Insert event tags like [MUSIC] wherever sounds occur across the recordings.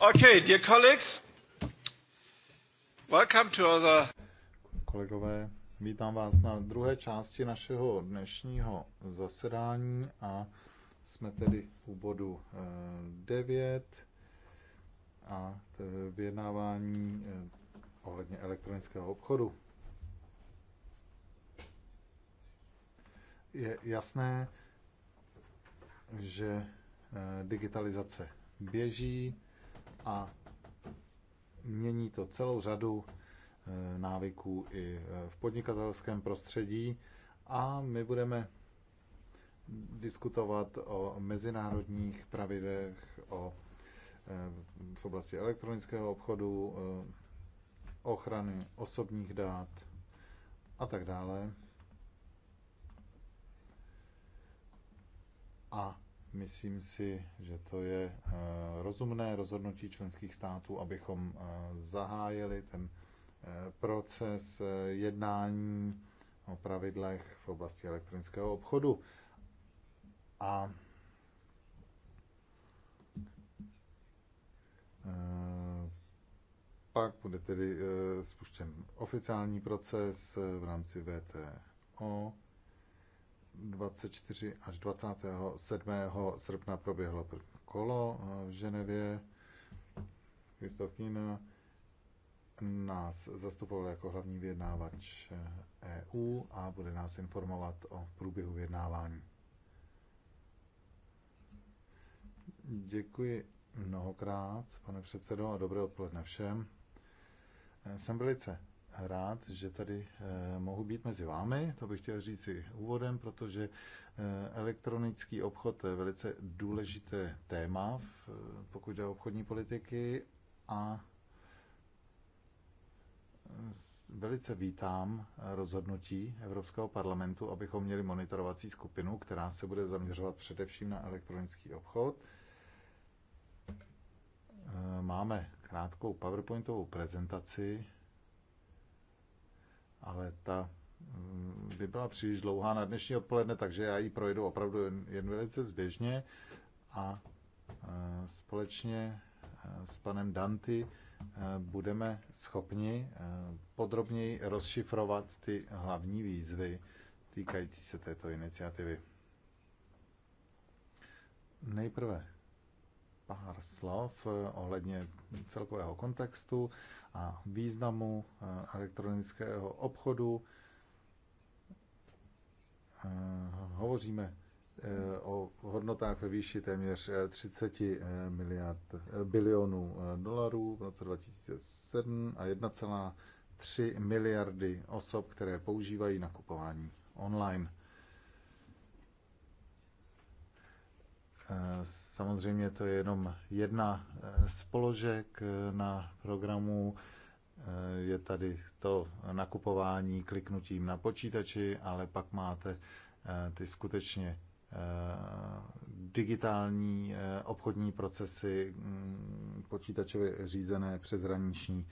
Okay, dear colleagues, welcome to the... Kolegové, vítám vás na druhé části našeho dnešního zasedání a jsme tedy u bodu 9 a to je vyjednávání eh, ohledně elektronického obchodu. Je jasné, že eh, digitalizace běží, a mění to celou řadu e, návyků i e, v podnikatelském prostředí a my budeme diskutovat o mezinárodních pravidlech, o, e, v oblasti elektronického obchodu, ochrany osobních dát a tak dále. A Myslím si, že to je eh, rozumné rozhodnutí členských států, abychom eh, zahájili ten eh, proces jednání o pravidlech v oblasti elektronického obchodu. A pak bude tedy spuštěn oficiální proces v rámci VTO. 24 až 27. srpna proběhlo první kolo eh, v Ženevě. Kristof Kína nás zastupoval jako hlavní vyjednávač EU eh, e a bude nás informovat o průběhu vyjednávání. Děkuji mnohokrát, pane předsedo, a dobré odpoledne všem. Eh, jsem velice rád, že tady eh, mohu být mezi vámi, to bych chtěl říct si úvodem, protože eh, elektronický obchod je velice důležité téma, eh, pokud jde o obchodní politiky a velice vítám rozhodnutí Evropského parlamentu, abychom měli monitorovací skupinu, která se bude zaměřovat především na elektronický obchod. Máme krátkou PowerPointovou prezentaci, ale ta mm, by byla příliš dlouhá na dnešní odpoledne, takže já ji projdu opravdu jen, jen velice zběžně a e, společně e, s panem Danty e, budeme schopni podrobněji rozšifrovat ty hlavní výzvy týkající se této iniciativy. Nejprve pár slov eh, ohledně celkového kontextu a významu eh, elektronického obchodu. Eh, hovoříme o hodnotách ve výši téměř 30 miliard bilionů dolarů v roce 2007 a 1,3 miliardy osob, které používají nakupování online. Samozřejmě to je jenom jedna z eh, položek eh, na programu. Eh, je tady to nakupování kliknutím na počítači, ale pak máte ty skutečně digitální obchodní procesy, mm, počítačově řízené přeshraniční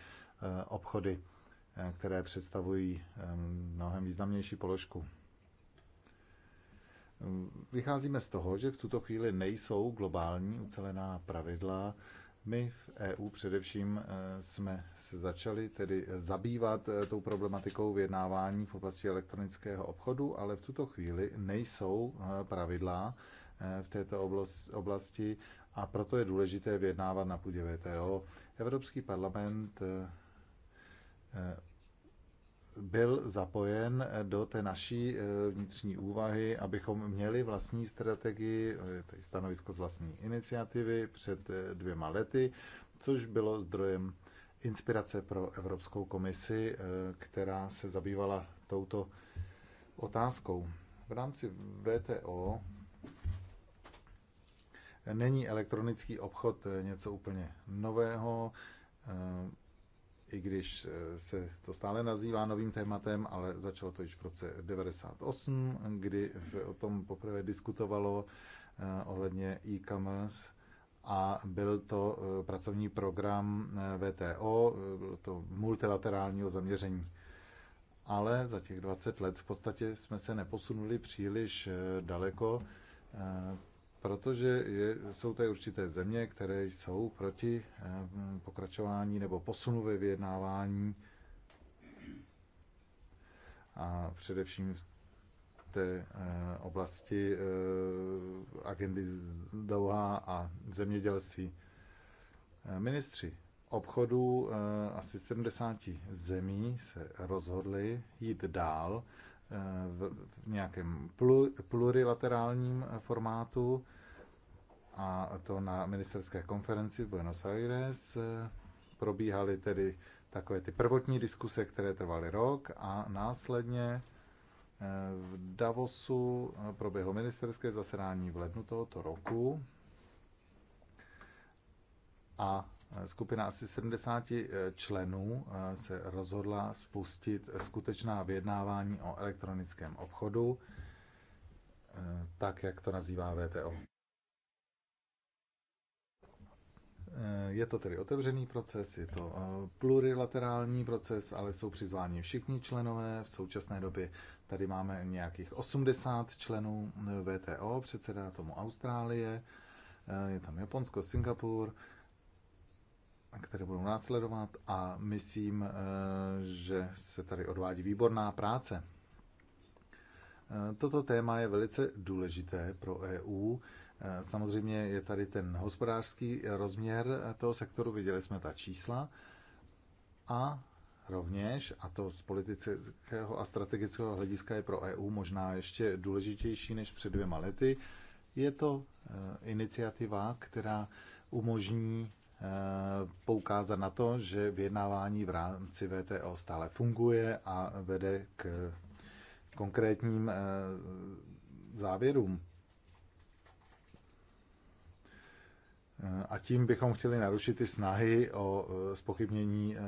obchody, které představují mnohem významnější položku. Vycházíme z toho, že v tuto chvíli nejsou globální ucelená pravidla. My v EU především eh, jsme se začali tedy zabývat eh, tou problematikou vyjednávání v oblasti elektronického obchodu, ale v tuto chvíli nejsou eh, pravidla v této oblasti a proto je důležité vyjednávat na půdě VTO. Evropský parlament byl zapojen do té naší eh, vnitřní úvahy, abychom měli vlastní strategii, eh, tedy stanovisko z vlastní iniciativy před eh, dvěma lety, což bylo zdrojem inspirace pro Evropskou komisi, která se zabývala touto otázkou. V rámci VTO není elektronický obchod něco úplně nového i když eh, se to stále nazývá novým tématem, ale začalo to již v roce 98, kdy se o tom poprvé diskutovalo eh, ohledně e-commerce a byl to eh, pracovní program VTO, bylo to multilaterálního zaměření. Ale za těch 20 let v podstatě jsme se neposunuli příliš daleko, protože je, jsou tady určité země, které jsou proti eh, pokračování nebo posunu ve vyjednávání a především v té eh, oblasti eh, agendy Dauha a zemědělství. Ministři obchodu asi 70 zemí se rozhodli jít dál v nějakém plurilaterálním formátu a to na ministerské konferenci v Buenos Aires. Probíhaly tedy takové ty prvotní diskuse, které trvaly rok a následně eh, v Davosu proběhlo ministerské zasedání v lednu tohoto roku a eh, skupina asi 70 eh, členů se rozhodla spustit skutečná vyjednávání o elektronickém obchodu, tak jak to nazývá VTO. Eh, je to tedy otevřený proces, je to eh, plurilaterální proces, ale jsou přizváni všichni členové. V současné době tady máme nějakých 80 členů eh, VTO, předseda tomu Austrálie, je tam Japonsko, Singapur, které budou následovat a myslím, že se tady odvádí výborná práce. Toto téma je velice důležité pro EU Eh, samozřejmě je tady ten hospodářský rozměr toho sektoru, viděli jsme ta čísla. A rovněž, a to z politického a strategického hlediska je pro EU možná ještě důležitější než před dvěma lety, je to eh, iniciativa, která umožní eh, poukázat na to, že vyjednávání v rámci VTO stále funguje a vede k konkrétním závěrům. A tím bychom chtěli narušit ty snahy o e, spochybnění e,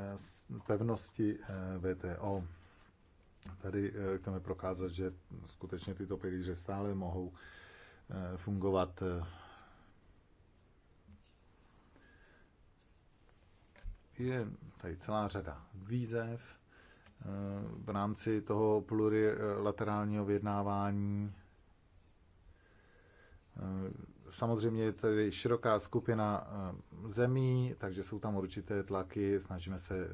pevnosti e, VTO. Tady chceme prokázat, že skutečně tyto pilíře stále mohou fungovat. Je tady celá řada výzev v rámci toho plurilaterálního vyjednávání Samozřejmě je tady široká skupina eh, zemí, takže jsou tam určité tlaky, snažíme se eh,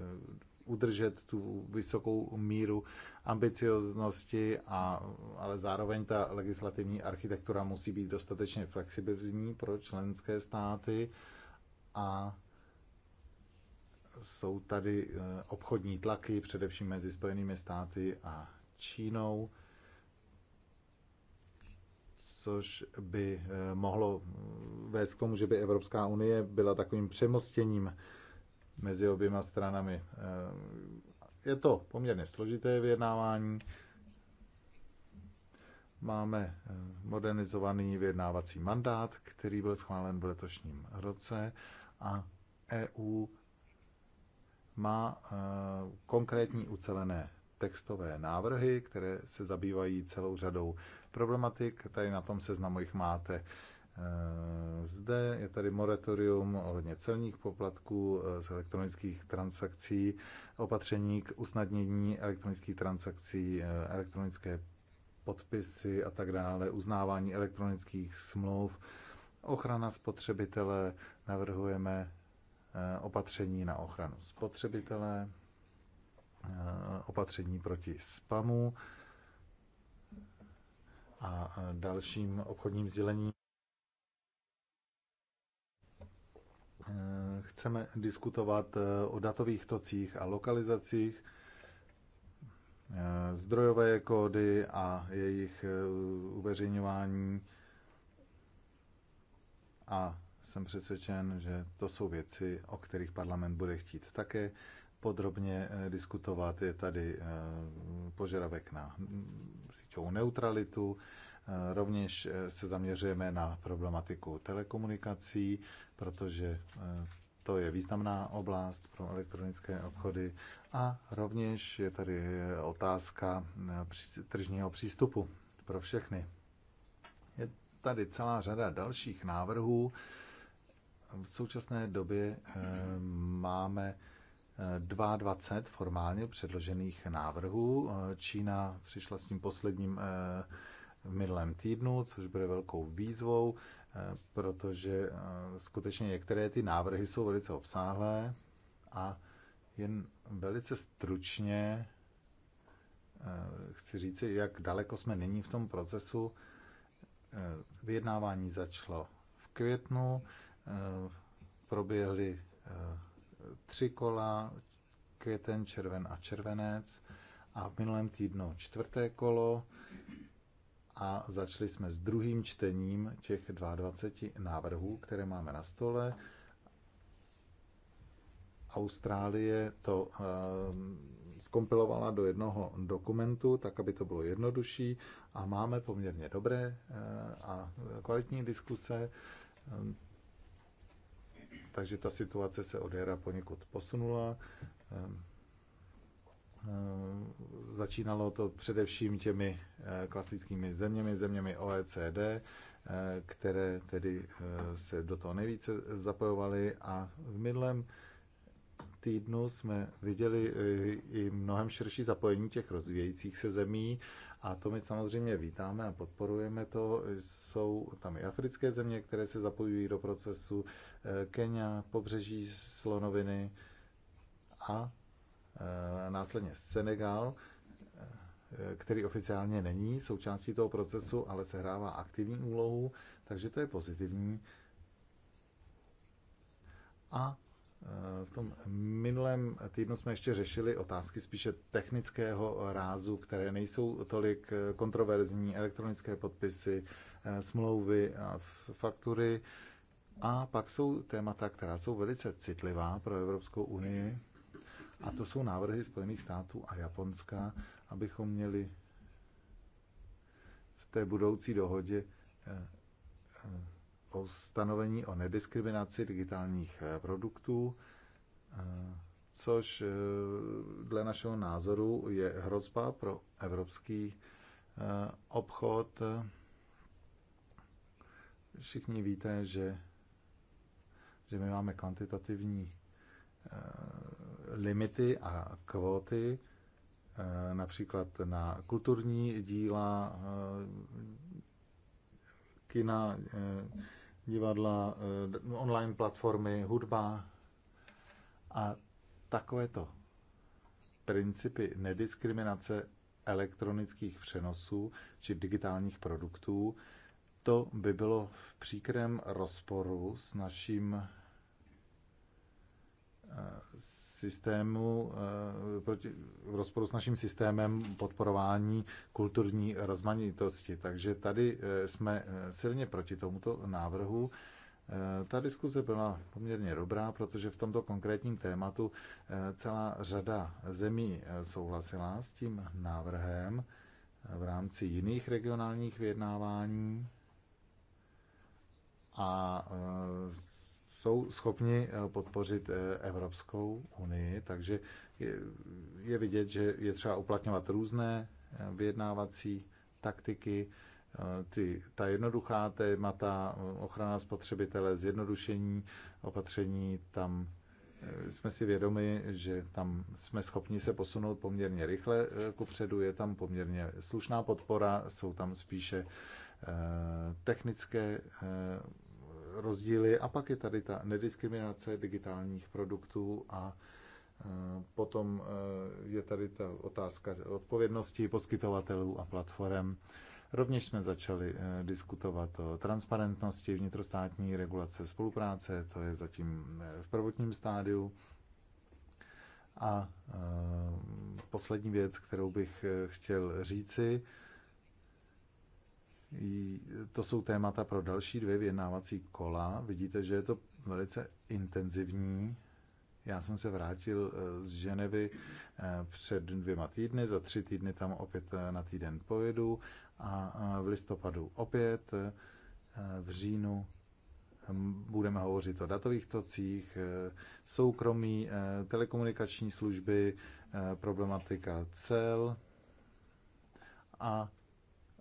udržet tu vysokou míru ambicioznosti, a, ale zároveň ta legislativní architektura musí být dostatečně flexibilní pro členské státy a jsou tady eh, obchodní tlaky, především mezi Spojenými státy a Čínou což by eh, mohlo vést k tomu, že by Evropská unie byla takovým přemostěním mezi oběma stranami. Eh, je to poměrně složité vyjednávání. Máme eh, modernizovaný vyjednávací mandát, který byl schválen v letošním roce a EU má konkrétní ucelené textové návrhy, které se zabývají celou řadou problematik. Tady na tom seznamu jich máte. Eh, zde je tady moratorium ohledně celních poplatků eh, z elektronických transakcí, opatření k usnadnění elektronických transakcí, eh, elektronické podpisy a tak dále, uznávání elektronických smluv, ochrana spotřebitele, navrhujeme opatření na ochranu spotřebitele, Eh, opatření proti spamu a dalším obchodním sdělením. Eh, chceme diskutovat eh, o datových tocích a lokalizacích, zdrojové kódy a jejich uveřejňování. A jsem přesvědčen, že to jsou věci, o kterých parlament bude chtít také podrobně eh, diskutovat. Je tady eh, požadavek na síťovou neutralitu, eh, rovněž se zaměřujeme na problematiku telekomunikací, protože to je významná oblast pro elektronické obchody a rovněž je tady otázka tržního přístupu pro všechny. Je tady celá řada dalších návrhů. V současné době máme 22 formálně předložených návrhů. Čína přišla s tím posledním eh, v minulém týdnu, což bude velkou výzvou, eh, protože eh, skutečně některé ty návrhy jsou velice obsáhlé a jen velice stručně chci říci, jak daleko jsme nyní v tom procesu. Vyjednávání začalo v květnu, proběhly tři kola, květen, červen a červenec. A v minulém týdnu čtvrté kolo a začali jsme s druhým čtením těch 22 návrhů, které máme na stole. Austrálie to skompilovala eh, do jednoho dokumentu, tak aby to bylo jednodušší a máme poměrně dobré eh, a kvalitní diskuse takže ta situace se od jara poněkud posunula. Ehm, ehm, začínalo to především těmi eh, klasickými zeměmi, zeměmi OECD, eh, které tedy eh, se do toho nejvíce zapojovaly a v minulém týdnu jsme viděli i mnohem širší zapojení těch rozvíjejících se zemí a to my samozřejmě vítáme a podporujeme to. Jsou tam i africké země, které se zapojují do procesu. Eh, Kenia, pobřeží slonoviny a eh, následně Senegal, eh, který oficiálně není součástí toho procesu, ale sehrává aktivní úlohu, takže to je pozitivní. A v tom minulém týdnu jsme ještě řešili otázky spíše technického rázu, které nejsou tolik kontroverzní, elektronické podpisy, eh, smlouvy a faktury. A pak jsou témata, která jsou velice citlivá pro Evropskou unii. A to jsou návrhy Spojených států a Japonska, abychom měli v té budoucí dohodě eh, eh, ustanovení o nediskriminaci digitálních eh, produktů, eh, což eh, dle našeho názoru je hrozba pro evropský obchod. Všichni víte, že, že my máme kvantitativní limity a kvóty, například na kulturní díla, kina, divadla, eh, online platformy, hudba a takovéto principy nediskriminace elektronických přenosů či digitálních produktů, to by bylo v příkrém rozporu s naším systému, eh, proti, v rozporu s naším systémem podporování kulturní rozmanitosti. Takže tady eh, jsme eh, silně proti tomuto návrhu. Ta diskuze byla poměrně dobrá, protože v tomto konkrétním tématu celá řada zemí souhlasila s tím návrhem v rámci jiných regionálních vyjednávání a jsou schopni eh, podpořit eh, Evropskou unii, takže je vidět, že je třeba uplatňovat různé eh, vyjednávací taktiky. Ty, ta jednoduchá témata, ochrana spotřebitele, zjednodušení opatření, tam jsme si vědomi, že tam jsme schopni se posunout poměrně rychle předu, je tam poměrně slušná podpora, jsou tam spíše technické rozdíly a pak je tady ta nediskriminace digitálních produktů a e, potom e, je tady ta otázka odpovědnosti poskytovatelů a platform. Rovněž jsme začali e, diskutovat o transparentnosti vnitrostátní regulace spolupráce, to je zatím v prvotním stádiu. A poslední věc, kterou bych chtěl říci, to jsou témata pro další dvě vyjednávací kola. Vidíte, že je to velice intenzivní. Já jsem se vrátil eh, z Ženevy eh, před dvěma týdny, za tři týdny tam opět eh, na týden pojedu a v listopadu opět, v říjnu hm, budeme hovořit o datových tocích, soukromí, telekomunikační služby, problematika cel a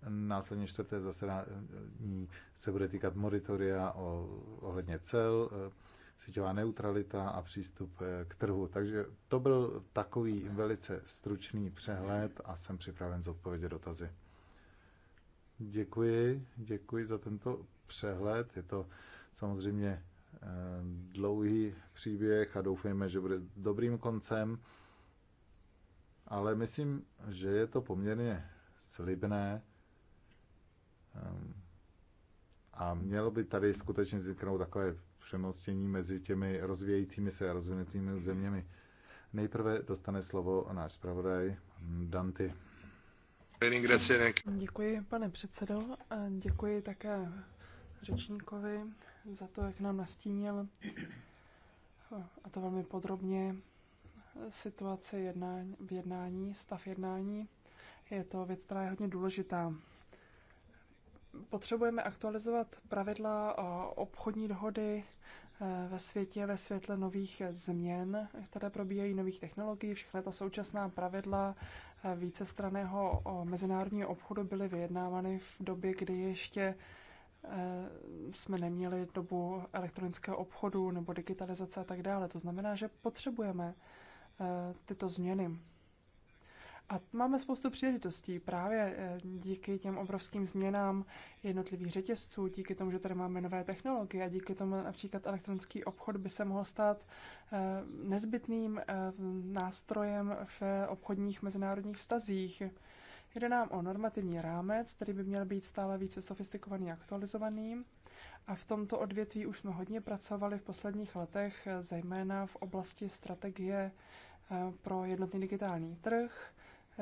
Následně čtvrté zasedání se bude týkat moritoria o, ohledně cel, eh, síťová neutralita a přístup eh, k trhu. Takže to byl takový velice stručný přehled a jsem připraven zodpovědět dotazy. Děkuji, děkuji za tento přehled. Je to samozřejmě eh, dlouhý příběh a doufejme, že bude dobrým koncem. Ale myslím, že je to poměrně slibné Ehm, a mělo by tady skutečně vzniknout takové přemostění mezi těmi rozvíjejícími se a rozvinutými zeměmi. Nejprve dostane slovo náš zpravodaj Danty. Děkuji, pane předsedo. A děkuji také řečníkovi za to, jak nám nastínil a to velmi podrobně situaci jednání, v jednání, stav jednání. Je to věc, která je hodně důležitá potřebujeme aktualizovat pravidla a obchodní dohody eh, ve světě ve světle nových změn, které probíhají nových technologií. Všechna ta současná pravidla eh, vícestraného mezinárodního obchodu byly vyjednávány v době, kdy ještě eh, jsme neměli dobu elektronického obchodu nebo digitalizace a tak dále. To znamená, že potřebujeme tyto změny. A máme spoustu příležitostí právě eh, díky těm obrovským změnám jednotlivých řetězců, díky tomu, že tady máme nové technologie a díky tomu například elektronický obchod by se mohl stát eh, nezbytným eh, nástrojem v obchodních mezinárodních vztazích. Jde nám o normativní rámec, který by měl být stále více sofistikovaný a aktualizovaný. A v tomto odvětví už jsme hodně pracovali v posledních letech, zejména v oblasti strategie pro jednotný digitální trh,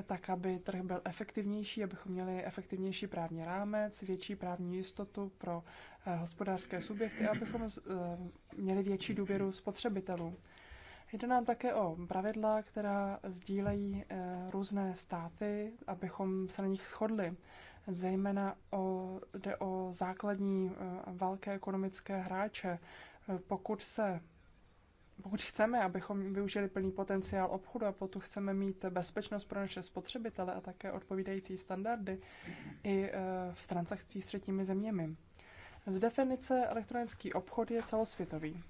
tak aby trh byl efektivnější, abychom měli efektivnější právní rámec, větší právní jistotu pro eh, hospodářské subjekty, abychom eh, měli větší důvěru spotřebitelů. Jde nám také o pravidla, která sdílejí eh, různé státy, abychom se na nich shodli. Zejména o, jde o základní velké ekonomické hráče. Pokud se pokud chceme, abychom využili plný potenciál obchodu a pokud chceme mít bezpečnost pro naše spotřebitele a také odpovídající standardy i eh, v transakcích s třetími zeměmi. Z definice elektronický obchod je celosvětový.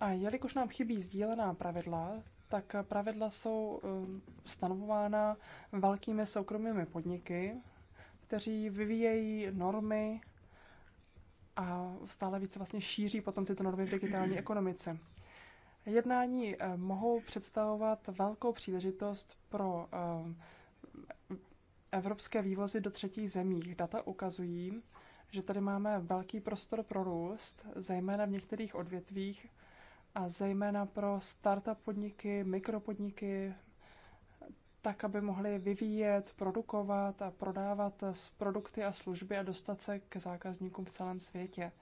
A jelikož nám chybí sdílená pravidla, tak pravidla jsou eh, stanovována velkými soukromými podniky, kteří vyvíjejí normy a stále více vlastně šíří potom tyto normy v digitální ekonomice. Jednání eh, mohou představovat velkou příležitost pro eh, evropské vývozy do třetích zemí. Data ukazují, že tady máme velký prostor pro růst, zejména v některých odvětvích a zejména pro startup podniky, mikropodniky, tak, aby mohli vyvíjet, produkovat a prodávat produkty a služby a dostat se k zákazníkům v celém světě.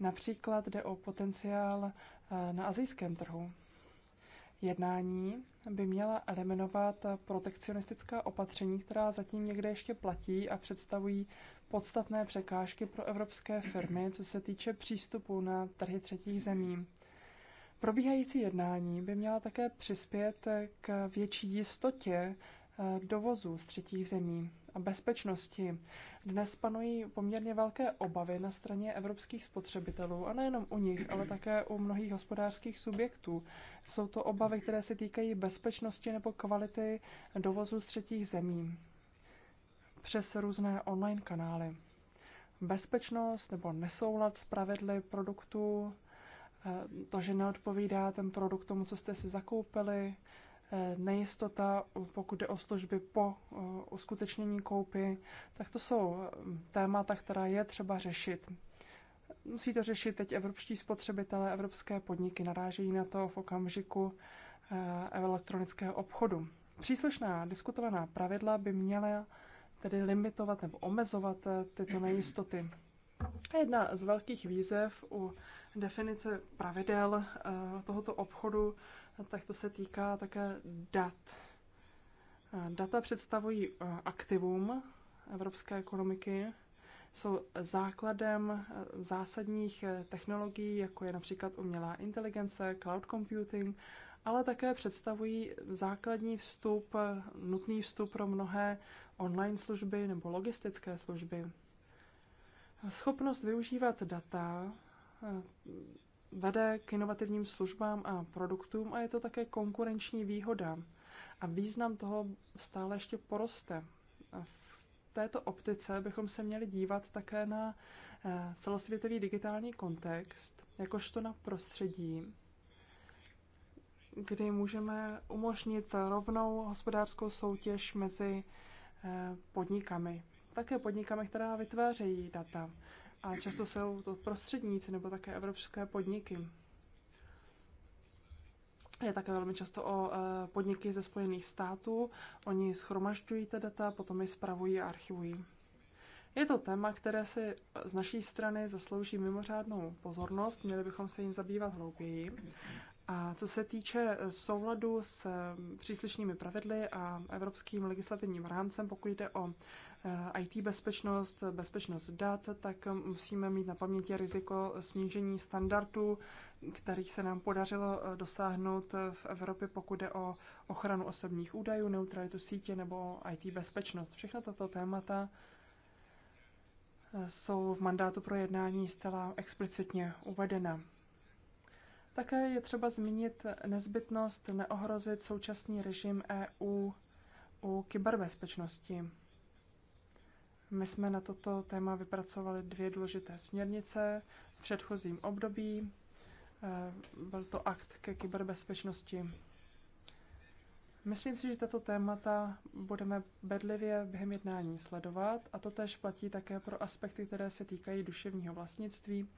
Například jde o potenciál eh, na azijském trhu. Jednání by měla eliminovat protekcionistická opatření, která zatím někde ještě platí a představují podstatné překážky pro evropské firmy, co se týče přístupu na trhy třetích zemí. Probíhající jednání by měla také přispět k větší jistotě eh, dovozu z třetích zemí a bezpečnosti. Dnes panují poměrně velké obavy na straně evropských spotřebitelů, a nejenom u nich, ale také u mnohých hospodářských subjektů. Jsou to obavy, které se týkají bezpečnosti nebo kvality dovozu z třetích zemí přes různé online kanály. Bezpečnost nebo nesoulad s pravidly produktů Eh, to, že neodpovídá ten produkt tomu, co jste si zakoupili, eh, nejistota, pokud jde o služby po eh, uskutečnění koupy, tak to jsou témata, která je třeba řešit. Musí to řešit teď evropští spotřebitelé, evropské podniky narážejí na to v okamžiku elektronického obchodu. Příslušná diskutovaná pravidla by měla tedy limitovat nebo omezovat tyto nejistoty. Jedna z velkých výzev u definice pravidel eh, tohoto obchodu, tak to se týká také dat. Eh, data představují eh, aktivum evropské ekonomiky, jsou základem zásadních technologií, jako je například umělá inteligence, cloud computing, ale také představují základní vstup, nutný vstup pro mnohé online služby nebo logistické služby. Schopnost využívat data eh, vede k inovativním službám a produktům a je to také konkurenční výhoda. A význam toho stále ještě poroste. V této optice bychom se měli dívat také na eh, celosvětový digitální kontext, jakožto na prostředí, kdy můžeme umožnit rovnou hospodářskou soutěž mezi eh, podnikami také podnikami, která vytvářejí data. A často jsou to prostředníci nebo také evropské podniky. Je také velmi často o e, podniky ze Spojených států. Oni schromažďují ta data, potom je spravují a archivují. Je to téma, které si z naší strany zaslouží mimořádnou pozornost, měli bychom se jim zabývat hlouběji. A co se týče e, souladu s e, příslušnými pravidly a evropským legislativním rámcem, pokud jde o Eh, IT bezpečnost, bezpečnost dat, tak musíme mít na paměti riziko snížení standardů, kterých se nám podařilo eh, dosáhnout eh, v Evropě, pokud jde o ochranu osobních údajů, neutralitu sítě nebo IT bezpečnost. Všechna tato témata jsou v mandátu pro jednání zcela explicitně uvedena. Také je třeba zmínit nezbytnost neohrozit současný režim EU u kyberbezpečnosti. My jsme na toto téma vypracovali dvě důležité směrnice v předchozím období. Eh, byl to akt ke kyberbezpečnosti. Myslím si, že tato témata budeme bedlivě během jednání sledovat a to tež platí také pro aspekty, které se týkají duševního vlastnictví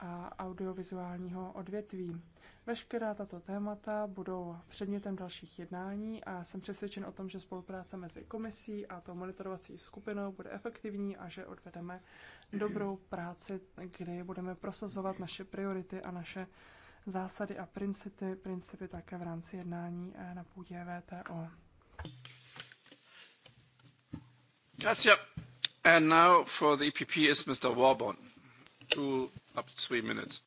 a audiovizuálního odvětví. Veškerá tato témata budou předmětem dalších jednání a jsem přesvědčen o tom, že spolupráce mezi komisí a tou monitorovací skupinou bude efektivní a že odvedeme dobrou práci, kdy budeme prosazovat naše priority a naše zásady a principy, principy také v rámci jednání eh, na půdě VTO. Gracias. And now for the EPP is Mr. Warbon two up three minutes.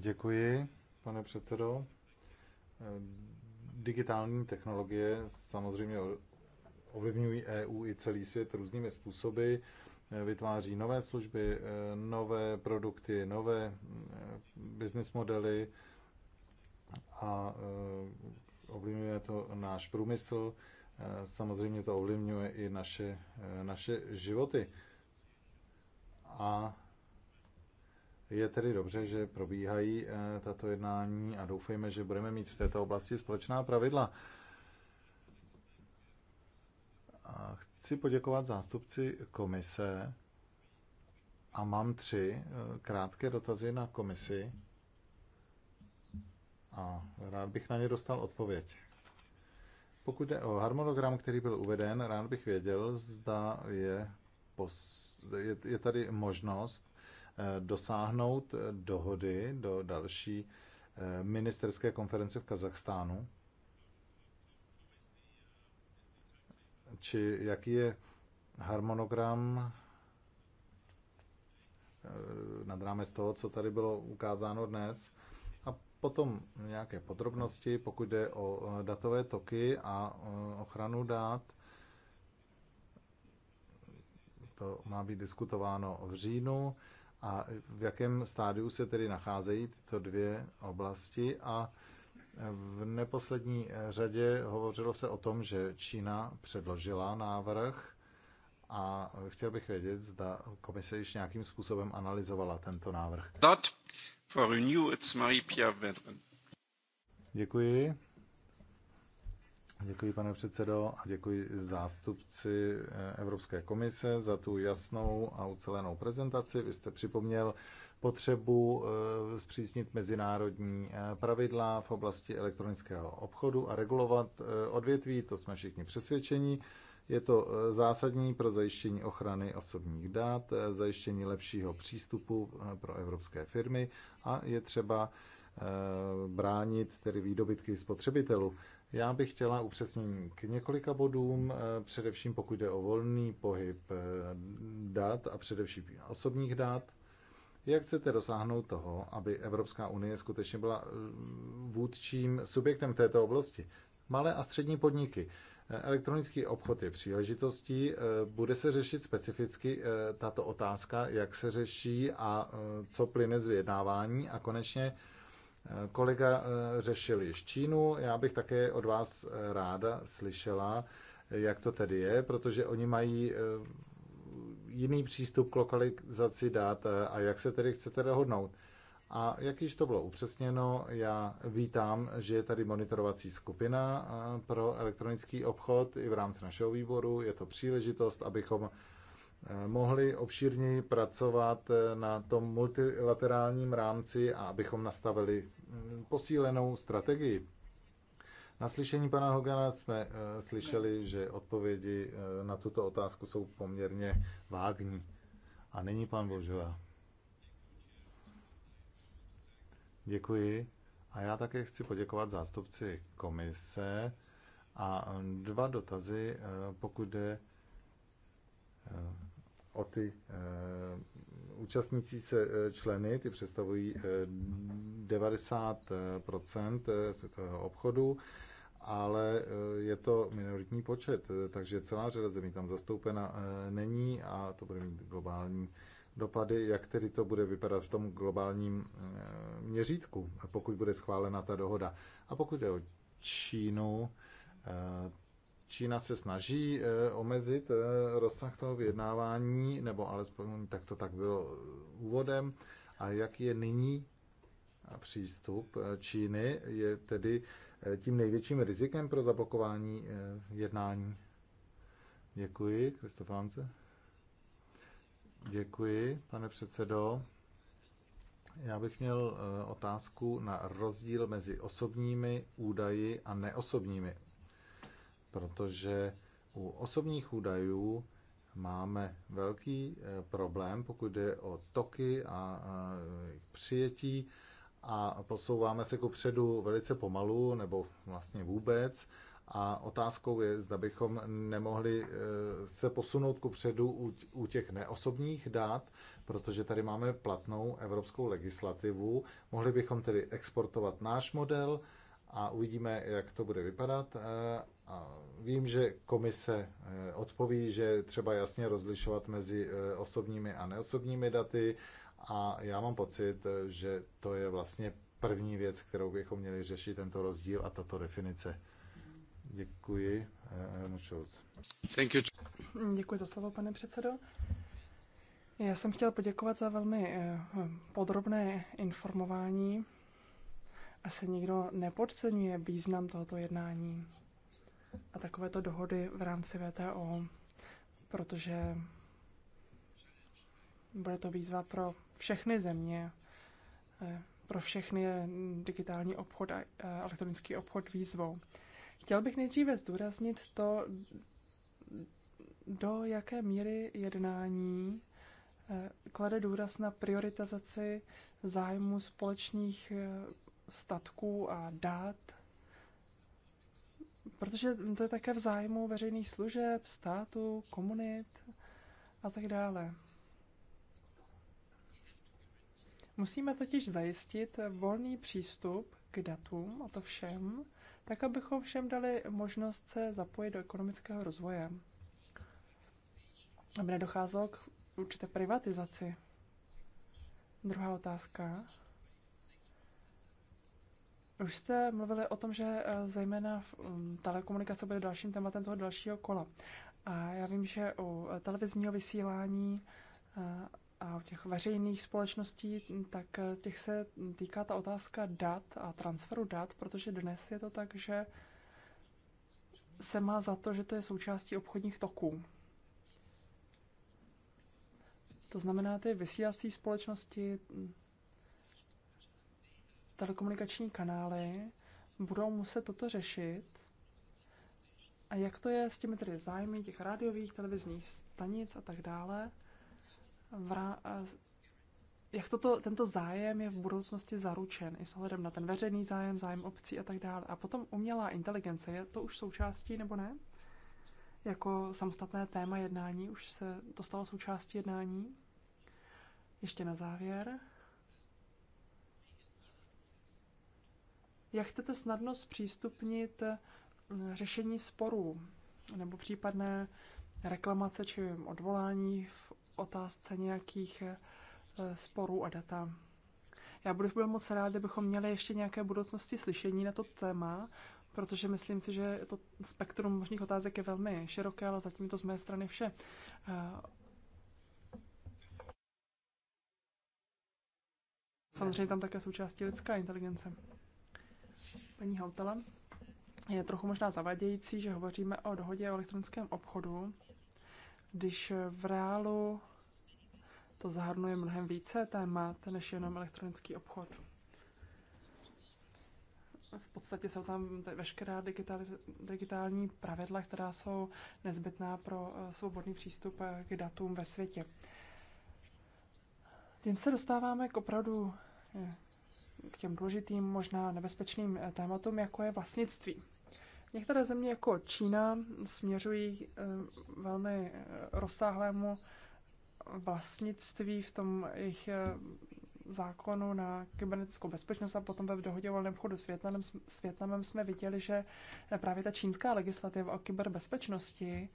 Děkuji, pane předsedo. Digitální technologie samozřejmě ovlivňují EU i celý svět různými způsoby. Vytváří nové služby, nové produkty, nové business modely a ovlivňuje to náš průmysl. Samozřejmě to ovlivňuje i naše, naše životy. A je tedy dobře, že probíhají eh, tato jednání a doufejme, že budeme mít v této oblasti společná pravidla. A chci poděkovat zástupci komise a mám tři eh, krátké dotazy na komisi a rád bych na ně dostal odpověď. Pokud jde o harmonogram, který byl uveden, rád bych věděl, zda je je tady možnost eh, dosáhnout eh, dohody do další eh, ministerské konference v Kazachstánu? Či jaký je harmonogram nad rámec toho, co tady bylo ukázáno dnes? A potom nějaké podrobnosti, pokud jde o datové toky a ochranu dát – to má být diskutováno v říjnu. A v jakém stádiu se tedy nacházejí tyto dvě oblasti? A v neposlední řadě hovořilo se o tom, že Čína předložila návrh a chtěl bych vědět, zda komise již nějakým způsobem analyzovala tento návrh. Not for renew, it's Marie Děkuji. Děkuji, pane předsedo, a děkuji zástupci eh, Evropské komise za tu jasnou a ucelenou prezentaci. Vy jste připomněl potřebu eh, zpřísnit mezinárodní eh, pravidla v oblasti elektronického obchodu a regulovat odvětví, to jsme všichni přesvědčeni. Je to zásadní pro zajištění ochrany osobních dat, zajištění lepšího přístupu pro evropské firmy a je třeba bránit tedy výdobytky spotřebitelů. Já bych chtěla upřesnění k několika bodům, eh, především pokud jde o volný pohyb eh, dat a především osobních dat. Jak chcete dosáhnout toho, aby Evropská unie skutečně byla eh, vůdčím subjektem této oblasti? Malé a střední podniky. Elektronický obchod je příležitostí. Bude se řešit specificky tato otázka, jak se řeší a co plyne z vyjednávání. A konečně Kolega eh, řešil již Čínu, já bych také od vás eh, ráda slyšela, jak to tedy je, protože oni mají eh, jiný přístup k lokalizaci dat a jak se tedy chcete dohodnout. A jak již to bylo upřesněno, já vítám, že je tady monitorovací skupina pro elektronický obchod i v rámci našeho výboru. Je to příležitost, abychom mohli obšírněji pracovat eh, na tom multilaterálním rámci a abychom nastavili mm, posílenou strategii. Na slyšení pana Hogana jsme eh, slyšeli, že odpovědi eh, na tuto otázku jsou poměrně vágní. A není pan Božová. Děkuji. A já také chci poděkovat zástupci komise. A mm, dva dotazy, pokud jde o ty eh, účastnící se eh, členy, ty představují 90 eh, světového obchodu, ale je to minoritní počet, takže celá řada zemí tam zastoupena není a to bude mít globální dopady, jak tedy to bude vypadat v tom globálním měřítku, pokud bude schválena ta dohoda. A pokud je o Čínu, Čína se snaží eh, omezit eh, rozsah toho vyjednávání, nebo alespoň tak to tak bylo eh, úvodem. A jak je nyní přístup Číny, je tedy tím největším rizikem pro zablokování jednání. Děkuji, Kristofánce. Děkuji, pane předsedo. Já bych měl otázku na rozdíl mezi osobními údaji a neosobními protože u osobních údajů máme velký eh, problém, pokud jde o toky a přijetí a posouváme se kupředu velice pomalu nebo vlastně vůbec. A otázkou je, zda bychom nemohli eh, se posunout kupředu u těch neosobních dát, protože tady máme platnou evropskou legislativu. Mohli bychom tedy exportovat náš model, a uvidíme, jak to bude vypadat. E, a vím, že komise e, odpoví, že třeba jasně rozlišovat mezi e, osobními a neosobními daty a já mám pocit, že to je vlastně první věc, kterou bychom měli řešit, tento rozdíl a tato definice. Děkuji, Thank you. Děkuji za slovo, pane předsedo. Já jsem chtěla poděkovat za velmi podrobné informování asi nikdo nepodceňuje význam tohoto jednání a takovéto dohody v rámci VTO, protože bude to výzva pro všechny země, eh, pro všechny eh, digitální obchod a eh, elektronický obchod výzvou. Chtěl bych nejdříve zdůraznit to, do jaké míry jednání klade důraz na prioritizaci zájmu společných statků a dát, protože to je také v zájmu veřejných služeb, státu, komunit a tak dále. Musíme totiž zajistit volný přístup k datům, a to všem, tak abychom všem dali možnost se zapojit do ekonomického rozvoje. Aby nedocházelo k určité privatizaci. Druhá otázka. Už jste mluvili o tom, že eh, zejména mm, telekomunikace bude dalším tématem toho dalšího kola. A já vím, že u eh, televizního vysílání eh, a u těch veřejných společností, mm, tak těch se týká ta otázka dat a transferu dat, protože dnes je to tak, že se má za to, že to je součástí obchodních toků. To znamená, ty vysílací společnosti, mm, telekomunikační kanály budou muset toto řešit. A jak to je s těmi tedy zájmy těch rádiových, televizních stanic a tak dále? Vra- jak toto, tento zájem je v budoucnosti zaručen i s ohledem na ten veřejný zájem, zájem obcí a tak dále. A potom umělá inteligence, je to už součástí nebo ne? Jako samostatné téma jednání, už se to stalo součástí jednání? Ještě na závěr. Jak chcete snadno zpřístupnit eh, řešení sporů nebo případné reklamace či odvolání v otázce nějakých eh, sporů a data? Já bych byl moc rád, kdybychom měli ještě nějaké budoucnosti slyšení na to téma, protože myslím si, že to spektrum možných otázek je velmi široké, ale zatím to z mé strany vše. Eh, samozřejmě tam také součástí lidská inteligence paní Hautala. Je trochu možná zavadějící, že hovoříme o dohodě o elektronickém obchodu, když v reálu to zahrnuje mnohem více témat, než jenom elektronický obchod. V podstatě jsou tam veškerá digitální pravidla, která jsou nezbytná pro eh, svobodný přístup eh, k datům ve světě. Tím se dostáváme k opravdu eh, k těm důležitým, možná nebezpečným eh, tématům, jako je vlastnictví. Některé země jako Čína směřují eh, velmi eh, rozsáhlému vlastnictví v tom jejich zákonu na kybernetickou bezpečnost a potom ve dohodě o volném chodu s Větnamem, s Větnamem jsme viděli, že právě ta čínská legislativa o kyberbezpečnosti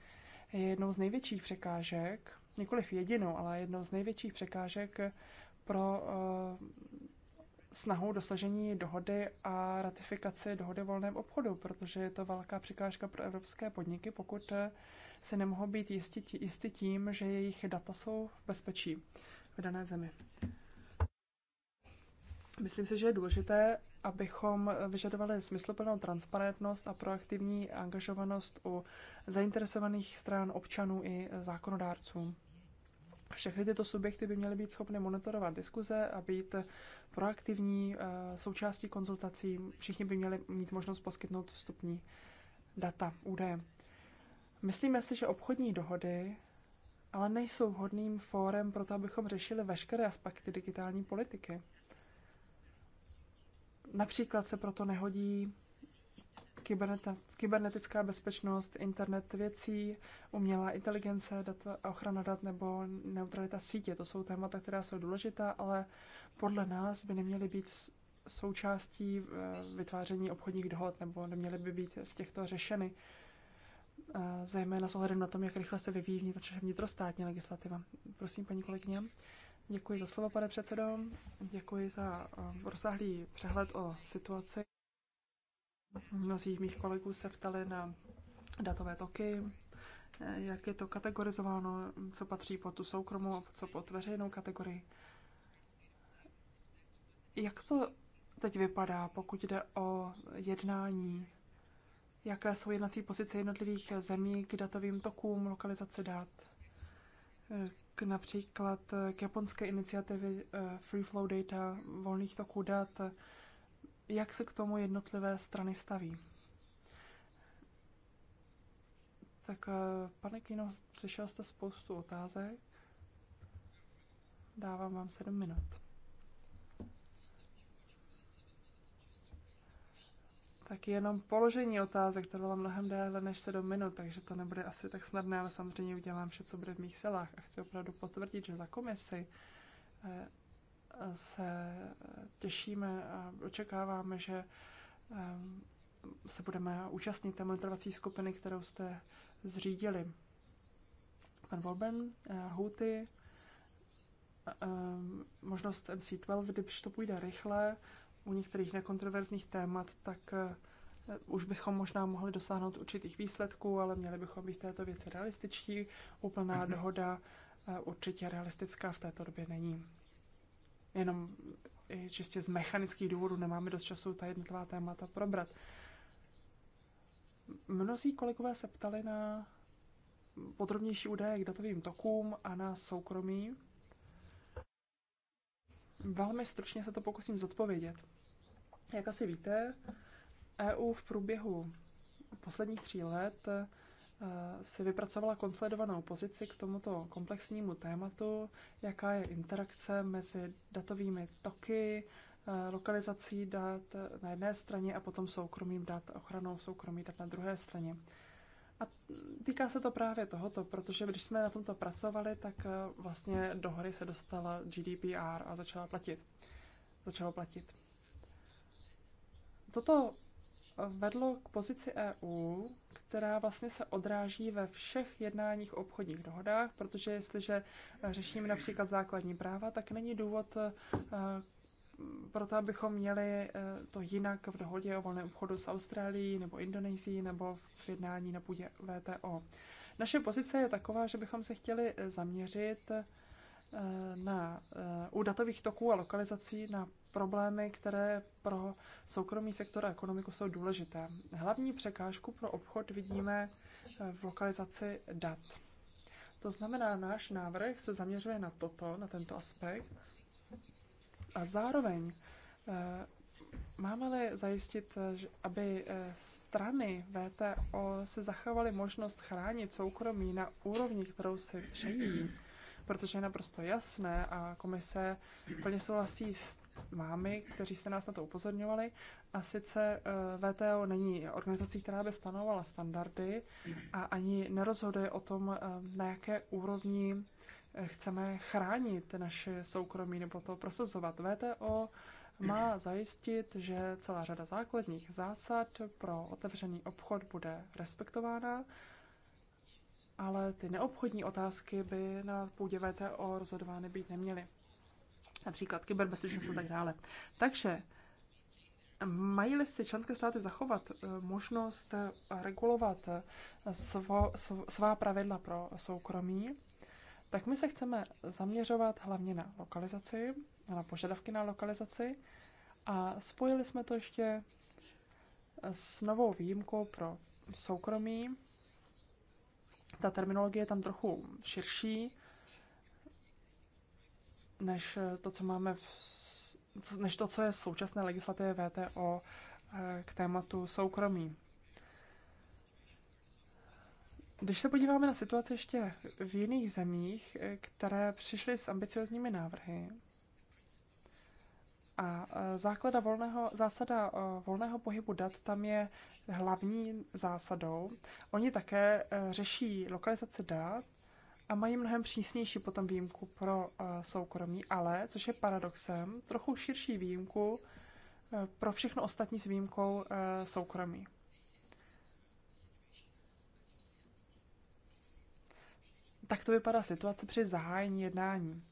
je jednou z největších překážek, nikoliv jedinou, ale jednou z největších překážek pro snahou dosažení dohody a ratifikaci dohody o volném obchodu, protože je to velká překážka pro evropské podniky, pokud eh, se nemohou být jistí, jistí tím, že jejich data jsou v bezpečí v dané zemi. Myslím si, že je důležité, abychom vyžadovali smysluplnou transparentnost a proaktivní angažovanost u zainteresovaných stran občanů i zákonodárců. Všechny tyto subjekty by měly být schopny monitorovat diskuze a být proaktivní eh, součástí konzultací. Všichni by měli mít možnost poskytnout vstupní data, údaje. Myslíme si, že obchodní dohody ale nejsou vhodným fórem pro to, abychom řešili veškeré aspekty digitální politiky. Například se proto nehodí kybernetická bezpečnost, internet věcí, umělá inteligence, data, ochrana dat nebo neutralita sítě. To jsou témata, která jsou důležitá, ale podle nás by neměly být součástí eh, vytváření obchodních dohod nebo neměly by být v těchto řešeny, eh, zejména s ohledem na tom, jak rychle se vyvíjí vnitrostátní legislativa. Prosím, paní kolegyně. Děkuji za slovo, pane předsedo. Děkuji za eh, rozsáhlý přehled o situaci. Mnozí mých kolegů se ptali na datové toky, jak je to kategorizováno, co patří pod tu soukromou, co pod veřejnou kategorii. Jak to teď vypadá, pokud jde o jednání? Jaké jsou jednací pozice jednotlivých zemí k datovým tokům, lokalizaci dat? K například k japonské iniciativě eh, Free Flow Data, volných toků dat, jak se k tomu jednotlivé strany staví. Tak, eh, pane Kino, slyšel jste spoustu otázek. Dávám vám sedm minut. Tak jenom položení otázek trvalo mnohem déle než 7 minut, takže to nebude asi tak snadné, ale samozřejmě udělám vše, co bude v mých silách. A chci opravdu potvrdit, že za komisi eh, se těšíme a očekáváme, že ehm, se budeme účastnit té monitorovací skupiny, kterou jste zřídili. Pan Volben, eh, Huty, ehm, možnost MC12, když to půjde rychle, u některých nekontroverzních témat, tak eh, už bychom možná mohli dosáhnout určitých výsledků, ale měli bychom být v této věci realističtí. Úplná mhm. dohoda eh, určitě realistická v této době není jenom čistě z mechanických důvodů nemáme dost času ta jednotlivá témata probrat. Mnozí kolegové se ptali na podrobnější údaje k datovým tokům a na soukromí. Velmi stručně se to pokusím zodpovědět. Jak asi víte, EU v průběhu posledních tří let Eh, si vypracovala konsolidovanou pozici k tomuto komplexnímu tématu, jaká je interakce mezi datovými toky, eh, lokalizací dat na jedné straně a potom soukromým dat, ochranou soukromí dat na druhé straně. A týká se to právě tohoto, protože když jsme na tomto pracovali, tak eh, vlastně do hory se dostala GDPR a začala platit. Začalo platit. Toto vedlo k pozici EU, která vlastně se odráží ve všech jednáních o obchodních dohodách, protože jestliže řešíme například základní práva, tak není důvod eh, proto, abychom měli eh, to jinak v dohodě o volném obchodu s Austrálií nebo Indonésií nebo v jednání na půdě VTO. Naše pozice je taková, že bychom se chtěli zaměřit Eh, na, eh, u datových toků a lokalizací na problémy, které pro soukromý sektor a ekonomiku jsou důležité. Hlavní překážku pro obchod vidíme eh, v lokalizaci dat. To znamená, náš návrh se zaměřuje na toto, na tento aspekt. A zároveň máme-li zajistit, aby strany VTO se zachovaly možnost chránit soukromí na úrovni, kterou si přejí, protože je naprosto jasné a komise plně souhlasí s vámi, kteří jste nás na to upozorňovali. A sice eh, VTO není organizací, která by stanovala standardy a ani nerozhoduje o tom, eh, na jaké úrovni eh, chceme chránit naše soukromí nebo to prosazovat. VTO má zajistit, že celá řada základních zásad pro otevřený obchod bude respektována ale ty neobchodní otázky by na půdě VTO rozhodovány být neměly. Například kyberbezpečnost a tak dále. Takže Mají-li si členské státy zachovat eh, možnost eh, regulovat eh, svo, svá pravidla pro soukromí, tak my se chceme zaměřovat hlavně na lokalizaci, na požadavky na lokalizaci a spojili jsme to ještě s novou výjimkou pro soukromí, ta terminologie je tam trochu širší než to, co máme v, než to, co je současné legislativě VTO eh, k tématu soukromí. Když se podíváme na situaci ještě v jiných zemích, eh, které přišly s ambiciozními návrhy, a e, základa volného, zásada e, volného pohybu dat tam je hlavní zásadou. Oni také e, řeší lokalizaci dat a mají mnohem přísnější potom výjimku pro soukromí, ale, což je paradoxem, trochu širší výjimku pro všechno ostatní s výjimkou soukromí. Tak to vypadá situace při zahájení jednání.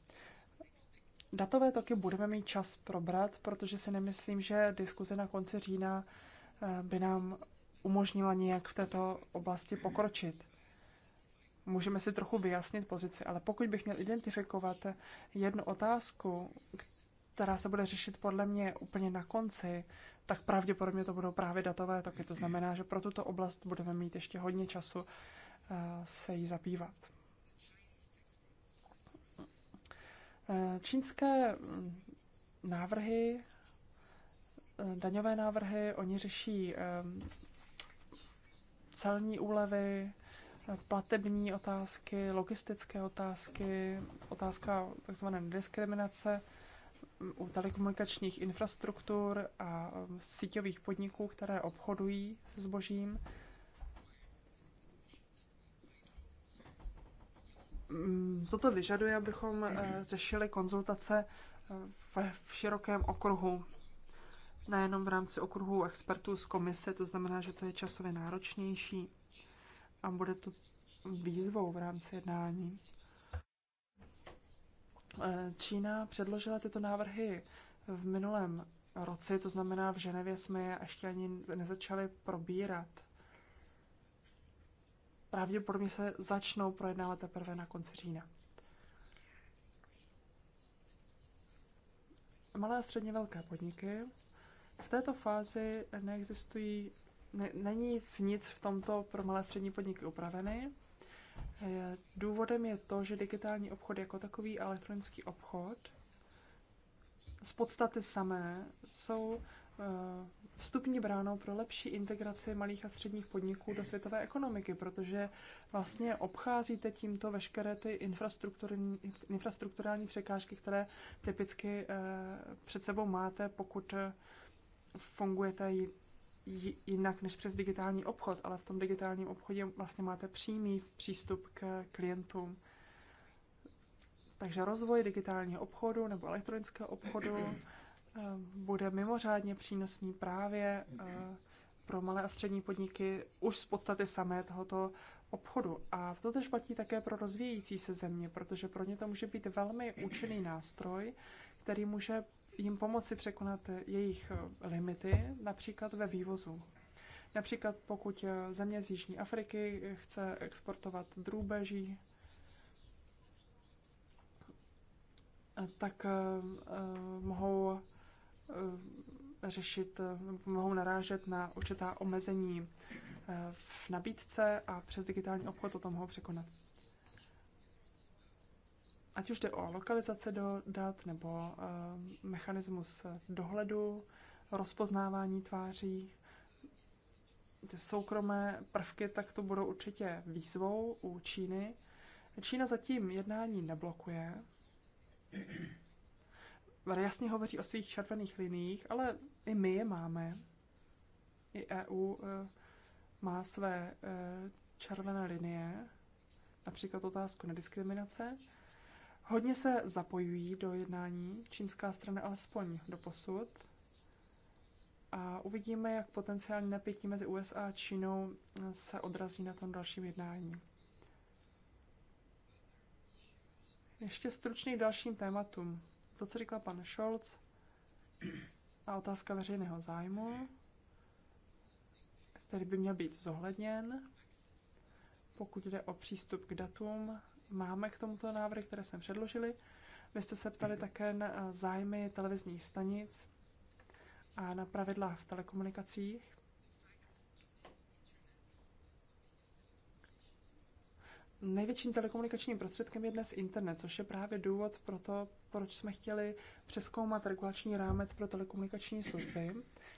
Datové toky budeme mít čas probrat, protože si nemyslím, že diskuze na konci října eh, by nám umožnila nějak v této oblasti pokročit. Můžeme si trochu vyjasnit pozici, ale pokud bych měl identifikovat jednu otázku, která se bude řešit podle mě úplně na konci, tak pravděpodobně to budou právě datové toky. To znamená, že pro tuto oblast budeme mít ještě hodně času eh, se jí zabývat. Eh, čínské mm, návrhy, eh, daňové návrhy, oni řeší ehm, celní úlevy, eh, platební otázky, logistické otázky, otázka tzv. diskriminace mm, u telekomunikačních infrastruktur a ehm, síťových podniků, které obchodují se zbožím. Mm, toto vyžaduje, abychom eh, řešili konzultace eh, v širokém okruhu, nejenom v rámci okruhu expertů z komise, to znamená, že to je časově náročnější a bude to výzvou v rámci jednání. Eh, Čína předložila tyto návrhy v minulém roce, to znamená, v Ženevě jsme je ještě ani nezačali probírat pravděpodobně se začnou projednávat teprve na konci října. Malé a středně velké podniky. V této fázi neexistují, ne, není v nic v tomto pro malé a střední podniky upraveny. Důvodem je to, že digitální obchod jako takový elektronický obchod z podstaty samé jsou Eh, vstupní bránou pro lepší integraci malých a středních podniků do světové ekonomiky, protože vlastně obcházíte tímto veškeré ty infrastrukturální, infrastrukturální překážky, které typicky eh, před sebou máte, pokud eh, fungujete jinak než přes digitální obchod, ale v tom digitálním obchodě vlastně máte přímý přístup k klientům. Takže rozvoj digitálního obchodu nebo elektronického obchodu Eh, bude mimořádně přínosný právě eh, pro malé a střední podniky už z podstaty samé tohoto obchodu. A to tež platí také pro rozvíjející se země, protože pro ně to může být velmi účinný nástroj, který může jim pomoci překonat jejich eh, limity, například ve vývozu. Například pokud země z Jižní Afriky chce exportovat drůbeží, tak mohou Eh, řešit, eh, mohou narážet na určitá omezení eh, v nabídce a přes digitální obchod o tom mohou překonat. Ať už jde o lokalizace do dat nebo mechanismus dohledu, rozpoznávání tváří, ty soukromé prvky, tak to budou určitě výzvou u Číny. Čína zatím jednání neblokuje jasně hovoří o svých červených liniích, ale i my je máme. I EU eh, má své eh, červené linie, například otázku nediskriminace. Hodně se zapojují do jednání, čínská strana alespoň do posud. A uvidíme, jak potenciální napětí mezi USA a Čínou eh, se odrazí na tom dalším jednání. Ještě stručně k dalším tématům to, co říkal pan Scholz a otázka veřejného zájmu, který by měl být zohledněn. Pokud jde o přístup k datům, máme k tomuto návrh, které jsme předložili. Vy jste se ptali také na eh, zájmy televizních stanic a na pravidla v telekomunikacích. Největším telekomunikačním prostředkem je dnes internet, což je právě důvod pro to, proč jsme chtěli přeskoumat regulační rámec pro telekomunikační služby,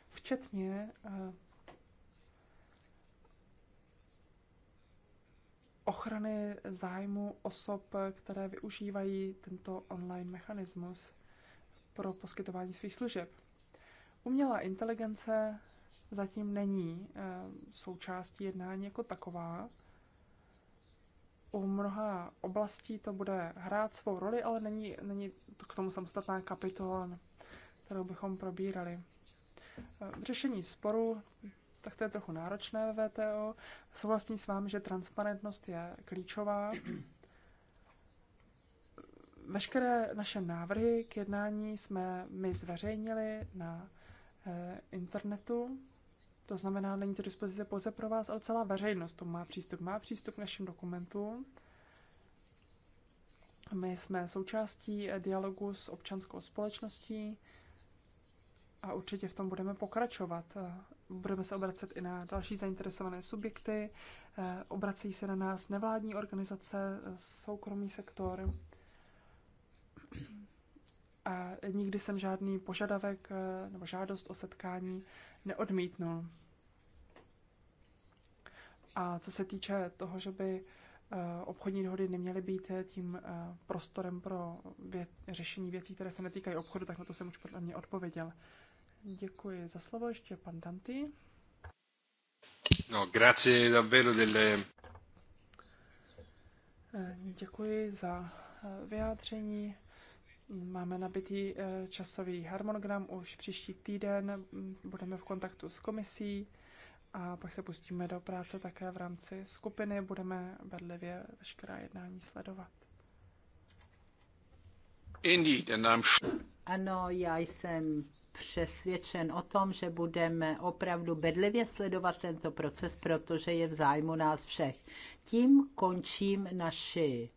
včetně eh, ochrany zájmu osob, které využívají tento online mechanismus pro poskytování svých služeb. Umělá inteligence zatím není eh, součástí jednání jako taková, u mnoha oblastí to bude hrát svou roli, ale není, není to k tomu samostatná kapitola, kterou bychom probírali. Eh, řešení sporu, tak to je trochu náročné ve VTO. Souhlasím s vámi, že transparentnost je klíčová. Eh, veškeré naše návrhy k jednání jsme my zveřejnili na eh, internetu. To znamená, není to dispozice pouze pro vás, ale celá veřejnost to má přístup. Má přístup k našim dokumentům. My jsme součástí eh, dialogu s občanskou společností a určitě v tom budeme pokračovat. Eh, budeme se obracet i na další zainteresované subjekty. Eh, obrací se na nás nevládní organizace, soukromý sektor. A nikdy jsem žádný požadavek nebo žádost o setkání neodmítnul. A co se týče toho, že by eh, obchodní dohody neměly být eh, tím eh, prostorem pro věc, řešení věcí, které se netýkají obchodu, tak na to jsem už podle mě odpověděl. Děkuji za slovo, ještě pan Danty. No, grazie davvero delle... Děkuji za vyjádření. Máme nabitý eh, časový harmonogram už příští týden, mm, budeme v kontaktu s komisí a pak se pustíme do práce také v rámci skupiny, budeme bedlivě veškerá jednání sledovat. Indeed, and I'm sure. Ano, já jsem přesvědčen o tom, že budeme opravdu bedlivě sledovat tento proces, protože je v zájmu nás všech. Tím končím naši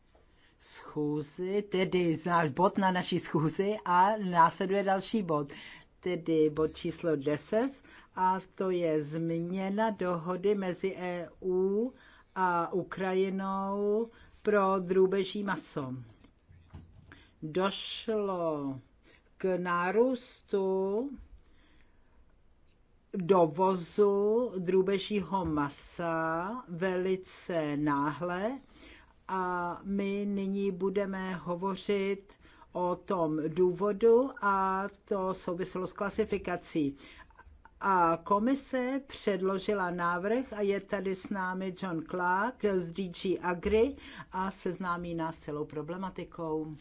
schůzi, tedy znáš bod na naší schůzi a následuje další bod, tedy bod číslo 10 a to je změna dohody mezi EU a Ukrajinou pro drůbeží maso. Došlo k nárůstu dovozu drůbežího masa velice náhle a my nyní budeme hovořit o tom důvodu a to souviselo s klasifikací. A komise předložila návrh a je tady s námi John Clark z DG Agri a seznámí nás celou problematikou.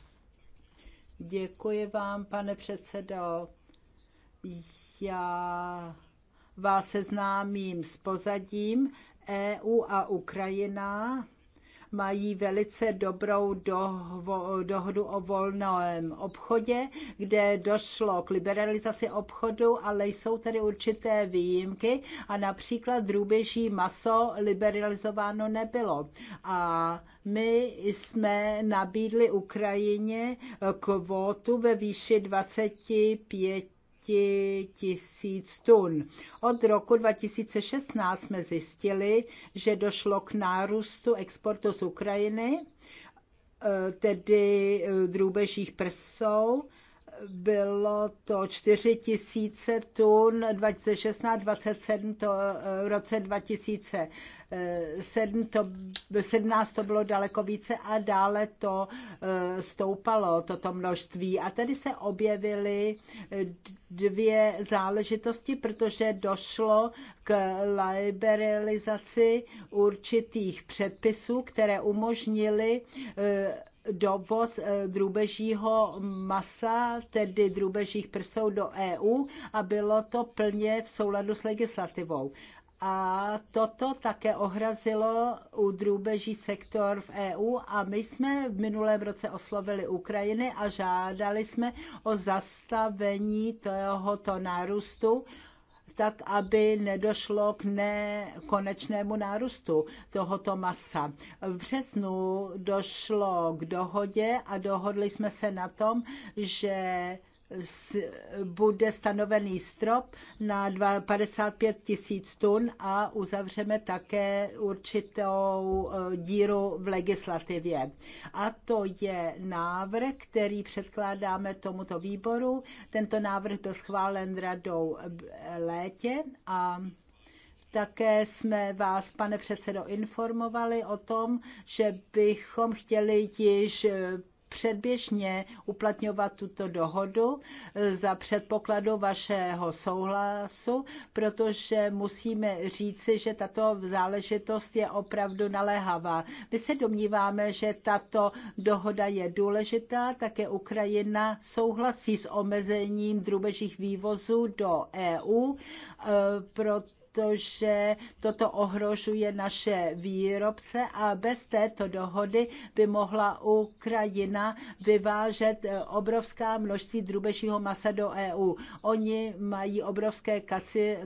Děkuji vám, pane předsedo. Já vás seznámím s pozadím EU a Ukrajina mají velice dobrou doho- dohodu o volném obchodě, kde došlo k liberalizaci obchodu, ale jsou tady určité výjimky a například drůběží maso liberalizováno nebylo. A my jsme nabídli Ukrajině kvótu ve výši 25 tisíc tun. Od roku 2016 jsme zjistili, že došlo k nárůstu exportu z Ukrajiny, eh, tedy eh, drůbežích prsou bylo to 4 tisíce tun 2016, 2027 to v roce 2007 to, 17 to bylo daleko více a dále to eh, stoupalo, toto množství. A tady se objevily dvě záležitosti, protože došlo k liberalizaci určitých předpisů, které umožnily eh, dovoz eh, drůbežího masa, tedy drůbežích prsou do EU a bylo to plně v souladu s legislativou. A toto také ohrazilo u drůbeží sektor v EU a my jsme v minulém roce oslovili Ukrajiny a žádali jsme o zastavení tohoto nárůstu tak aby nedošlo k nekonečnému nárůstu tohoto masa. V březnu došlo k dohodě a dohodli jsme se na tom, že bude stanovený strop na 55 tisíc tun a uzavřeme také určitou eh, díru v legislativě. A to je návrh, který předkládáme tomuto výboru. Tento návrh byl schválen radou létě a také jsme vás, pane předsedo, informovali o tom, že bychom chtěli již předběžně uplatňovat tuto dohodu eh, za předpokladu vašeho souhlasu, protože musíme říci, že tato záležitost je opravdu naléhavá. My se domníváme, že tato dohoda je důležitá, také Ukrajina souhlasí s omezením drubežích vývozů do EU, eh, proto protože toto ohrožuje naše výrobce a bez této dohody by mohla Ukrajina vyvážet eh, obrovská množství drubežího masa do EU. Oni mají obrovské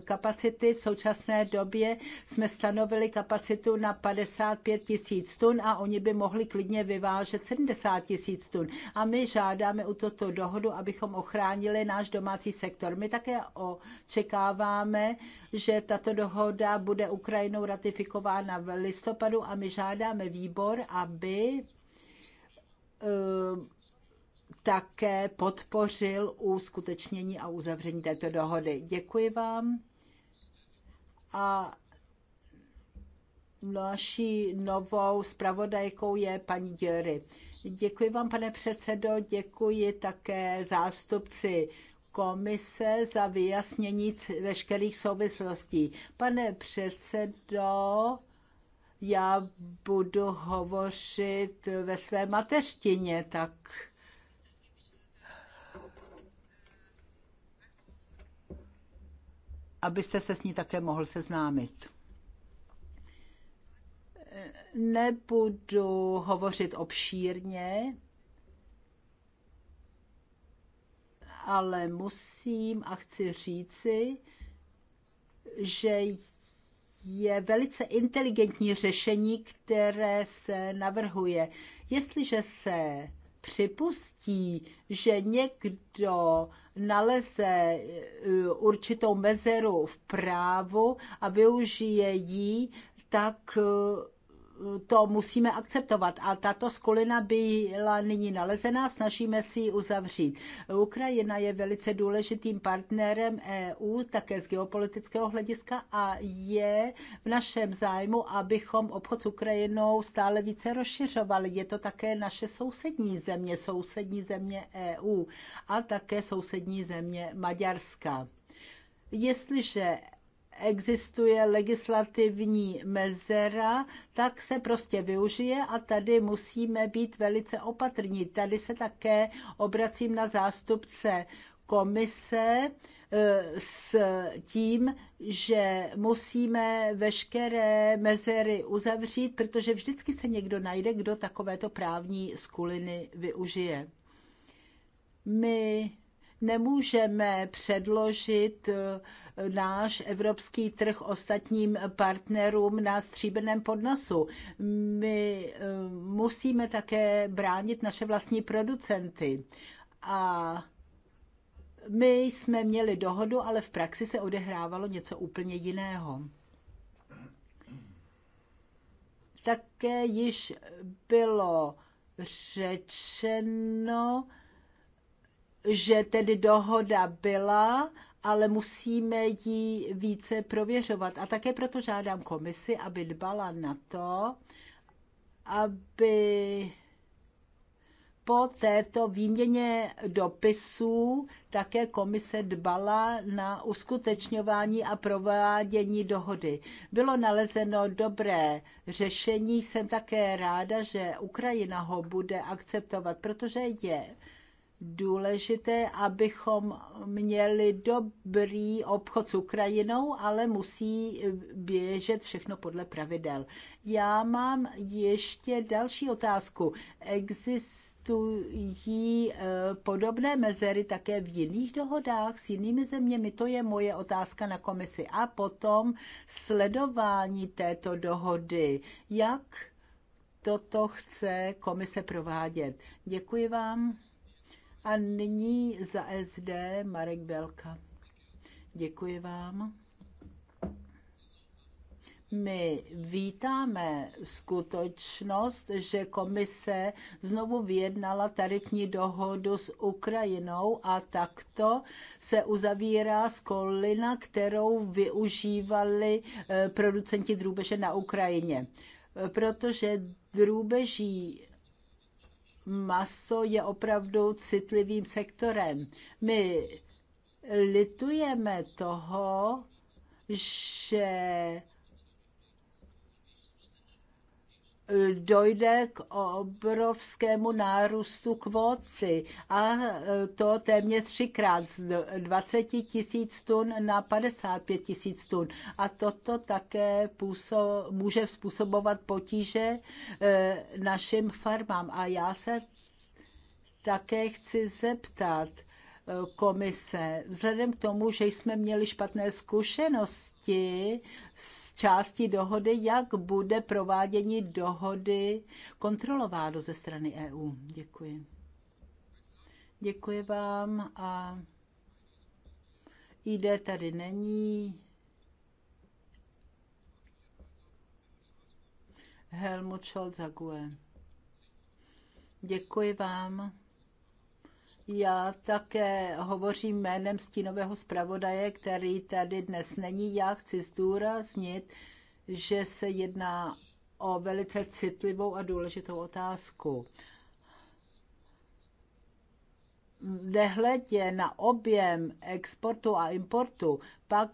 kapacity. V současné době jsme stanovili kapacitu na 55 tisíc tun a oni by mohli klidně vyvážet 70 tisíc tun. A my žádáme u toto dohodu, abychom ochránili náš domácí sektor. My také očekáváme, že ta tato dohoda bude Ukrajinou ratifikována v listopadu a my žádáme výbor, aby eh, také podpořil uskutečnění a uzavření této dohody. Děkuji vám. A naší novou zpravodajkou je paní Děry. Děkuji vám, pane předsedo, děkuji také zástupci komise za vyjasnění veškerých souvislostí. Pane předsedo, já budu hovořit ve své mateřtině, tak abyste se s ní také mohl seznámit. Nebudu hovořit obšírně, ale musím a chci říci, že je velice inteligentní řešení, které se navrhuje. Jestliže se připustí, že někdo naleze eh, určitou mezeru v právu a využije ji, tak eh, to musíme akceptovat. A tato skulina byla nyní nalezená, snažíme si ji uzavřít. Ukrajina je velice důležitým partnerem EU, také z geopolitického hlediska a je v našem zájmu, abychom obchod s Ukrajinou stále více rozšiřovali. Je to také naše sousední země, sousední země EU a také sousední země Maďarska. Jestliže existuje legislativní mezera, tak se prostě využije a tady musíme být velice opatrní. Tady se také obracím na zástupce komise eh, s tím, že musíme veškeré mezery uzavřít, protože vždycky se někdo najde, kdo takovéto právní skuliny využije. My nemůžeme předložit eh, náš evropský trh ostatním partnerům na stříbrném podnosu. My eh, musíme také bránit naše vlastní producenty. A my jsme měli dohodu, ale v praxi se odehrávalo něco úplně jiného. Také již bylo řečeno, že tedy dohoda byla, ale musíme ji více prověřovat. A také proto žádám komisi, aby dbala na to, aby po této výměně dopisů také komise dbala na uskutečňování a provádění dohody. Bylo nalezeno dobré řešení, jsem také ráda, že Ukrajina ho bude akceptovat, protože je důležité, abychom měli dobrý obchod s Ukrajinou, ale musí běžet všechno podle pravidel. Já mám ještě další otázku. Existují eh, podobné mezery také v jiných dohodách s jinými zeměmi? To je moje otázka na komisi. A potom sledování této dohody. Jak toto chce komise provádět? Děkuji vám. A nyní za SD Marek Belka. Děkuji vám. My vítáme skutečnost, že komise znovu vyjednala tarifní dohodu s Ukrajinou a takto se uzavírá skolina, kterou využívali eh, producenti drůbeže na Ukrajině. Protože drůbeží maso je opravdu citlivým sektorem. My litujeme toho, že dojde k obrovskému nárůstu kvóty a to téměř třikrát z 20 tisíc tun na 55 tisíc tun. A toto také působ, může způsobovat potíže e, našim farmám. A já se také chci zeptat, komise. Vzhledem k tomu, že jsme měli špatné zkušenosti s částí dohody, jak bude provádění dohody kontrolováno ze strany EU. Děkuji. Děkuji vám a ID tady není. Helmut Scholz e. Děkuji vám. Já také hovořím jménem stínového zpravodaje, který tady dnes není. Já chci zdůraznit, že se jedná o velice citlivou a důležitou otázku. Nehledě na objem exportu a importu, pak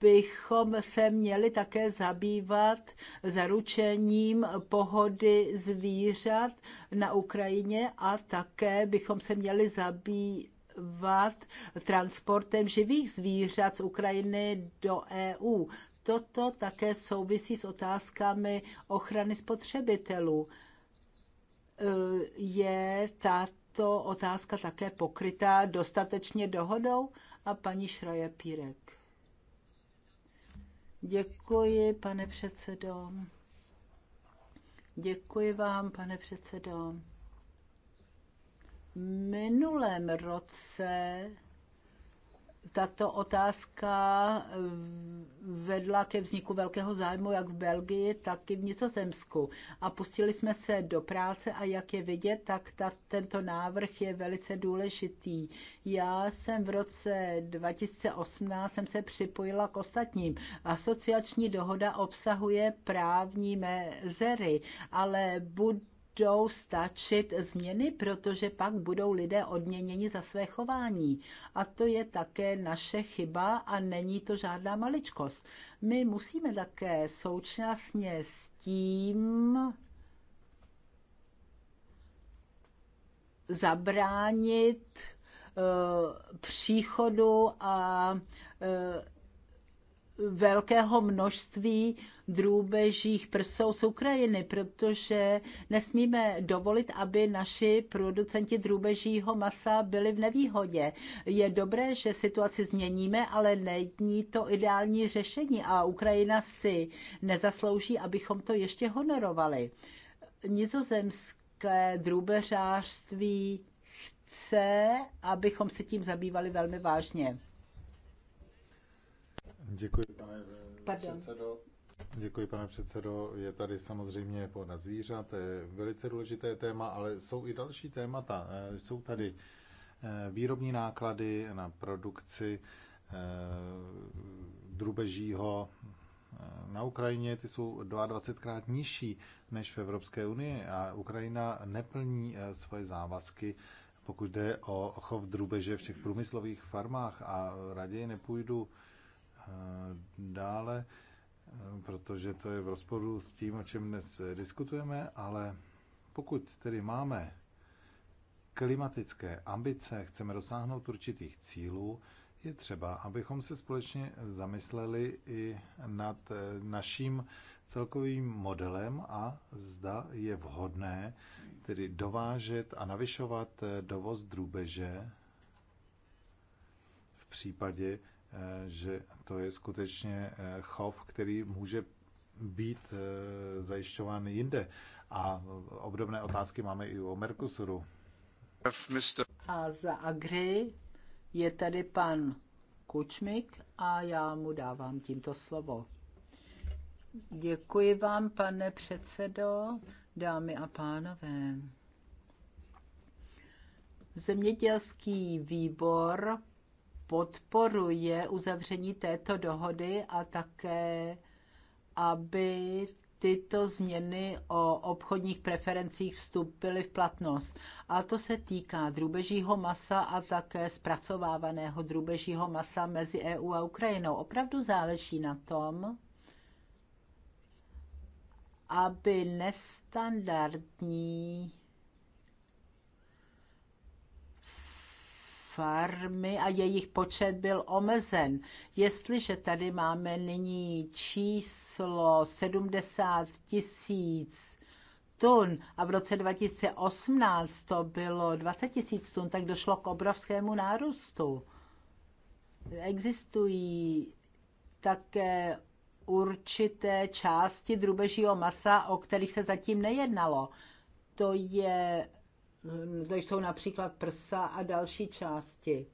bychom se měli také zabývat zaručením pohody zvířat na Ukrajině a také bychom se měli zabývat transportem živých zvířat z Ukrajiny do EU. Toto také souvisí s otázkami ochrany spotřebitelů. Eh, je tato otázka také pokrytá dostatečně dohodou? A paní Šraje Pírek. Děkuji, pane předsedo. Děkuji vám, pane předsedo. Minulém roce tato otázka eh, vedla ke vzniku velkého zájmu jak v Belgii, tak i v Nizozemsku. A pustili jsme se do práce a jak je vidět, tak ta, tento návrh je velice důležitý. Já jsem v roce 2018 jsem se připojila k ostatním. Asociační dohoda obsahuje právní mezery, ale bud budou stačit změny, protože pak budou lidé odměněni za své chování. A to je také naše chyba a není to žádná maličkost. My musíme také současně s tím zabránit eh, příchodu a eh, velkého množství drůbežích prsou z Ukrajiny, protože nesmíme dovolit, aby naši producenti drůbežího masa byli v nevýhodě. Je dobré, že situaci změníme, ale není to ideální řešení a Ukrajina si nezaslouží, abychom to ještě honorovali. Nizozemské drůbežářství chce, abychom se tím zabývali velmi vážně. Děkuji, pane Pardon. předsedo. Děkuji, pane předsedo. Je tady samozřejmě pohoda zvířat, je velice důležité téma, ale jsou i další témata. Eh, jsou tady eh, výrobní náklady na produkci eh, drubežího na Ukrajině, ty jsou 22krát nižší než v Evropské unii a Ukrajina neplní svoje závazky, pokud jde o chov drubeže v těch průmyslových farmách a raději nepůjdu Eh, dále, eh, protože to je v rozporu s tím, o čem dnes diskutujeme, ale pokud tedy máme klimatické ambice, chceme dosáhnout určitých cílů, je třeba, abychom se společně zamysleli i nad eh, naším celkovým modelem a zda je vhodné tedy dovážet a navyšovat dovoz drůbeže v případě, Eh, že to je skutečně eh, chov, který může být eh, zajišťován jinde. A obdobné otázky máme i o Mercosuru. A za Agri je tady pan Kučmik a já mu dávám tímto slovo. Děkuji vám, pane předsedo, dámy a pánové. Zemědělský výbor podporuje uzavření této dohody a také, aby tyto změny o obchodních preferencích vstupily v platnost. A to se týká drůbežího masa a také zpracovávaného drůbežího masa mezi EU a Ukrajinou. Opravdu záleží na tom, aby nestandardní farmy a jejich počet byl omezen. Jestliže tady máme nyní číslo 70 tisíc tun a v roce 2018 to bylo 20 tisíc tun, tak došlo k obrovskému nárůstu. Existují také určité části drubežího masa, o kterých se zatím nejednalo. To je to jsou například prsa a další části.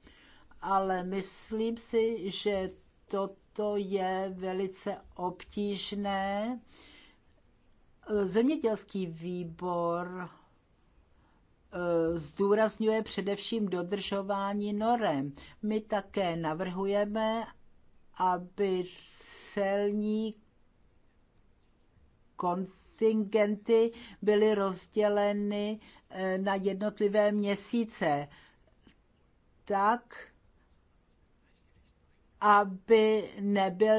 Ale myslím si, že toto je velice obtížné. Zemědělský výbor eh, zdůrazňuje především dodržování norem. My také navrhujeme, aby celní kontingenty byly rozděleny na jednotlivé měsíce, tak aby nebyl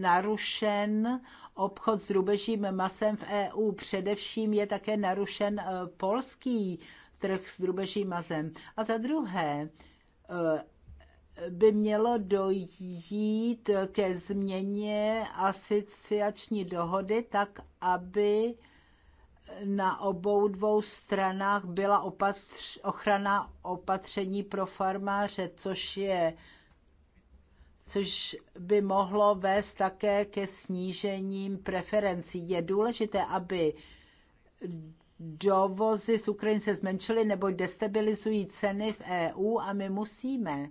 narušen obchod s rubežím masem v EU. Především je také narušen e, polský trh s rubežím masem. A za druhé, e, by mělo dojít ke změně asociační dohody tak, aby na obou dvou stranách byla opatř, ochrana opatření pro farmáře, což je což by mohlo vést také ke snížením preferencí. Je důležité, aby dovozy z Ukrajiny se zmenšily nebo destabilizují ceny v EU a my musíme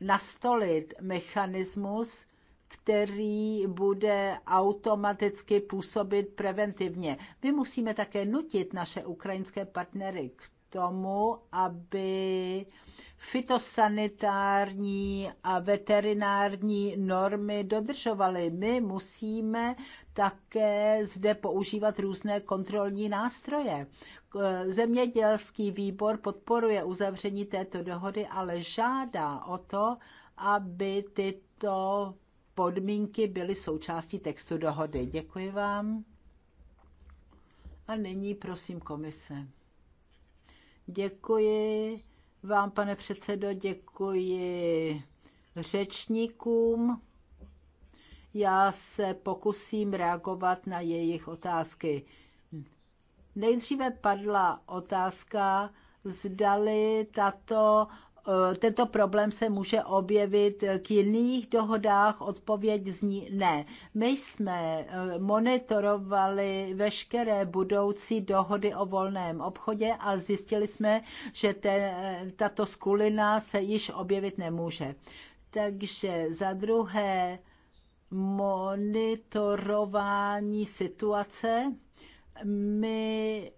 nastolit mechanismus, který bude automaticky působit preventivně. My musíme také nutit naše ukrajinské partnery k tomu, aby fitosanitární a veterinární normy dodržovaly. My musíme také zde používat různé kontrolní nástroje. Zemědělský výbor podporuje uzavření této dohody, ale žádá o to, aby tyto podmínky byly součástí textu dohody. Děkuji vám. A nyní prosím komise. Děkuji vám, pane předsedo, děkuji řečníkům. Já se pokusím reagovat na jejich otázky. Nejdříve padla otázka, zdali tato Eh, tento problém se může objevit k jiných dohodách, odpověď zní ne. My jsme eh, monitorovali veškeré budoucí dohody o volném obchodě a zjistili jsme, že te, eh, tato skulina se již objevit nemůže. Takže za druhé monitorování situace. My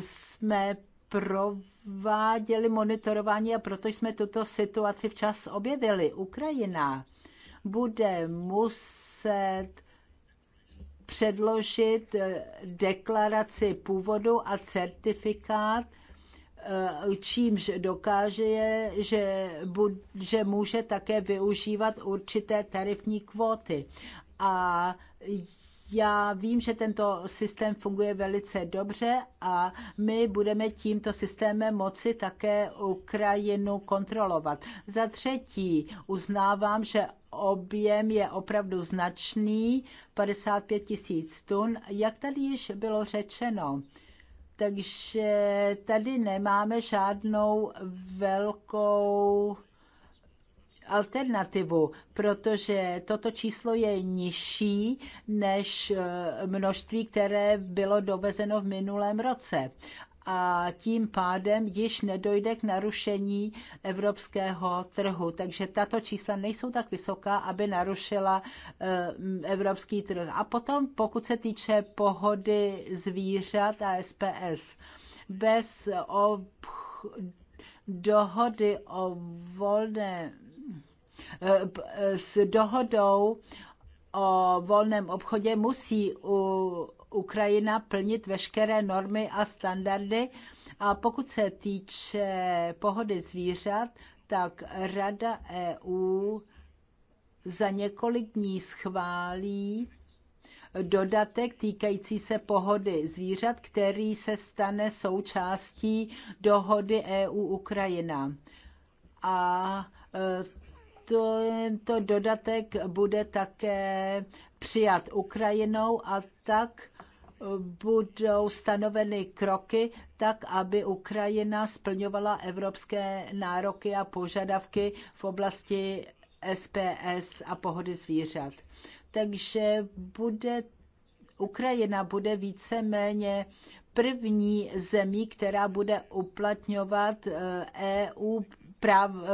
jsme prováděli monitorování a proto jsme tuto situaci včas objevili. Ukrajina bude muset předložit eh, deklaraci původu a certifikát, eh, čímž dokáže, že, že může také využívat určité tarifní kvóty. A já vím, že tento systém funguje velice dobře a my budeme tímto systémem moci také Ukrajinu kontrolovat. Za třetí, uznávám, že objem je opravdu značný, 55 tisíc tun, jak tady již bylo řečeno. Takže tady nemáme žádnou velkou alternativu, protože toto číslo je nižší než eh, množství, které bylo dovezeno v minulém roce. A tím pádem již nedojde k narušení evropského trhu. Takže tato čísla nejsou tak vysoká, aby narušila eh, evropský trh. A potom, pokud se týče pohody zvířat a SPS, bez dohody o volném Eh, eh, s dohodou o volném obchodě musí Ukrajina plnit veškeré normy a standardy. A pokud se týče pohody zvířat, tak Rada EU za několik dní schválí dodatek týkající se pohody zvířat, který se stane součástí dohody EU-Ukrajina. A eh, tento dodatek bude také přijat Ukrajinou a tak budou stanoveny kroky tak, aby Ukrajina splňovala evropské nároky a požadavky v oblasti SPS a pohody zvířat. Takže bude, Ukrajina bude víceméně první zemí, která bude uplatňovat EU eh, e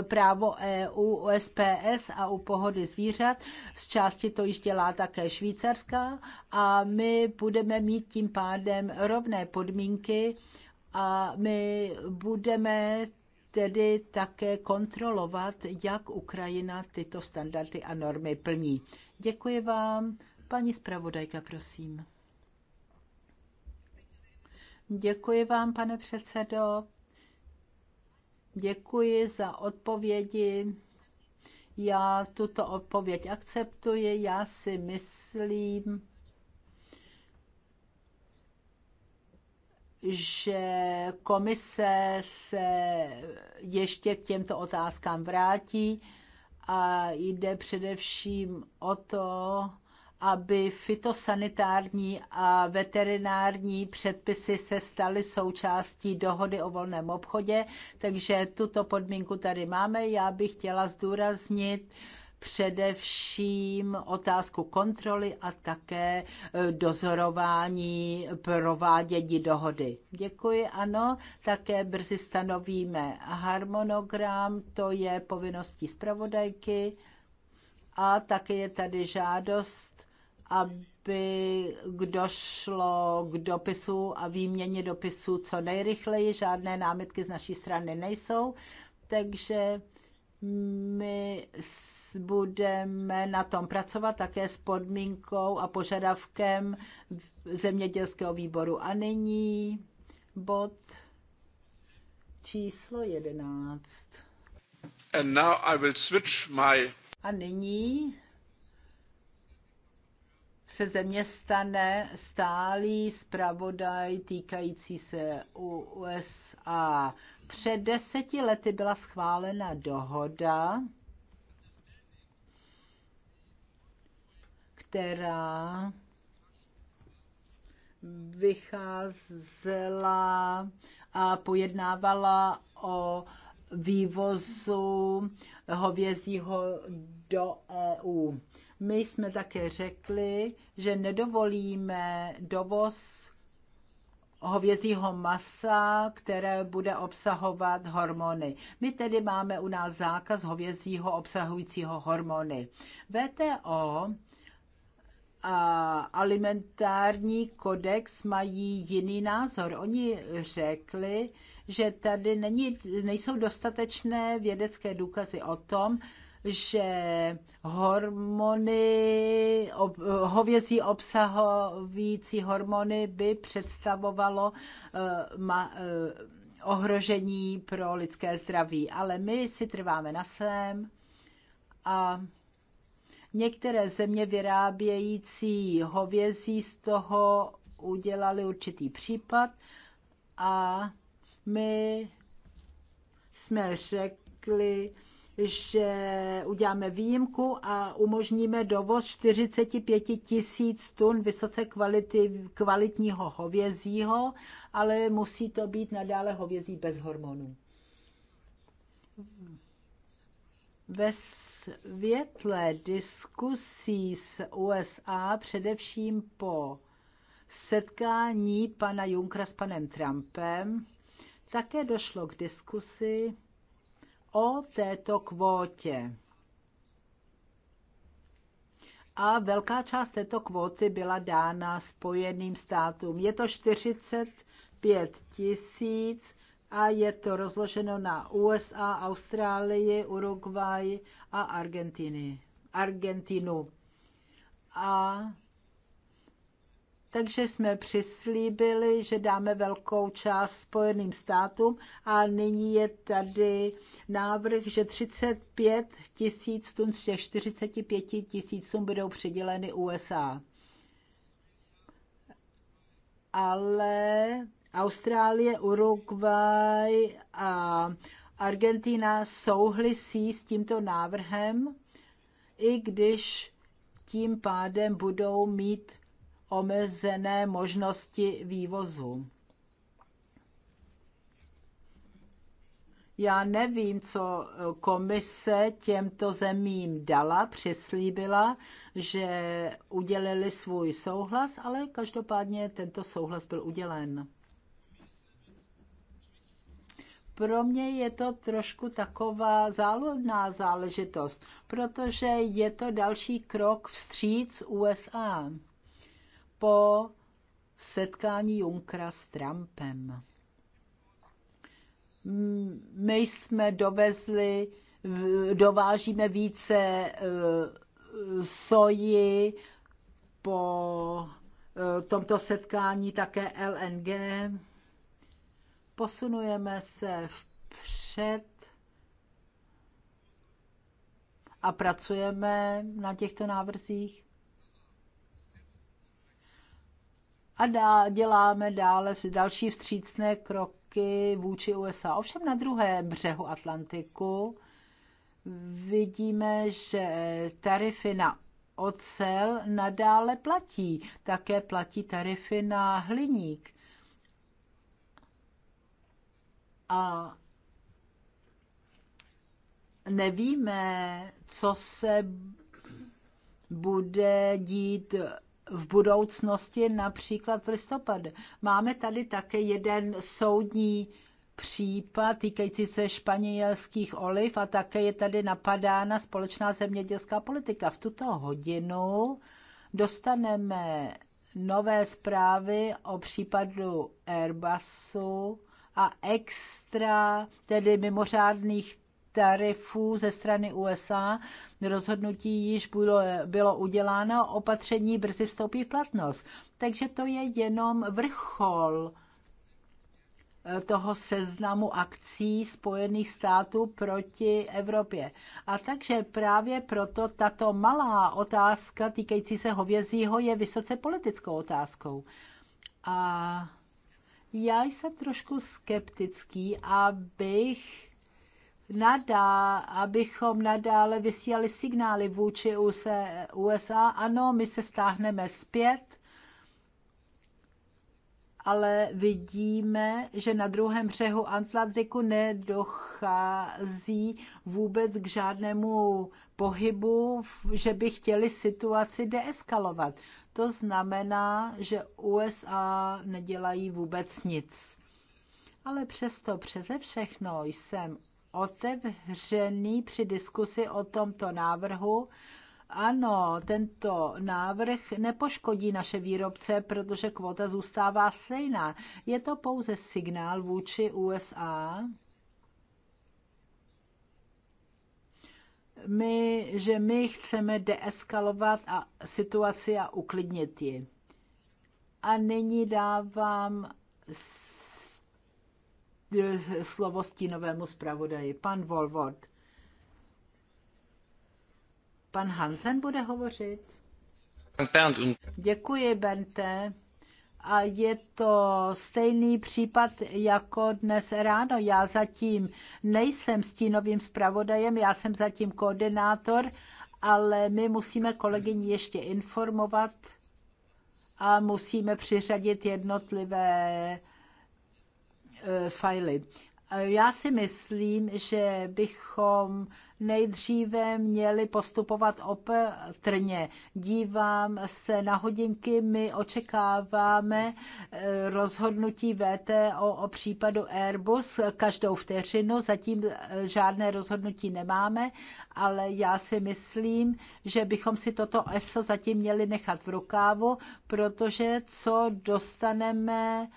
právo EU, SPS a u pohody zvířat. Z části to již dělá také Švýcarska a my budeme mít tím pádem rovné podmínky a my budeme tedy také kontrolovat, jak Ukrajina tyto standardy a normy plní. Děkuji vám. Paní zpravodajka, prosím. Děkuji vám, pane předsedo. Děkuji za odpovědi. Já tuto odpověď akceptuji. Já si myslím, že komise se ještě k těmto otázkám vrátí a jde především o to, aby fitosanitární a veterinární předpisy se staly součástí dohody o volném obchodě, takže tuto podmínku tady máme. Já bych chtěla zdůraznit především otázku kontroly a také e, dozorování provádění dohody. Děkuji, ano. Také brzy stanovíme harmonogram, to je povinností zpravodajky. A také je tady žádost aby došlo k dopisu a výměně dopisu co nejrychleji. Žádné námitky z naší strany nejsou, takže my budeme na tom pracovat také s podmínkou a požadavkem zemědělského výboru. A nyní bod číslo 11. And now I will switch my... A nyní se země stane stálý zpravodaj týkající se USA. Před deseti lety byla schválena dohoda, která vycházela a pojednávala o vývozu hovězího do EU. My jsme také řekli, že nedovolíme dovoz hovězího masa, které bude obsahovat hormony. My tedy máme u nás zákaz hovězího obsahujícího hormony. VTO a alimentární kodex mají jiný názor. Oni řekli, že tady není, nejsou dostatečné vědecké důkazy o tom, že hormony, ob, hovězí obsahující hormony by představovalo uh, ma, uh, ohrožení pro lidské zdraví. Ale my si trváme na svém a některé země vyrábějící hovězí z toho udělali určitý případ a my jsme řekli, že uděláme výjimku a umožníme dovoz 45 tisíc tun vysoce kvality, kvalitního hovězího, ale musí to být nadále hovězí bez hormonů. Ve světle diskusí s USA, především po setkání pana Junkra s panem Trumpem, také došlo k diskusi, o této kvótě. A velká část této kvóty byla dána Spojeným státům. Je to 45 tisíc a je to rozloženo na USA, Austrálii, Uruguay a Argentiny. Argentinu. A takže jsme přislíbili, že dáme velkou část Spojeným státům a nyní je tady návrh, že 35 tisíc tun z těch 45 tisícům budou přiděleny USA. Ale Austrálie, Uruguay a Argentina souhlasí s tímto návrhem, i když tím pádem budou mít omezené možnosti vývozu. Já nevím, co komise těmto zemím dala, přeslíbila, že udělili svůj souhlas, ale každopádně tento souhlas byl udělen. Pro mě je to trošku taková záludná záležitost, protože je to další krok vstříc USA po setkání Junkra s Trumpem. My jsme dovezli, dovážíme více eh, soji po eh, tomto setkání také LNG. Posunujeme se vpřed a pracujeme na těchto návrzích. a dá, děláme dále další vstřícné kroky vůči USA. Ovšem na druhém břehu Atlantiku vidíme, že tarify na ocel nadále platí. Také platí tarify na hliník. A nevíme, co se bude dít v budoucnosti, například v listopadu. Máme tady také jeden soudní případ týkající se španělských oliv a také je tady napadána společná zemědělská politika. V tuto hodinu dostaneme nové zprávy o případu Airbusu a extra, tedy mimořádných tarifů ze strany USA. Rozhodnutí již bylo, bylo uděláno, opatření brzy vstoupí v platnost. Takže to je jenom vrchol eh, toho seznamu akcí Spojených států proti Evropě. A takže právě proto tato malá otázka týkající se hovězího je vysoce politickou otázkou. A já jsem trošku skeptický, abych nadá, abychom nadále vysílali signály vůči USA. Ano, my se stáhneme zpět, ale vidíme, že na druhém břehu Atlantiku nedochází vůbec k žádnému pohybu, že by chtěli situaci deeskalovat. To znamená, že USA nedělají vůbec nic. Ale přesto přeze všechno jsem otevřený při diskusi o tomto návrhu. Ano, tento návrh nepoškodí naše výrobce, protože kvota zůstává stejná. Je to pouze signál vůči USA, my, že my chceme deeskalovat a situaci a uklidnit ji. A nyní dávám slovo stínovému zpravodaji. Pan Volvod. Pan Hansen bude hovořit. Děkuji, Bente. A je to stejný případ jako dnes ráno. Já zatím nejsem stínovým zpravodajem, já jsem zatím koordinátor, ale my musíme kolegyni ještě informovat a musíme přiřadit jednotlivé Eh, fajly. Eh, já si myslím, že bychom nejdříve měli postupovat opatrně. Dívám se na hodinky, my očekáváme eh, rozhodnutí VTO o případu Airbus každou vteřinu. Zatím žádné rozhodnutí nemáme, ale já si myslím, že bychom si toto ESO zatím měli nechat v rukávu, protože co dostaneme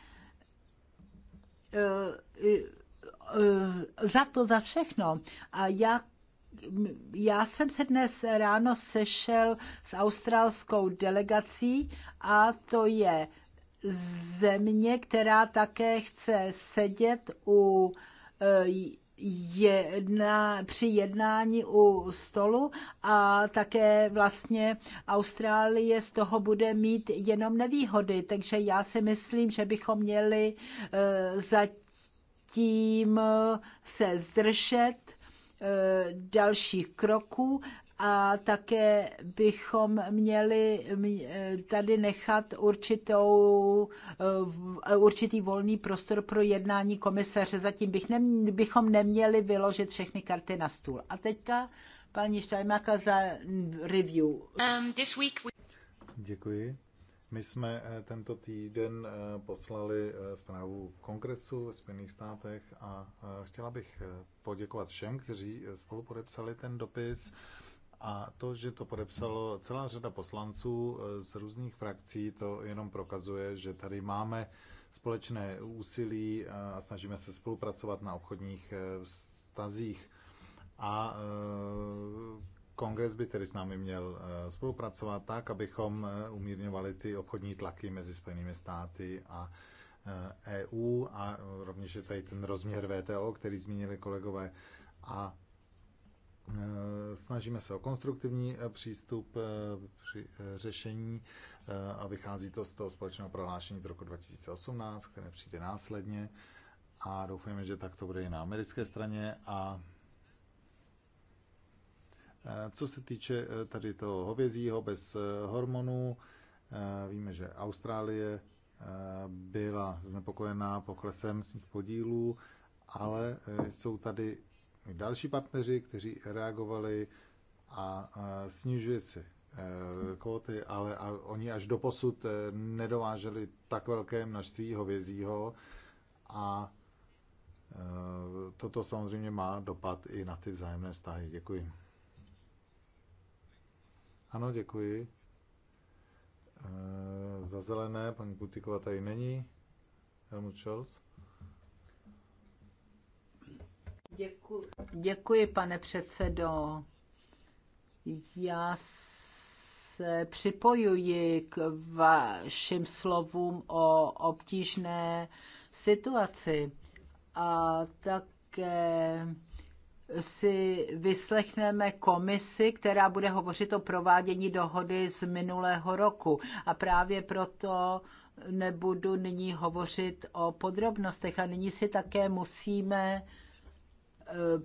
Eh, za to, za všechno. A já já jsem se dnes ráno sešel s australskou delegací a to je země, která také chce sedět u eh, jedna, při jednání u stolu a také vlastně Austrálie z toho bude mít jenom nevýhody. Takže já si myslím, že bychom měli eh, zatím eh, se zdržet eh, dalších kroků a také bychom měli eh, tady nechat určitou, eh, určitý volný prostor pro jednání komisaře. Zatím bych ne, bychom neměli vyložit všechny karty na stůl. A teďka paní Štajmáka za review. Um, this week we... Děkuji. My jsme eh, tento týden poslali zprávu kongresu ve Spojených státech a chtěla bych poděkovat všem, kteří spolu podepsali ten dopis. A to, že to podepsalo celá řada poslanců e, z různých frakcí, to jenom prokazuje, že tady máme společné úsilí e, a snažíme se spolupracovat na obchodních e, vztazích. A kongres by tedy s námi měl spolupracovat tak, abychom umírňovali ty obchodní tlaky mezi Spojenými státy a EU a rovněž je tady ten rozměr VTO, který zmínili kolegové. A Eh, snažíme se o konstruktivní eh, přístup eh, při řešení a vychází to z toho společného prohlášení z roku 2018, které přijde následně a doufujeme, že tak to bude i na americké straně a co se týče tady toho hovězího bez hormonů, víme, že Austrálie byla znepokojená poklesem svých podílů, ale jsou tady další partneři, kteří reagovali a snižuje se e, kvóty, ale a oni až do posud e, nedováželi tak velké množství hovězího a e, toto samozřejmě má dopad i na ty vzájemné vztahy. Děkuji. Ano, děkuji. Za zelené, paní Putikova tady není. Helmut Scholz. Děkuji. Děkuji, pane předsedo. Já se připojuji k vašim slovům o obtížné situaci a také si vyslechneme komisi, která bude hovořit o provádění dohody z minulého roku. A právě proto nebudu nyní hovořit o podrobnostech. A nyní si také musíme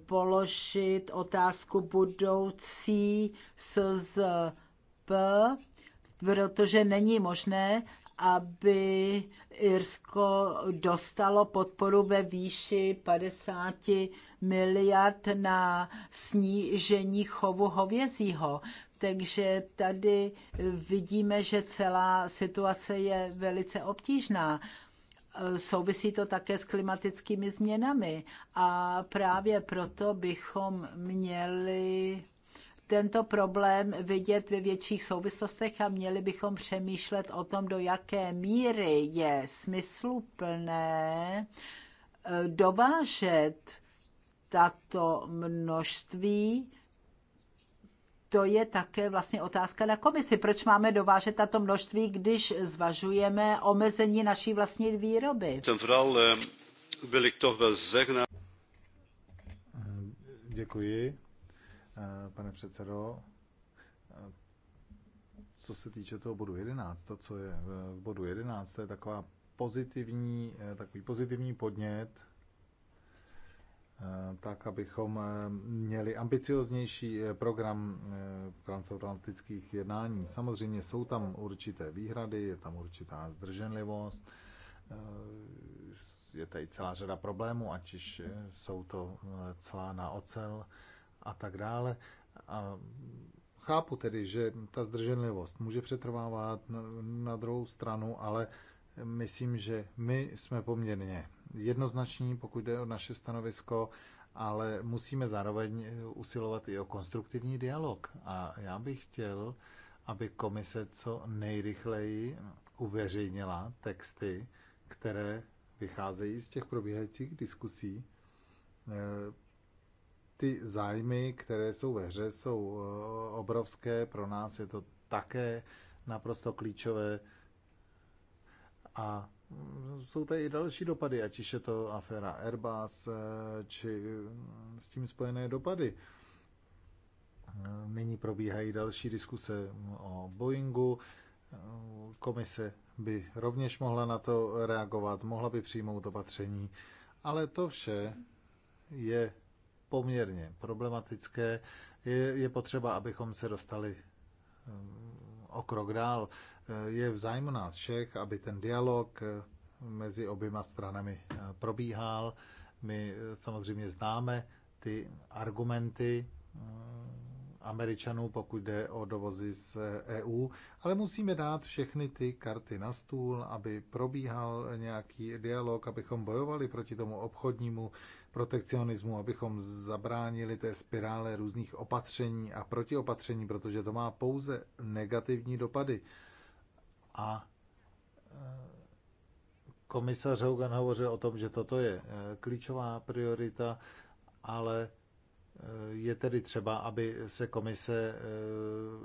položit otázku budoucí SZP, protože není možné, aby Irsko dostalo podporu ve výši 50 miliard na snížení chovu hovězího. Takže tady vidíme, že celá situace je velice obtížná souvisí to také s klimatickými změnami. A právě proto bychom měli tento problém vidět ve větších souvislostech a měli bychom přemýšlet o tom, do jaké míry je smysluplné eh, dovážet tato množství to je také vlastně otázka na komisi. Proč máme dovážet tato množství, když zvažujeme omezení naší vlastní výroby? Eh, eh, děkuji, eh, pane předsedo. Co se týče toho bodu 11, to, co je v bodu 11, to je taková pozitivní, takový pozitivní podnět Eh, tak, abychom eh, měli ambicioznější eh, program transatlantických jednání. Samozřejmě jsou tam určité výhrady, je tam určitá zdrženlivost, je tady celá řada problémů, ať už jsou to celá na ocel a tak dále. A chápu tedy, že ta zdrženlivost může přetrvávat na druhou stranu, ale myslím, že my jsme poměrně jednoznační, pokud jde o naše stanovisko, ale musíme zároveň usilovat i o konstruktivní dialog. A já bych chtěl, aby komise co nejrychleji uveřejnila texty, které vycházejí z těch probíhajících diskusí. E, ty zájmy, které jsou ve hře, jsou e, obrovské. Pro nás je to také naprosto klíčové. A jsou tady i další dopady, ať už je to aféra Airbus, eh, či mm, s tím spojené dopady. Eh, nyní probíhají další diskuse o Boeingu. Eh, komise by rovněž mohla na to reagovat, mohla by přijmout opatření, ale to vše je poměrně problematické. Je, je potřeba, abychom se dostali o krok dál. Je v zájmu nás všech, aby ten dialog eh, mezi oběma stranami eh, probíhal. My eh, samozřejmě známe ty argumenty Američanů, pokud jde o dovozy z EU, e ale musíme dát všechny ty karty na stůl, aby probíhal nějaký dialog, abychom bojovali proti tomu obchodnímu protekcionismu, abychom zabránili té spirále různých opatření a protiopatření, protože to má pouze negativní dopady. A e, komisař Hogan hovořil o tom, že toto je e, klíčová priorita, ale e, je tedy třeba, aby se komise,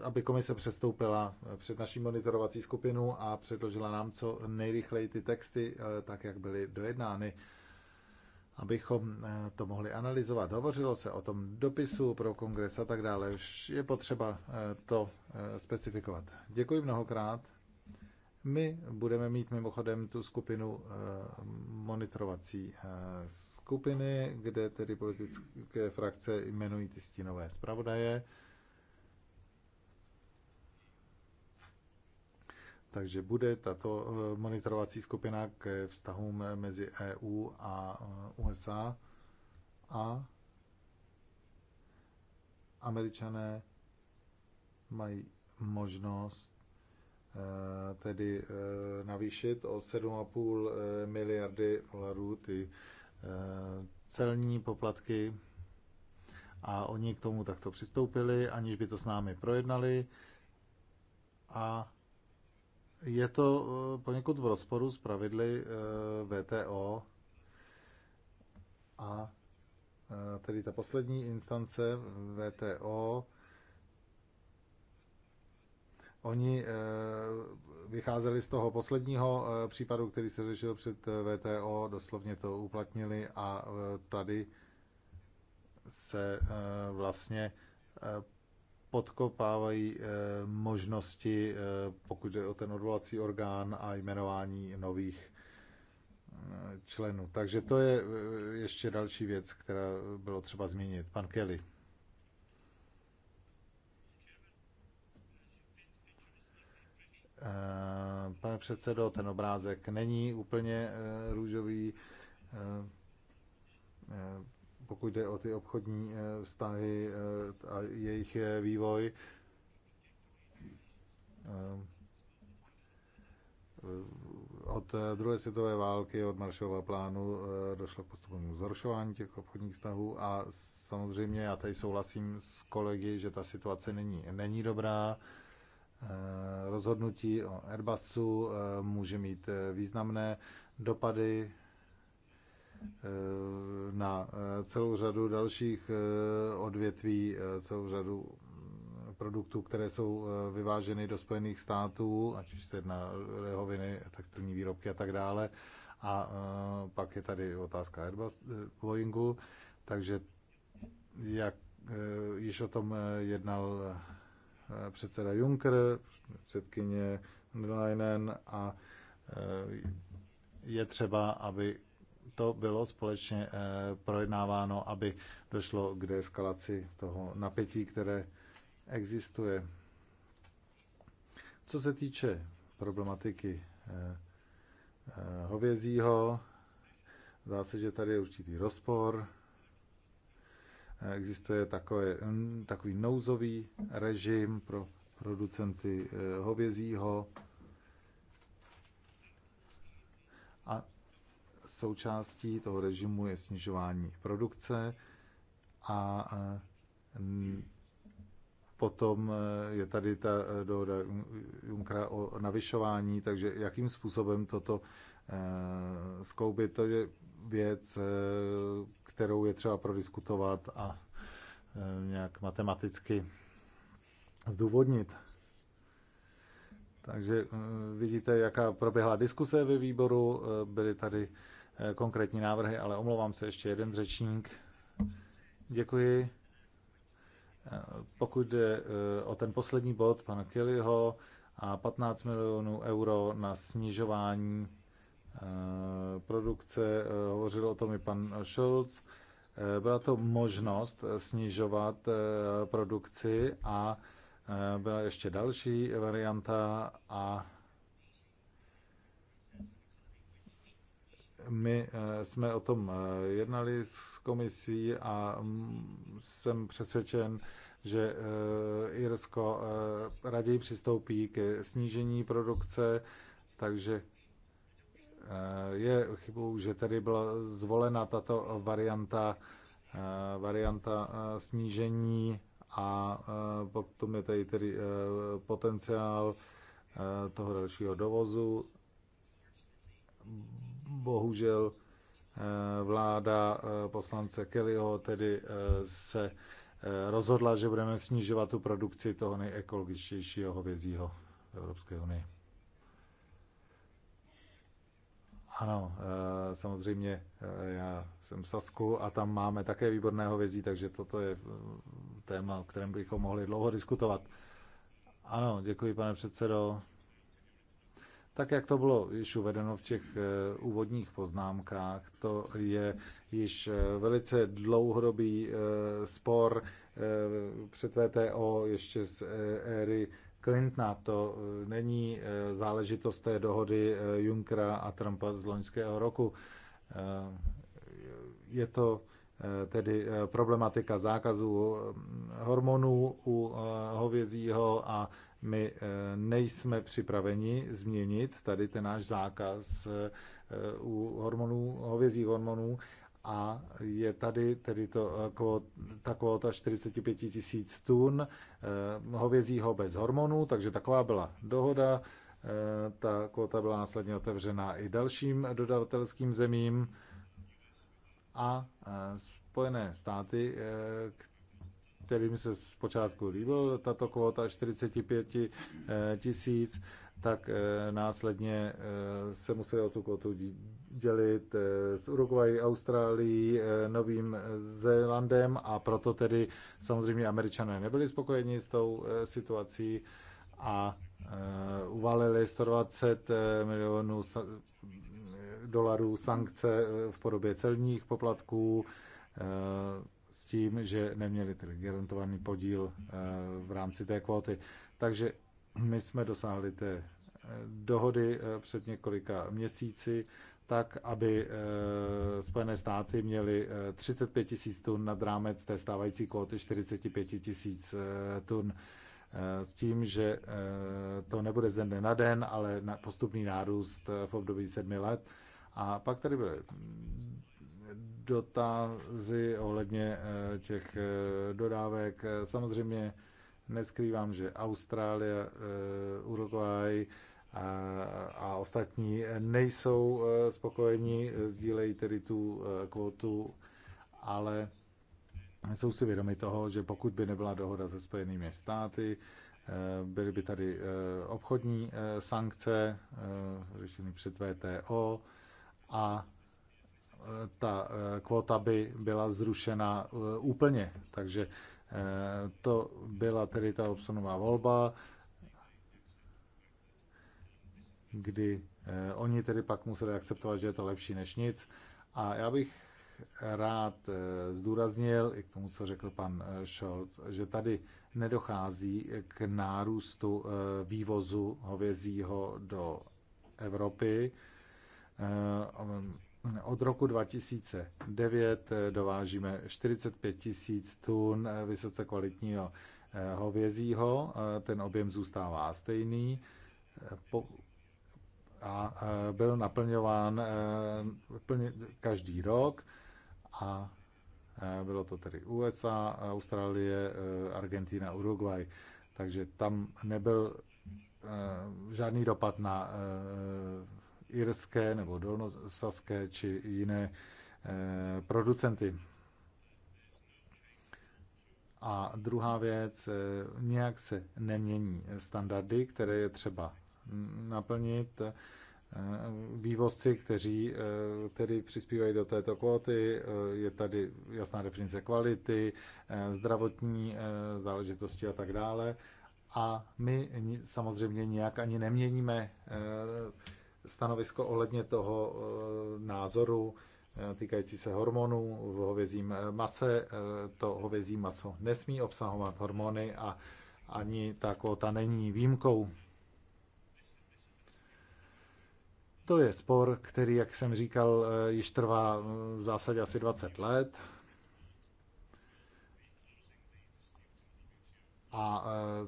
aby komise přestoupila před naší monitorovací skupinu a předložila nám co nejrychleji ty texty, tak jak byly dojednány, abychom to mohli analyzovat. Hovořilo se o tom dopisu pro kongres a tak dále. Je potřeba to specifikovat. Děkuji mnohokrát. My budeme mít mimochodem tu skupinu eh, monitorovací eh, skupiny, kde tedy politické frakce jmenují ty stínové zpravodaje. Takže bude tato eh, monitorovací skupina k vztahům mezi EU a USA a američané mají možnost Eh, tedy eh, navýšit o 7,5 eh, miliardy dolarů ty celní poplatky a oni k tomu takto přistoupili, aniž by to s námi projednali a je to poněkud v rozporu s pravidly VTO a tedy ta poslední instance VTO Oni eh, vycházeli z toho posledního eh, případu, který se řešil před eh, VTO, doslovně to uplatnili a tady se vlastně podkopávají možnosti, pokud jde o ten odvolací orgán a jmenování nových členů. Takže to je ještě další věc, která bylo třeba zmínit. Pan Kelly. předsedo, ten obrázek není úplně eh, růžový. Eh, eh, pokud jde o ty obchodní vztahy a jejich vývoj, od druhé světové války, od Marshallova plánu došlo k postupnému zhoršování těch obchodních vztahů a samozřejmě já tady souhlasím s kolegy, že ta situace není, není dobrá. Eh, rozhodnutí o Airbusu eh, může mít eh, významné dopady na celou řadu dalších odvětví, celou řadu mm, produktů, které jsou vyváženy do Spojených států, ať už se jedná lehoviny, textilní výrobky a tak dále. A pak je tady otázka Airbus Boeingu, takže jak již o tom jednal předseda Juncker, předkyně Leinen a eh, je třeba, aby to bylo společně eh, projednáváno, aby došlo k deeskalaci toho napětí, které existuje. Co se týče problematiky eh, hovězího, zdá se, že tady je určitý rozpor. Existuje takové, mm, takový nouzový režim pro producenty eh, hovězího a součástí toho režimu je snižování produkce a eh, Potom eh, je tady ta dohoda Junkra o navyšování, takže jakým způsobem toto skloubit, to je věc, kterou je třeba prodiskutovat a e, nějak matematicky zdůvodnit. Takže e, vidíte, jaká proběhla diskuse ve výboru, e, byly tady konkrétní návrhy, ale omlouvám se ještě jeden řečník. Děkuji. Pokud jde o ten poslední bod pana Kellyho a 15 milionů euro na snižování produkce, eh, hovořil o tom i pan Schulz. Eh, byla to možnost snižovat eh, produkci a byla ještě další varianta a my jsme o tom jednali s komisí a mm, jsem přesvědčen, že Irsko raději přistoupí ke snížení produkce, takže Eh, je chybou, že tedy byla zvolena tato varianta, eh, varianta eh, snížení a potom je tady tedy potenciál toho dalšího dovozu. Bohužel vláda poslance Kellyho tedy se rozhodla, že budeme snižovat tu produkci toho nejekologičtějšího hovězího v Evropské unii. Ano, eh, samozřejmě eh, já jsem v Sasku a tam máme také výborného vězí, takže toto je eh, téma, o kterém bychom mohli dlouho diskutovat. Ano, děkuji, pane předsedo. Tak, jak to bylo již uvedeno v těch úvodních poznámkách, to je již velice dlouhodobý spor před VTO ještě z éry Clintona. To eh, není eh, záležitost té dohody eh, Junckera a Trumpa z loňského roku. Je to tedy problematika zákazu hormonů u hovězího a my nejsme připraveni změnit tady ten náš zákaz u hormonů, hovězích hormonů a je tady tedy to, eh, ta kvota 45 tisíc tun eh, hovězího bez hormonů, takže taková byla dohoda. Eh, ta kvota byla následně otevřena i dalším dodavatelským zemím a Spojené státy, kterým se zpočátku líbil tato kvota 45 tisíc, tak následně se museli o tu kvotu dělit eh, s Uruguay, Austrálií, eh, Novým Zélandem a proto tedy samozřejmě američané nebyli spokojeni s tou eh, situací a uvalili 120 milionů dolarů sankce v podobě celních poplatků s tím, že neměli tedy garantovaný podíl v rámci té kvóty. Takže my jsme dosáhli té dohody před několika měsíci tak, aby eh, Spojené státy měly 35 eh, tisíc tun nad rámec té stávající kvóty 45 tisíc eh, tun s tím, že to nebude ze dne na den, ale na postupný nárůst v období sedmi let. A pak tady byly mm, dotazy ohledně těch dodávek. Samozřejmě neskrývám, že Austrálie, Uruguay, a ostatní nejsou eh, spokojeni, sdílejí tedy tu eh, kvotu, ale jsou si vědomi toho, že pokud by nebyla dohoda se Spojenými státy, eh, byly by tady obchodní sankce řešeny před VTO a ta kvota by byla zrušena úplně. Takže to byla tedy ta obsunová volba kdy eh, oni tedy pak museli akceptovat, že je to lepší než nic. A já bych rád eh, zdůraznil i k tomu, co řekl pan eh, Scholz, že tady nedochází k nárůstu vývozu hovězího do Evropy. Od roku 2009 dovážíme 45 tisíc tun vysoce kvalitního hovězího, ten objem zůstává stejný a e, byl naplňován e, každý rok a e, bylo to tedy USA, Austrálie, Argentina, Uruguay, takže tam nebyl žádný dopad na irské nebo dolnosaské či jiné producenty. A druhá věc, nějak se nemění standardy, které je třeba naplnit eh, vývozci, kteří eh, tedy přispívají do této kvóty. Eh, je tady jasná definice kvality, zdravotní záležitosti a tak dále. A my samozřejmě nějak ani neměníme stanovisko ohledně toho názoru týkající se hormonů v hovězím mase. To hovězí maso nesmí obsahovat hormony a ani ta kvota není výjimkou. To je spor, který, jak jsem říkal, eh, již trvá eh, v zásadě asi 20 let. A eh,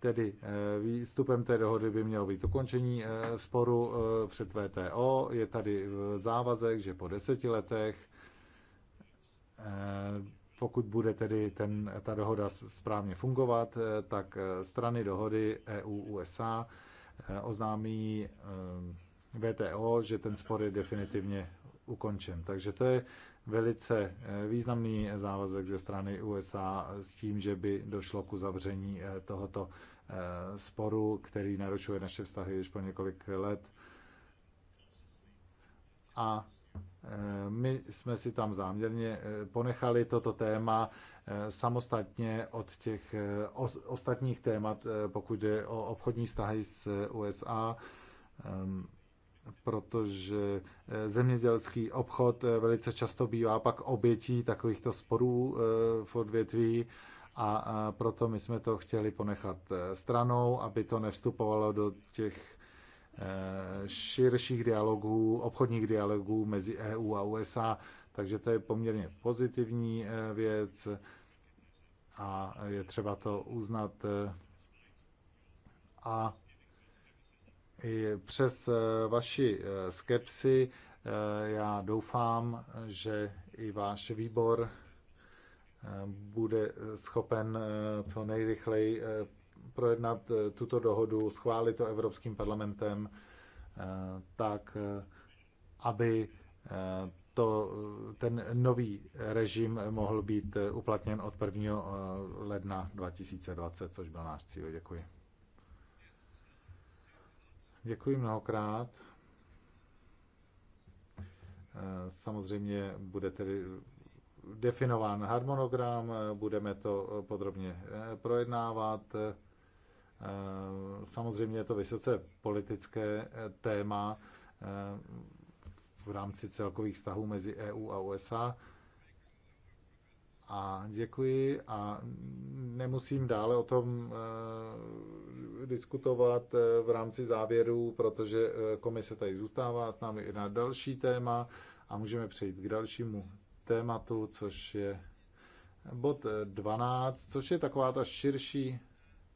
tedy výstupem té dohody by mělo být ukončení sporu před VTO. Je tady závazek, že po deseti letech, pokud bude tedy ten, ta dohoda správně fungovat, tak strany dohody EU-USA Eh, oznámí eh, VTO, že ten spor je definitivně ukončen. Takže to je velice eh, významný závazek ze strany USA s tím, že by došlo k uzavření tohoto sporu, který narušuje naše vztahy již po několik let. A Eh, my jsme si tam záměrně eh, ponechali toto téma eh, samostatně od těch ostatních témat, pokud jde o obchodní vztahy s USA, ehm, protože zemědělský obchod velice často bývá pak obětí takovýchto sporů v odvětví a proto my jsme to chtěli ponechat stranou, aby to nevstupovalo do těch širších dialogů, obchodních dialogů mezi EU a USA, takže to je poměrně pozitivní eh, věc a je třeba to uznat. A i přes eh, vaši eh, skepsi já doufám, že i váš výbor bude schopen co nejrychleji projednat eh, tuto dohodu, schválit to Evropským parlamentem, eh, tak eh, aby to, ten nový režim mohl být uplatněn od 1. ledna 2020, což byl náš cíl. Děkuji. Děkuji mnohokrát. Samozřejmě bude tedy definován harmonogram, budeme to podrobně projednávat. Eh, samozřejmě je to vysoce politické eh, téma eh, v rámci celkových vztahů mezi EU a USA. A děkuji a nemusím dále o tom diskutovat v rámci závěrů, protože komise tady zůstává s námi i na další téma a můžeme přejít k dalšímu tématu, což je bod 12, což je taková ta širší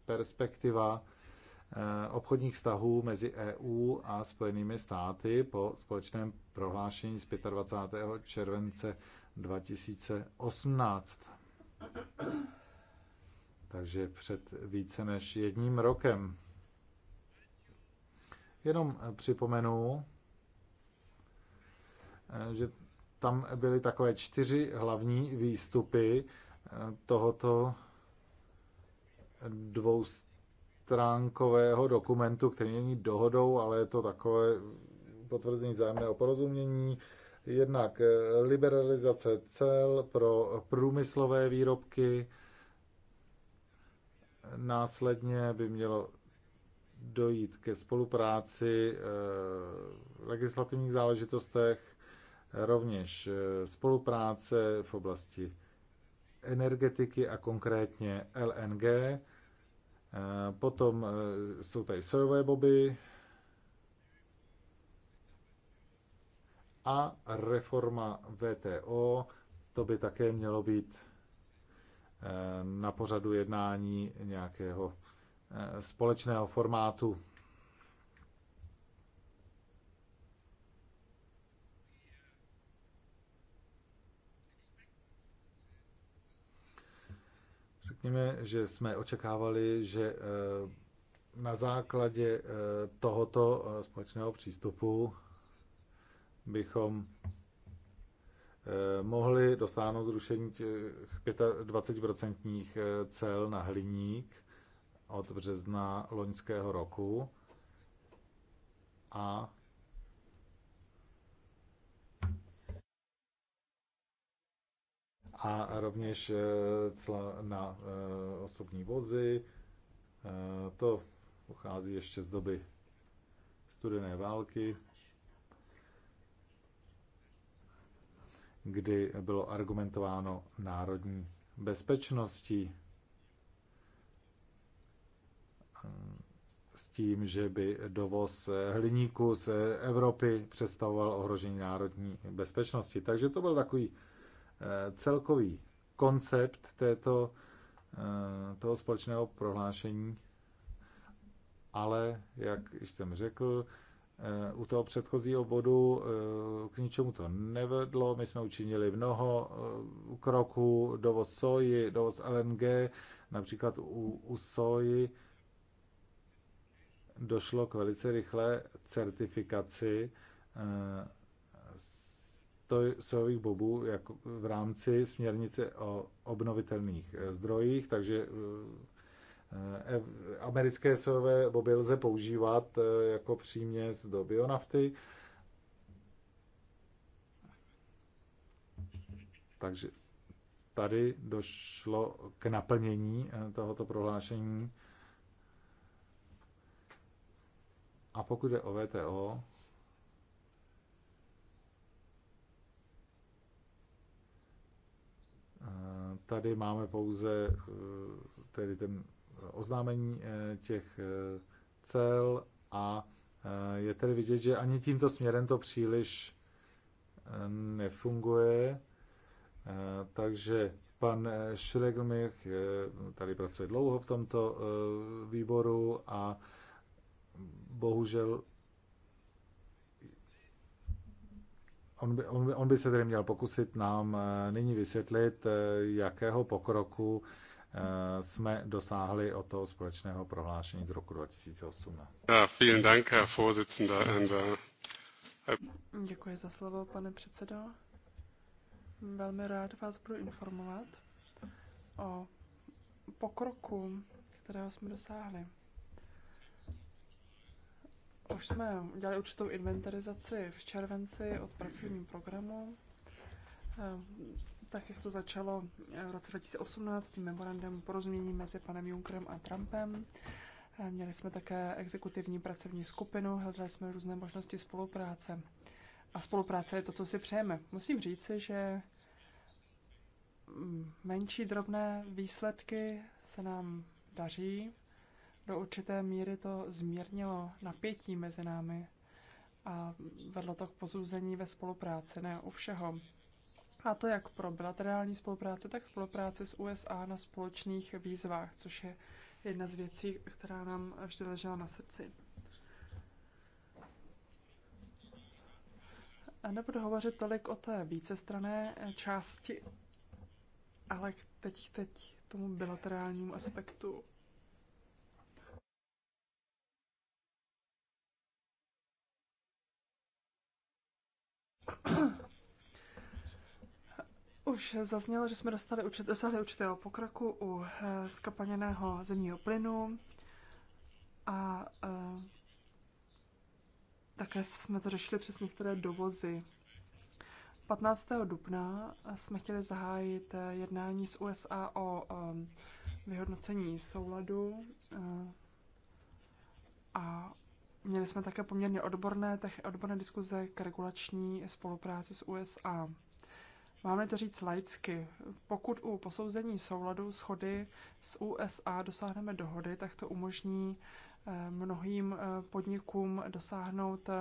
perspektiva eh, obchodních vztahů mezi EU a Spojenými státy po společném prohlášení z 25. července 2018. Takže před více než jedním rokem. Jenom eh, připomenu, eh, že tam byly takové čtyři hlavní výstupy tohoto dvoustránkového dokumentu, který není dohodou, ale je to takové potvrzení zájemného porozumění. Jednak eh, liberalizace cel pro průmyslové výrobky, následně by mělo dojít ke spolupráci v eh, legislativních záležitostech, rovněž eh, spolupráce v oblasti energetiky a konkrétně LNG. Potom e, jsou tady sojové boby a reforma VTO, to by také mělo být e, na pořadu jednání nějakého e, společného formátu. Řekněme, že jsme očekávali, že eh, na základě eh, tohoto eh, společného přístupu bychom mohli dosáhnout zrušení těch 25% cel na hliník od března loňského roku a a rovněž eh, cla na eh, osobní vozy. Eh, to pochází ještě z doby studené války, kdy bylo argumentováno národní bezpečností s tím, že by dovoz hliníku z Evropy představoval ohrožení národní bezpečnosti. Takže to byl takový Eh, celkový koncept této, eh, toho společného prohlášení, ale, jak jsem řekl, eh, u toho předchozího bodu k ničemu to nevedlo. My jsme učinili mnoho kroků, dovoz soji, dovoz LNG, například u, u soji došlo k velice rychlé certifikaci to sojových bobů jako v rámci směrnice o obnovitelných eh, zdrojích, takže eh, eh, americké sojové boby lze používat jako příměs do bionafty. Takže tady došlo k naplnění tohoto prohlášení. A pokud je o VTO, Tady máme pouze eh, tedy ten oznámení eh, těch eh, cel a je tedy vidět, že ani tímto směrem to příliš nefunguje. Takže pan Šileglmich tady pracuje dlouho v tomto výboru a bohužel on, by, on, by, on by se tedy měl pokusit nám eh, nyní vysvětlit, eh, jakého pokroku eh, jsme dosáhli od toho společného prohlášení z roku 2018. Děkuji za slovo, pane předsedo. Velmi rád vás budu informovat o pokroku, kterého jsme dosáhli. Už jsme udělali určitou inventarizaci v červenci od pracovním programu. Eh, tak, jak to začalo eh, v roce 2018 tím memorandem porozumění mezi panem Junckerem a Trumpem. Eh, měli jsme také exekutivní pracovní skupinu, hledali jsme různé možnosti spolupráce. A spolupráce je to, co si přejeme. Musím říct, že mm, menší drobné výsledky se nám daří do určité míry to zmírnilo napětí mezi námi a vedlo to k pozůzení ve spolupráci, ne u všeho. A to jak pro bilaterální spolupráci, tak spolupráci s USA na společných výzvách, což je jedna z věcí, která nám vždy ležela na srdci. A nebudu hovořit tolik o té vícestrané části, ale teď, teď tomu bilaterálnímu aspektu. [COUGHS] Už zaznělo, že jsme dostali, dosáhli určitého pokroku u skapaněného eh, zemního plynu a eh, také jsme to řešili přes některé dovozy. 15. dubna jsme chtěli zahájit eh, jednání s USA o vyhodnocení souladu a Měli jsme také poměrně odborné, tech, odborné diskuze k regulační spolupráci s USA. Máme to říct laicky. Pokud u posouzení souladu schody s USA dosáhneme dohody, tak to umožní eh, mnohým eh, podnikům dosáhnout eh,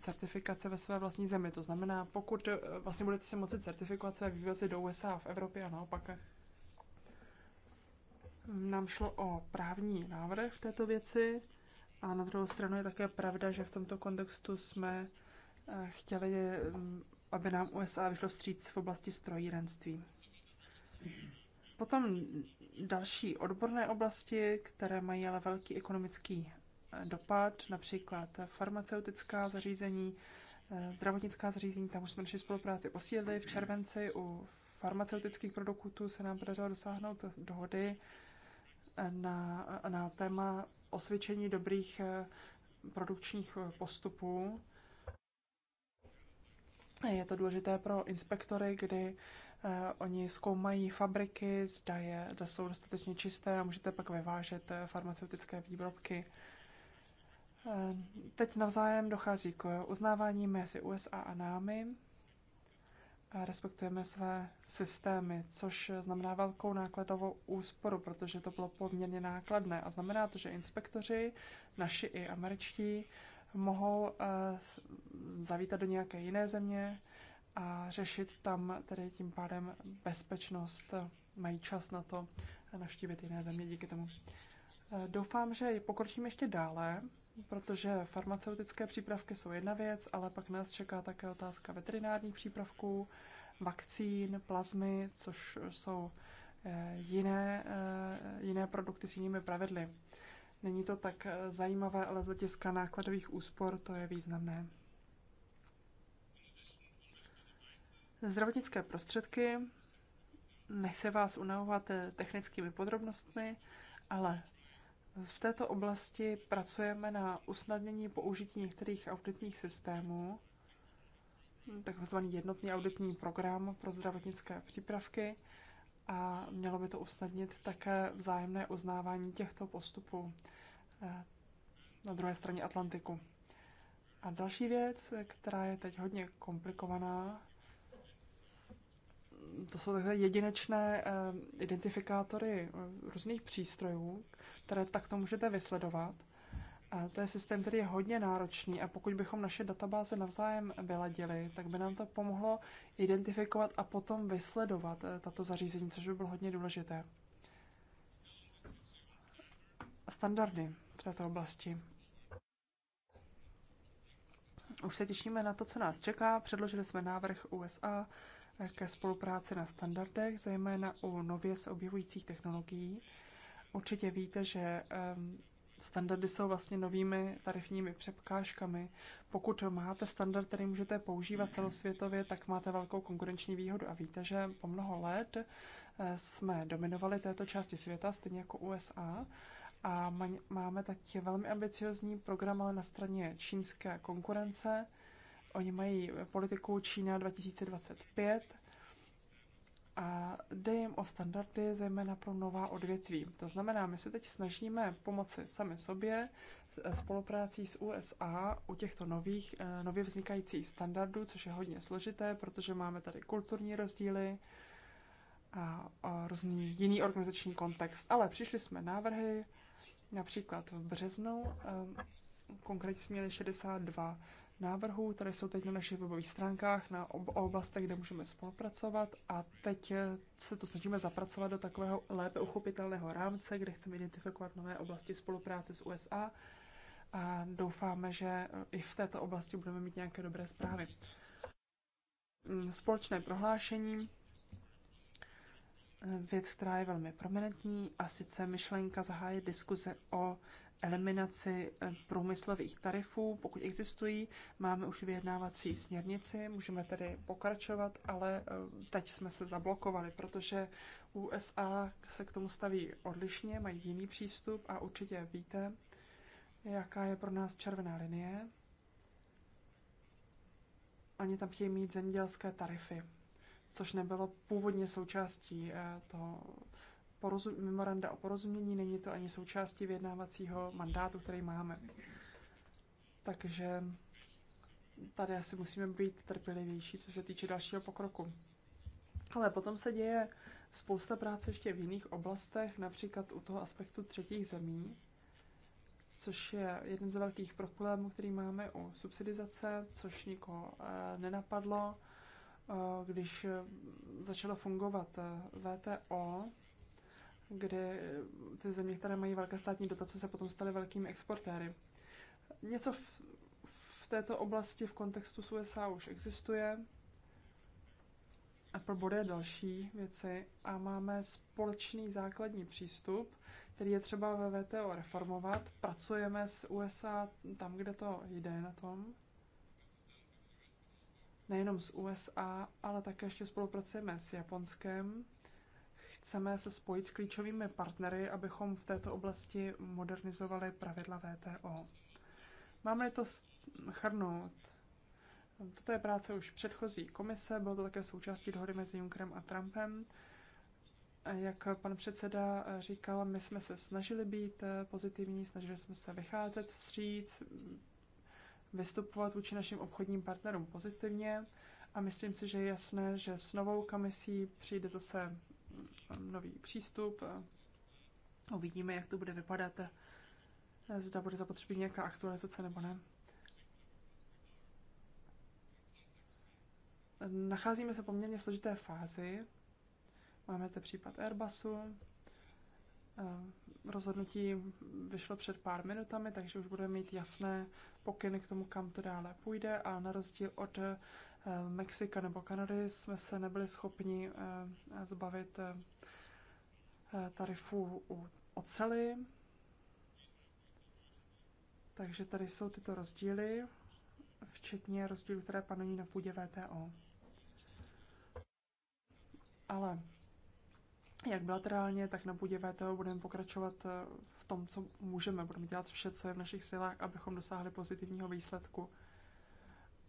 certifikace ve své vlastní zemi. To znamená, pokud vlastně budete si moci certifikovat své vývozy do USA v Evropě a naopak, nám šlo o právní návrh v této věci. A na druhou stranu je také pravda, že v tomto kontextu jsme eh, chtěli, mm, aby nám USA vyšlo vstříc v oblasti strojírenství. Potom další odborné oblasti, které mají ale velký ekonomický eh, dopad, například farmaceutická zařízení, eh, zdravotnická zařízení, tam už jsme naši spolupráci posílili. V červenci u farmaceutických produktů se nám podařilo dosáhnout dohody na, na téma osvědčení dobrých eh, produkčních eh, postupů. Je to důležité pro inspektory, kdy eh, oni zkoumají fabriky, zda, je, zda jsou dostatečně čisté a můžete pak vyvážet farmaceutické výrobky. Teď navzájem dochází k uznávání mezi USA a námi respektujeme své systémy, což znamená velkou nákladovou úsporu, protože to bylo poměrně nákladné. A znamená to, že inspektoři, naši i američtí, mohou eh, zavítat do nějaké jiné země a řešit tam tedy tím pádem bezpečnost. Mají čas na to navštívit jiné země díky tomu. Eh, doufám, že pokročíme ještě dále protože farmaceutické přípravky jsou jedna věc, ale pak nás čeká také otázka veterinárních přípravků, vakcín, plazmy, což jsou eh, jiné, eh, jiné produkty s jinými pravidly. Není to tak eh, zajímavé, ale z hlediska nákladových úspor to je významné. Zdravotnické prostředky. Nechci vás unavovat technickými podrobnostmi, ale v této oblasti pracujeme na usnadnění použití některých auditních systémů, takzvaný jednotný auditní program pro zdravotnické přípravky a mělo by to usnadnit také vzájemné uznávání těchto postupů eh, na druhé straně Atlantiku. A další věc, která je teď hodně komplikovaná, to jsou takové jedinečné eh, identifikátory eh, různých přístrojů, které takto můžete vysledovat. A to je systém, který je hodně náročný a pokud bychom naše databáze navzájem vyladili, tak by nám to pomohlo identifikovat a potom vysledovat eh, tato zařízení, což by bylo hodně důležité. Standardy v této oblasti. Už se těšíme na to, co nás čeká. Předložili jsme návrh USA ke spolupráci na standardech, zejména u nově se objevujících technologií. Určitě víte, že ehm, standardy jsou vlastně novými tarifními překážkami. Pokud máte standard, který můžete používat celosvětově, tak máte velkou konkurenční výhodu. A víte, že po mnoho let eh, jsme dominovali této části světa, stejně jako USA. A máme taky velmi ambiciozní program ale na straně čínské konkurence, Oni mají politiku Čína 2025 a jde jim o standardy, zejména pro nová odvětví. To znamená, my se teď snažíme pomoci sami sobě eh, spoluprácí s USA u těchto nových, eh, nově vznikajících standardů, což je hodně složité, protože máme tady kulturní rozdíly a, a různý jiný organizační kontext. Ale přišli jsme návrhy, například v březnu, eh, konkrétně jsme měli 62 návrhů, které jsou teď na našich webových stránkách, na ob- oblastech, kde můžeme spolupracovat a teď eh, se to snažíme zapracovat do takového lépe uchopitelného rámce, kde chceme identifikovat nové oblasti spolupráce s USA a doufáme, že eh, i v této oblasti budeme mít nějaké dobré zprávy. Mm, společné prohlášení, eh, věc, která je velmi prominentní, a sice myšlenka zahájit diskuze o eliminaci eh, průmyslových tarifů, pokud existují. Máme už vyjednávací směrnici, můžeme tedy pokračovat, ale eh, teď jsme se zablokovali, protože USA se k tomu staví odlišně, mají jiný přístup a určitě víte, jaká je pro nás červená linie. Oni tam chtějí mít zemědělské tarify, což nebylo původně součástí eh, toho porozum, memoranda o porozumění, není to ani součástí vyjednávacího mandátu, který máme. Takže tady asi musíme být trpělivější, co se týče dalšího pokroku. Ale potom se děje spousta práce ještě v jiných oblastech, například u toho aspektu třetích zemí, což je jeden z velkých problémů, který máme u subsidizace, což nikoho eh, nenapadlo. Eh, když začalo fungovat eh, VTO, kde ty země, které mají velké státní dotace, se potom staly velkými exportéry. Něco v, v této oblasti v kontextu s USA už existuje. A pro body další věci. A máme společný základní přístup, který je třeba ve VTO reformovat. Pracujeme s USA tam, kde to jde na tom. Nejenom s USA, ale také ještě spolupracujeme s Japonskem Chceme se spojit s klíčovými partnery, abychom v této oblasti modernizovali pravidla VTO. Máme to schrnout. Toto je práce už předchozí komise, bylo to také součástí dohody mezi Junckerem a Trumpem. Jak pan předseda říkal, my jsme se snažili být pozitivní, snažili jsme se vycházet vstříc, vystupovat vůči našim obchodním partnerům pozitivně a myslím si, že je jasné, že s novou komisí přijde zase nový přístup. Uvidíme, jak to bude vypadat, zda bude zapotřebí nějaká aktualizace nebo ne. Nacházíme se poměrně složité fázi. Máme zde případ Airbusu. Rozhodnutí vyšlo před pár minutami, takže už budeme mít jasné pokyny k tomu, kam to dále půjde. A na rozdíl od Eh, Mexika nebo Kanady jsme se nebyli schopni eh, zbavit eh, tarifů u oceli. Takže tady jsou tyto rozdíly, včetně rozdílů, které panují na půdě VTO. Ale jak bilaterálně, tak na půdě VTO budeme pokračovat v tom, co můžeme. Budeme dělat vše, co je v našich silách, abychom dosáhli pozitivního výsledku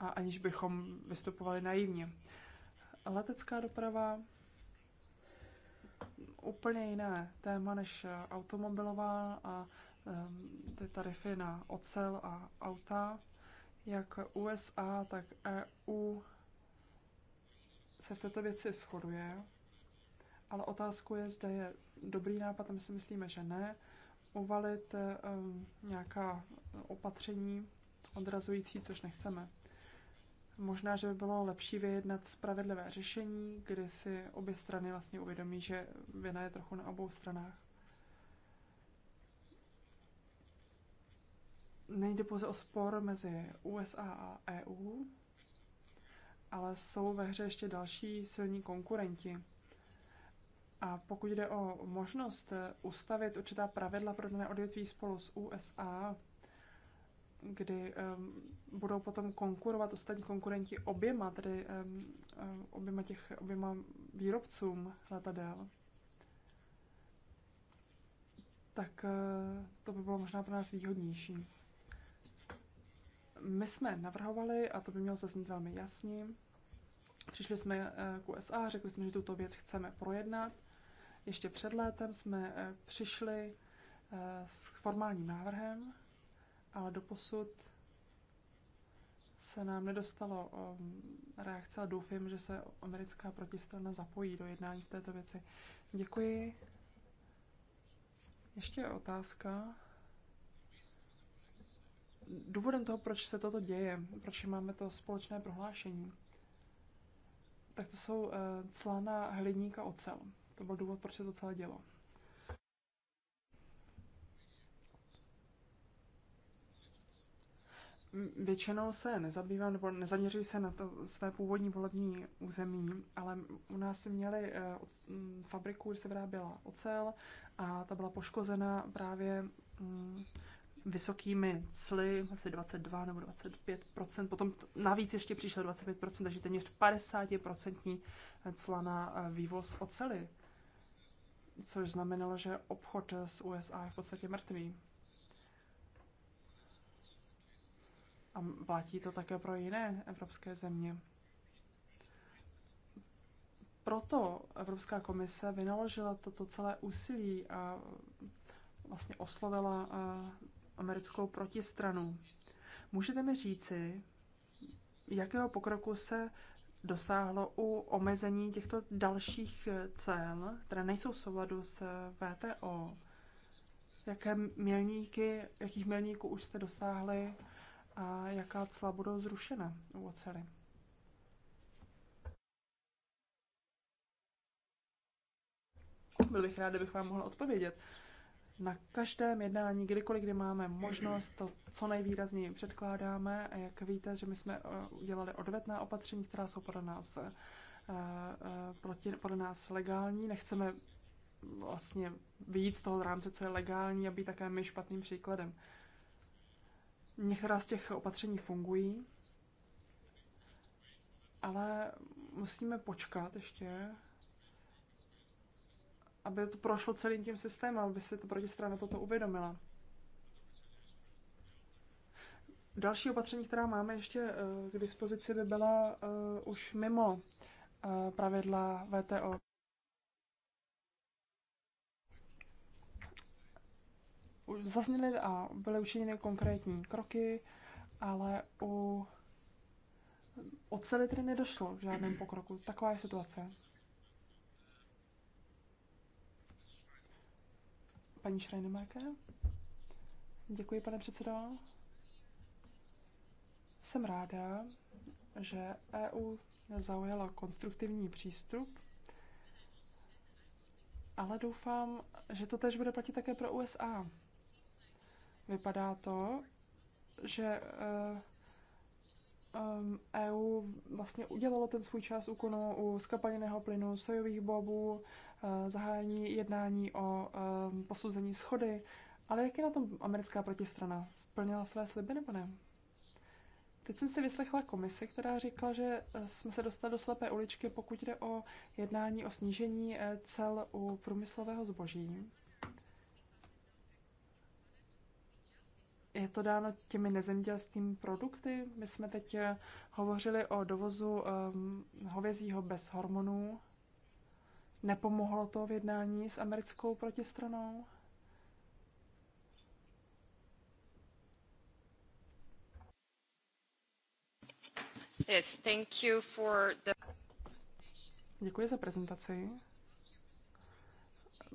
a aniž bychom vystupovali naivně. Letecká doprava úplně jiné téma než automobilová a ty tarify na ocel a auta. Jak USA, tak EU se v této věci shoduje, ale otázku je, zda je dobrý nápad, a my si myslíme, že ne, uvalit um, nějaká opatření odrazující, což nechceme. Možná, že by bylo lepší vyjednat spravedlivé řešení, kdy si obě strany vlastně uvědomí, že vina je trochu na obou stranách. Nejde pouze o spor mezi USA a EU, ale jsou ve hře ještě další silní konkurenti. A pokud jde o možnost ustavit určitá pravidla pro dané odvětví spolu s USA, kdy um, budou potom konkurovat ostatní konkurenti oběma, tedy um, oběma, těch, oběma výrobcům letadel. Tak uh, to by bylo možná pro nás výhodnější. My jsme navrhovali, a to by mělo zaznít velmi jasně, přišli jsme eh, k USA, řekli jsme, že tuto věc chceme projednat. Ještě před létem jsme eh, přišli s formálním návrhem, ale doposud se nám nedostalo um, reakce a doufím, že se americká protistrana zapojí do jednání v této věci. Děkuji. Ještě otázka. Důvodem toho, proč se toto děje, proč máme to společné prohlášení, tak to jsou eh, cla na hliník a ocel. To byl důvod, proč se to celé dělo. většinou se nezabývá nebo nezaměřují se na to své původní volební území, ale u nás měli eh, mm, fabriku, kde se vyráběla ocel a ta byla poškozena právě mm, vysokými cly, asi 22 nebo 25 potom navíc ještě přišlo 25 takže téměř 50 cla na eh, vývoz ocely, což znamenalo, že obchod eh, s USA je v podstatě mrtvý. A platí to také pro jiné evropské země. Proto Evropská komise vynaložila toto celé úsilí a vlastně oslovila americkou protistranu. Můžete mi říci, jakého pokroku se dosáhlo u omezení těchto dalších e, cel, které nejsou v souladu s e, VTO? Jaké milníky, jakých milníků už jste dosáhli a jaká cla budou zrušena u ocely. Byl bych rád, kdybych vám mohla odpovědět. Na každém jednání, kdykoliv, kdy máme možnost, to co nejvýrazněji předkládáme. A jak víte, že my jsme eh, udělali odvetná opatření, která jsou podle nás, eh, eh, pro podle nás legální. Nechceme vlastně vyjít z toho rámce, co je legální a být také my špatným příkladem. Některá z těch opatření fungují, ale musíme počkat ještě, aby to prošlo celým tím systémem, aby se to protistrana toto uvědomila. Další opatření, která máme ještě eh, k dispozici, by byla eh, už mimo eh, pravidla VTO. zazněly a byly učiněny konkrétní kroky, ale u ocelitry nedošlo k žádnému pokroku. Taková je situace. Paní Šrajnemarke? Děkuji, pane předsedo. Jsem ráda, že EU zaujala konstruktivní přístup, ale doufám, že to tež bude platit také pro USA. Vypadá to, že um, eh, EU vlastně udělalo ten svůj čas úkonu u skapaněného plynu, sojových bobů, uh, zahájení jednání o um, posouzení schody. Ale jak je na tom americká protistrana? Splnila své sliby nebo ne? Teď jsem si vyslechla komisi, která říkala, že eh, jsme se dostali do slepé uličky, pokud jde o jednání o snížení cel u průmyslového zboží. je to dáno těmi nezemědělskými produkty. My jsme teď eh, hovořili o dovozu um, hovězího bez hormonů. Nepomohlo to v jednání s americkou protistranou? Yes, thank you for the... Děkuji za prezentaci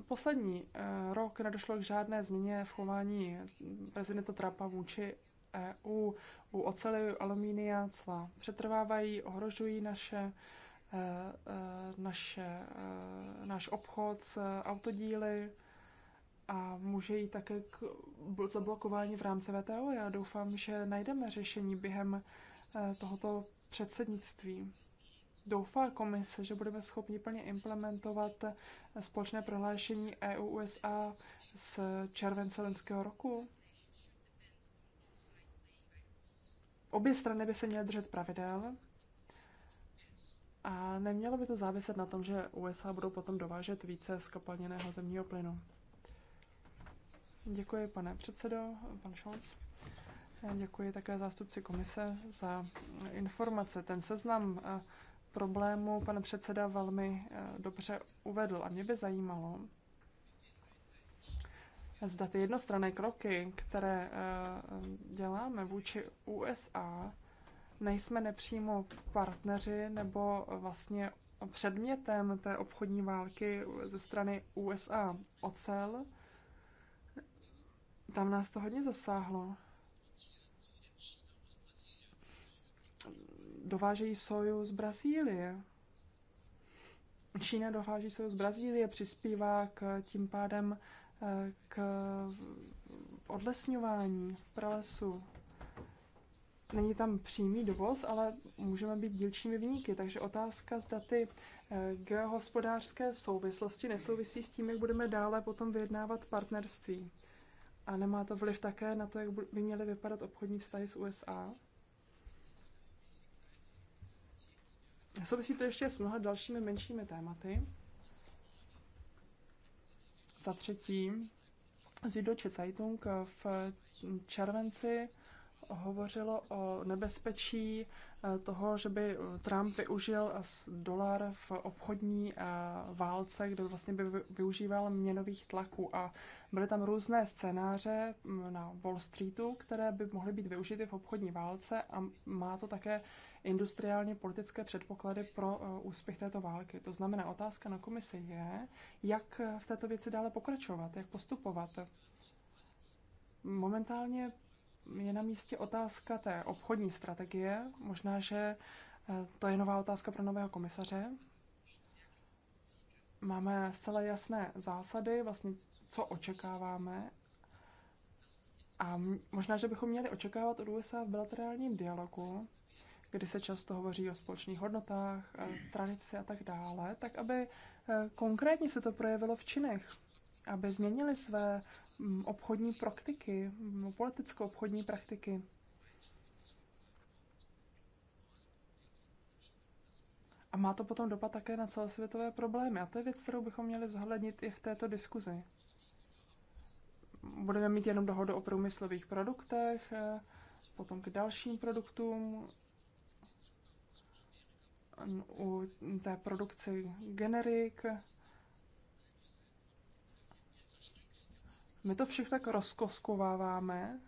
poslední eh, rok nedošlo k žádné změně v chování prezidenta Trumpa vůči EU. U oceli, alumínia, cla přetrvávají, ohrožují naše, eh, eh, naše, náš obchod s autodíly a může jít také k zablokování v rámci VTO. Já doufám, že najdeme řešení během tohoto předsednictví. Doufá komise, že budeme schopni plně implementovat společné prohlášení EU-USA z července loňského roku? Obě strany by se měly držet pravidel a nemělo by to záviset na tom, že USA budou potom dovážet více skapalněného zemního plynu. Děkuji, pane předsedo, pan Scholz. Děkuji také zástupci komise za informace. Ten seznam eh, Problému, pan předseda velmi eh, dobře uvedl. A mě by zajímalo, zda ty jednostranné kroky, které eh, děláme vůči USA, nejsme nepřímo partneři nebo vlastně předmětem té obchodní války ze strany USA. Ocel, tam nás to hodně zasáhlo. dovážejí soju z Brazílie. Čína dováží soju z Brazílie, přispívá k tím pádem eh, k odlesňování pralesu. Není tam přímý dovoz, ale můžeme být dílčími vníky. Takže otázka, zda ty eh, geohospodářské souvislosti nesouvisí s tím, jak budeme dále potom vyjednávat partnerství. A nemá to vliv také na to, jak by měly vypadat obchodní vztahy s USA? Souvisí to ještě s mnoha dalšími menšími tématy. Za třetí, Zido Zeitung v červenci hovořilo o nebezpečí eh, toho, že by Trump využil dolar v obchodní eh, válce, kde vlastně by využíval měnových tlaků. A byly tam různé scénáře mm, na Wall Streetu, které by mohly být využity v obchodní válce a má to také industriálně politické předpoklady pro eh, úspěch této války. To znamená, otázka na komisi je, jak eh, v této věci dále pokračovat, jak postupovat. Momentálně je na místě otázka té obchodní strategie. Možná, že eh, to je nová otázka pro nového komisaře. Máme zcela jasné zásady, vlastně co očekáváme a možná, že bychom měli očekávat od USA v bilaterálním dialogu, kdy se často hovoří o společných hodnotách, eh, tradici a tak dále, tak aby eh, konkrétně se to projevilo v činech, aby změnili své mm, obchodní praktiky, mm, politickou obchodní praktiky. A má to potom dopad také na celosvětové problémy. A to je věc, kterou bychom měli zohlednit i v této diskuzi. Budeme mít jenom dohodu o průmyslových produktech, eh, potom k dalším produktům, u té produkci generik. My to všech tak rozkoskováváme,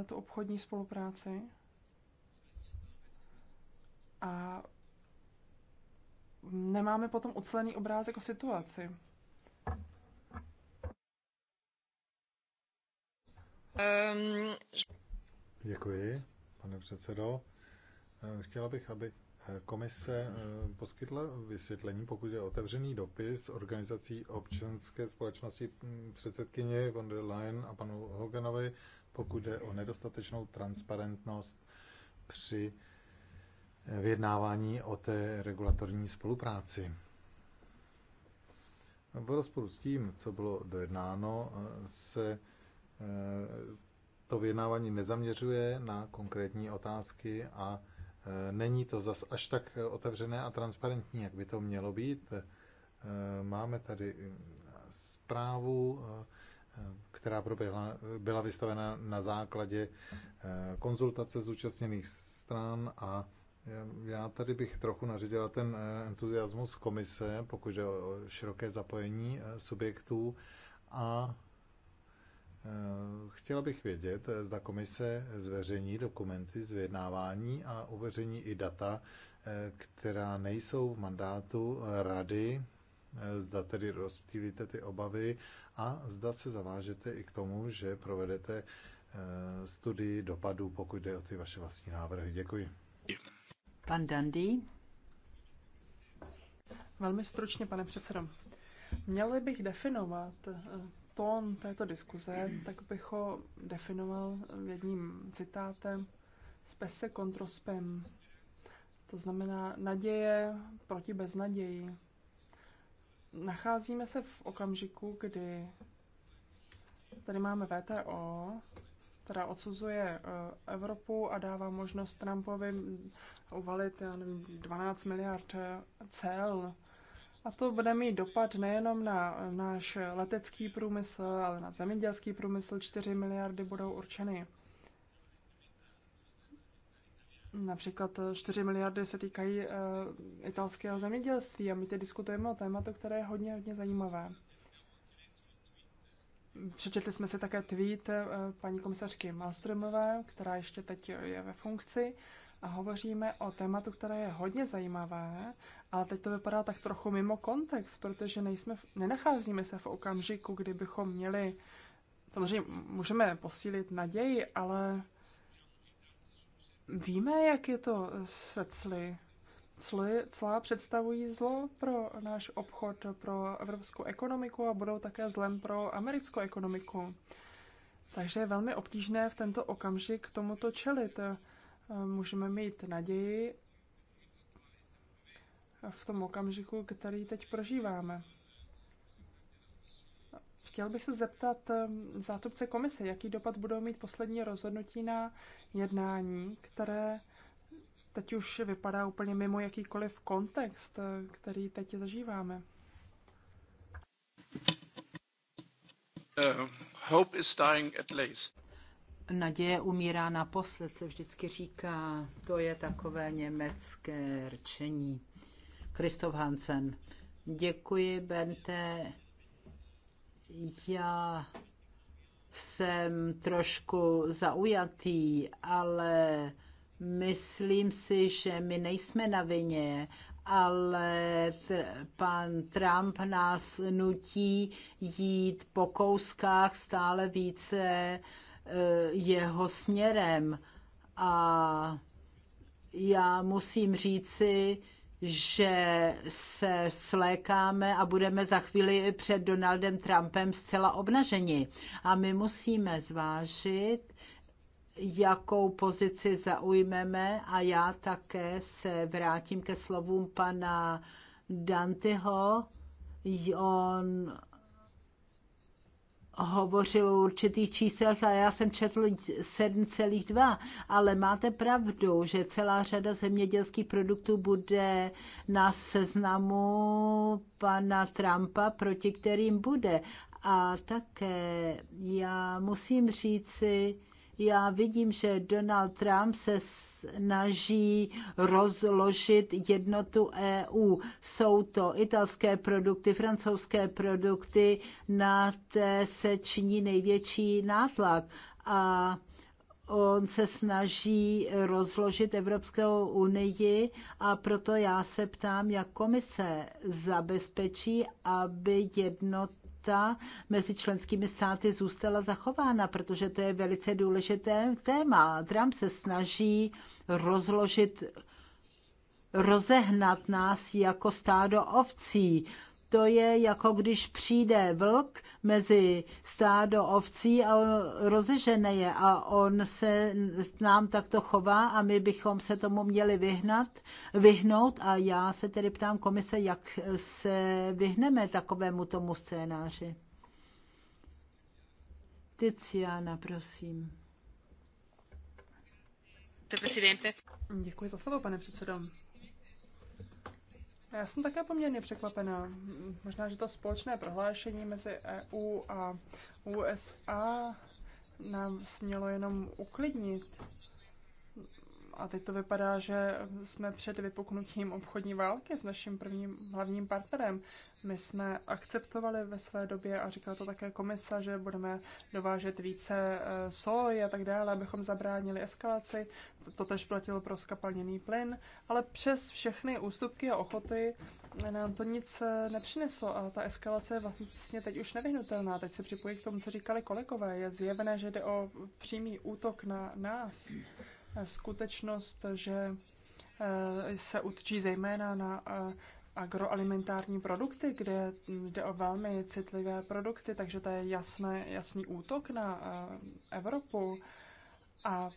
eh, tu obchodní spolupráci. A nemáme potom ucelený obrázek o situaci. Um... Děkuji, pane předsedo. Eh, chtěla bych, aby Komise eh, poskytla vysvětlení, pokud je otevřený dopis organizací občanské společnosti mm, předsedkyně von der Leyen a panu Hoganovi, pokud je o nedostatečnou transparentnost při eh, vyjednávání o té regulatorní spolupráci. V rozporu s tím, co bylo dojednáno, eh, se to vyjednávání nezaměřuje na konkrétní otázky a Eh, není to zas až tak eh, otevřené a transparentní, jak by to mělo být. Eh, máme tady zprávu, která proběhla, byla vystavena na základě konzultace zúčastněných stran a já tady bych trochu nařídila ten entuziasmus komise, pokud je o široké zapojení subjektů a Eh, chtěla bych vědět, eh, zda komise zveřejní dokumenty z vyjednávání a uveřejní i data, eh, která nejsou v mandátu rady, zda tedy rozptýlíte ty obavy a zda se zavážete i k tomu, že provedete studii dopadů, pokud jde o ty vaše vlastní návrhy. Děkuji. Pan Dandy. Velmi stručně, pane předsedo. Měli bych definovat tón této diskuze, tak bych ho definoval jedním citátem pese kontrospem. To znamená naděje proti beznaději. Nacházíme se v okamžiku, kdy tady máme VTO, která odsuzuje eh, Evropu a dává možnost Trumpovi uvalit já nevím, 12 miliard eh, cel a to bude mít dopad nejenom na náš letecký průmysl, ale na zemědělský průmysl. 4 miliardy budou určeny. Například 4 miliardy se týkají uh, italského zemědělství a my teď diskutujeme o tématu, které je hodně, hodně zajímavé. Přečetli jsme si také tweet eh, paní komisařky Malstromové, která ještě teď je ve funkci, a hovoříme o tématu, které je hodně zajímavé, ale teď to vypadá tak trochu mimo kontext, protože nejsme, nenacházíme se v okamžiku, kdy bychom měli, samozřejmě můžeme posílit naději, ale víme, jak je to se cly. Cly, clá představují zlo pro náš obchod, pro evropskou ekonomiku a budou také zlem pro americkou ekonomiku. Takže je velmi obtížné v tento okamžik tomuto čelit můžeme mít naději v tom okamžiku, který teď prožíváme. Chtěl bych se zeptat um, zástupce komise, jaký dopad budou mít poslední rozhodnutí na jednání, které teď už vypadá úplně mimo jakýkoliv kontext, uh, který teď zažíváme. Uh, hope is dying at least naděje umírá naposled, se vždycky říká. To je takové německé rčení. Kristof Hansen. Děkuji, Bente. Já jsem trošku zaujatý, ale myslím si, že my nejsme na vině, ale tr- pan Trump nás nutí jít po kouskách stále více Eh, jeho směrem. A já musím říci, že se slékáme a budeme za chvíli před Donaldem Trumpem zcela obnaženi. A my musíme zvážit, jakou pozici zaujmeme a já také se vrátím ke slovům pana Dantyho. On hovořil o určitých číslech a já jsem četl 7,2, ale máte pravdu, že celá řada zemědělských produktů bude na seznamu pana Trumpa, proti kterým bude. A také já musím říci, já vidím, že Donald Trump se snaží rozložit jednotu EU. Jsou to italské produkty, francouzské produkty, na té se činí největší nátlak. A on se snaží rozložit Evropskou unii a proto já se ptám, jak komise zabezpečí, aby jednot solidarita mezi členskými státy zůstala zachována, protože to je velice důležité téma. Trump se snaží rozložit rozehnat nás jako stádo ovcí to je jako když přijde vlk mezi stádo ovcí a on rozežene je a on se nám takto chová a my bychom se tomu měli vyhnat, vyhnout a já se tedy ptám komise, jak se vyhneme takovému tomu scénáři. Tiziana, prosím. Děkuji za slovo, pane předsedo. Já jsem také poměrně překvapená. Možná, že to společné prohlášení mezi EU a USA nám smělo jenom uklidnit a teď to vypadá, že jsme před vypuknutím obchodní války s naším prvním hlavním partnerem. My jsme akceptovali ve své době a říkala to také komisa, že budeme dovážet více eh, soji a tak dále, abychom zabránili eskalaci. To tež platilo pro skapalněný plyn, ale přes všechny ústupky a ochoty nám to nic eh, nepřineslo a ta eskalace je vlastně teď už nevyhnutelná. Teď se připojí k tomu, co říkali kolegové. Je zjevné, že jde o přímý útok na nás skutečnost, že eh, se utčí zejména na eh, agroalimentární produkty, kde jde o velmi citlivé produkty, takže to je jasné, jasný útok na eh, Evropu. A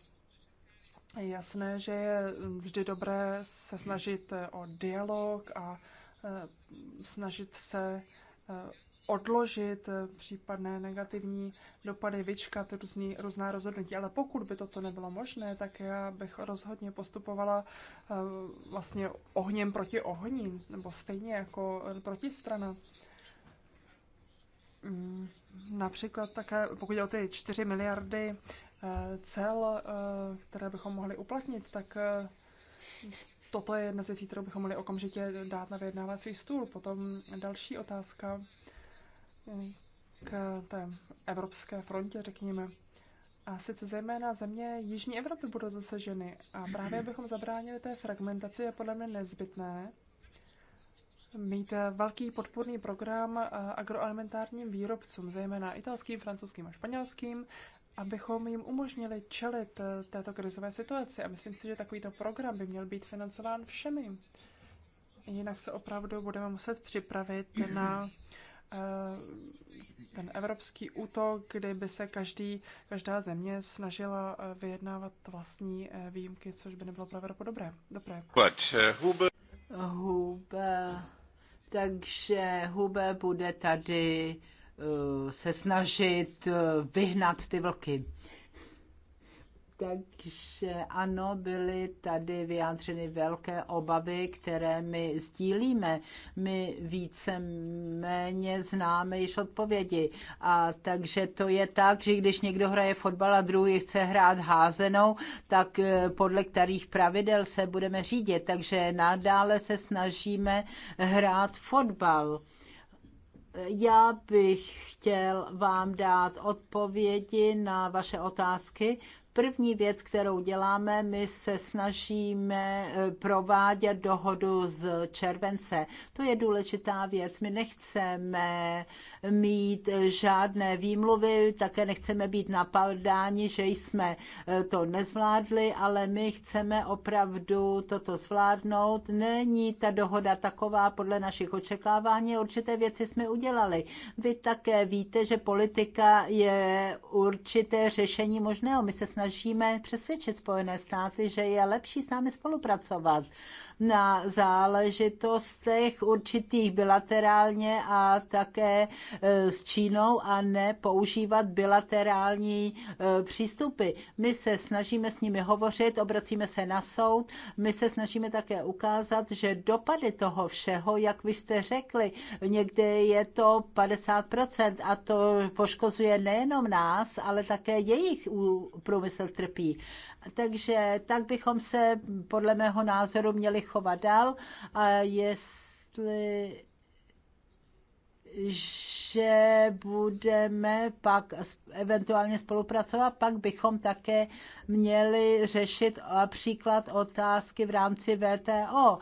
je jasné, že je vždy dobré se snažit o dialog a snažit se odložit eh, případné negativní dopady, vyčkat různý, různá rozhodnutí. Ale pokud by toto nebylo možné, tak já bych rozhodně postupovala eh, vlastně ohněm proti ohni, nebo stejně jako eh, protistrana. Mm, například také, pokud jde o ty 4 miliardy cel, které bychom mohli uplatnit, tak toto je jedna z věcí, kterou bychom mohli okamžitě dát na vyjednávací stůl. Potom další otázka k té evropské frontě, řekněme. A sice zejména země Jižní Evropy budou zasaženy. A právě abychom zabránili té fragmentaci, je podle mě nezbytné mít velký podpůrný program eh, agroalimentárním výrobcům, zejména italským, francouzským a španělským, abychom jim umožnili čelit eh, této krizové situaci. A myslím si, že takovýto program by měl být financován všemi. Jinak se opravdu budeme muset připravit na Eh, ten evropský útok, kdyby se každý, každá země snažila eh, vyjednávat vlastní eh, výjimky, což by nebylo pro Evropu dobré. dobré. But, uh, Hube... Hube. Takže Hube bude tady uh, se snažit uh, vyhnat ty vlky. Takže ano, byly tady vyjádřeny velké obavy, které my sdílíme. My více-méně známe již odpovědi. A takže to je tak, že když někdo hraje fotbal a druhý chce hrát házenou, tak eh, podle kterých pravidel se budeme řídit. Takže nadále se snažíme hrát fotbal já bych chtěl vám dát odpovědi na vaše otázky, První věc, kterou děláme, my se snažíme eh, provádět dohodu z července. To je důležitá věc. My nechceme mít eh, žádné výmluvy, také nechceme být napadáni, že jsme eh, to nezvládli, ale my chceme opravdu toto zvládnout. Není ta dohoda taková podle našich očekávání, určité věci jsme udělali. Vy také víte, že politika je určité řešení možného. My se snažíme snažíme přesvědčit Spojené státy, že je lepší s námi spolupracovat na záležitostech určitých bilaterálně a také e, s Čínou a ne používat bilaterální e, přístupy. My se snažíme s nimi hovořit, obracíme se na soud, my se snažíme také ukázat, že dopady toho všeho, jak vy jste řekli, někde je to 50% a to poškozuje nejenom nás, ale také jejich průmysl trpí. Takže tak bychom se podle mého názoru měli chovat dál a jestli že budeme pak eventuálně spolupracovat, pak bychom také měli řešit příklad otázky v rámci VTO.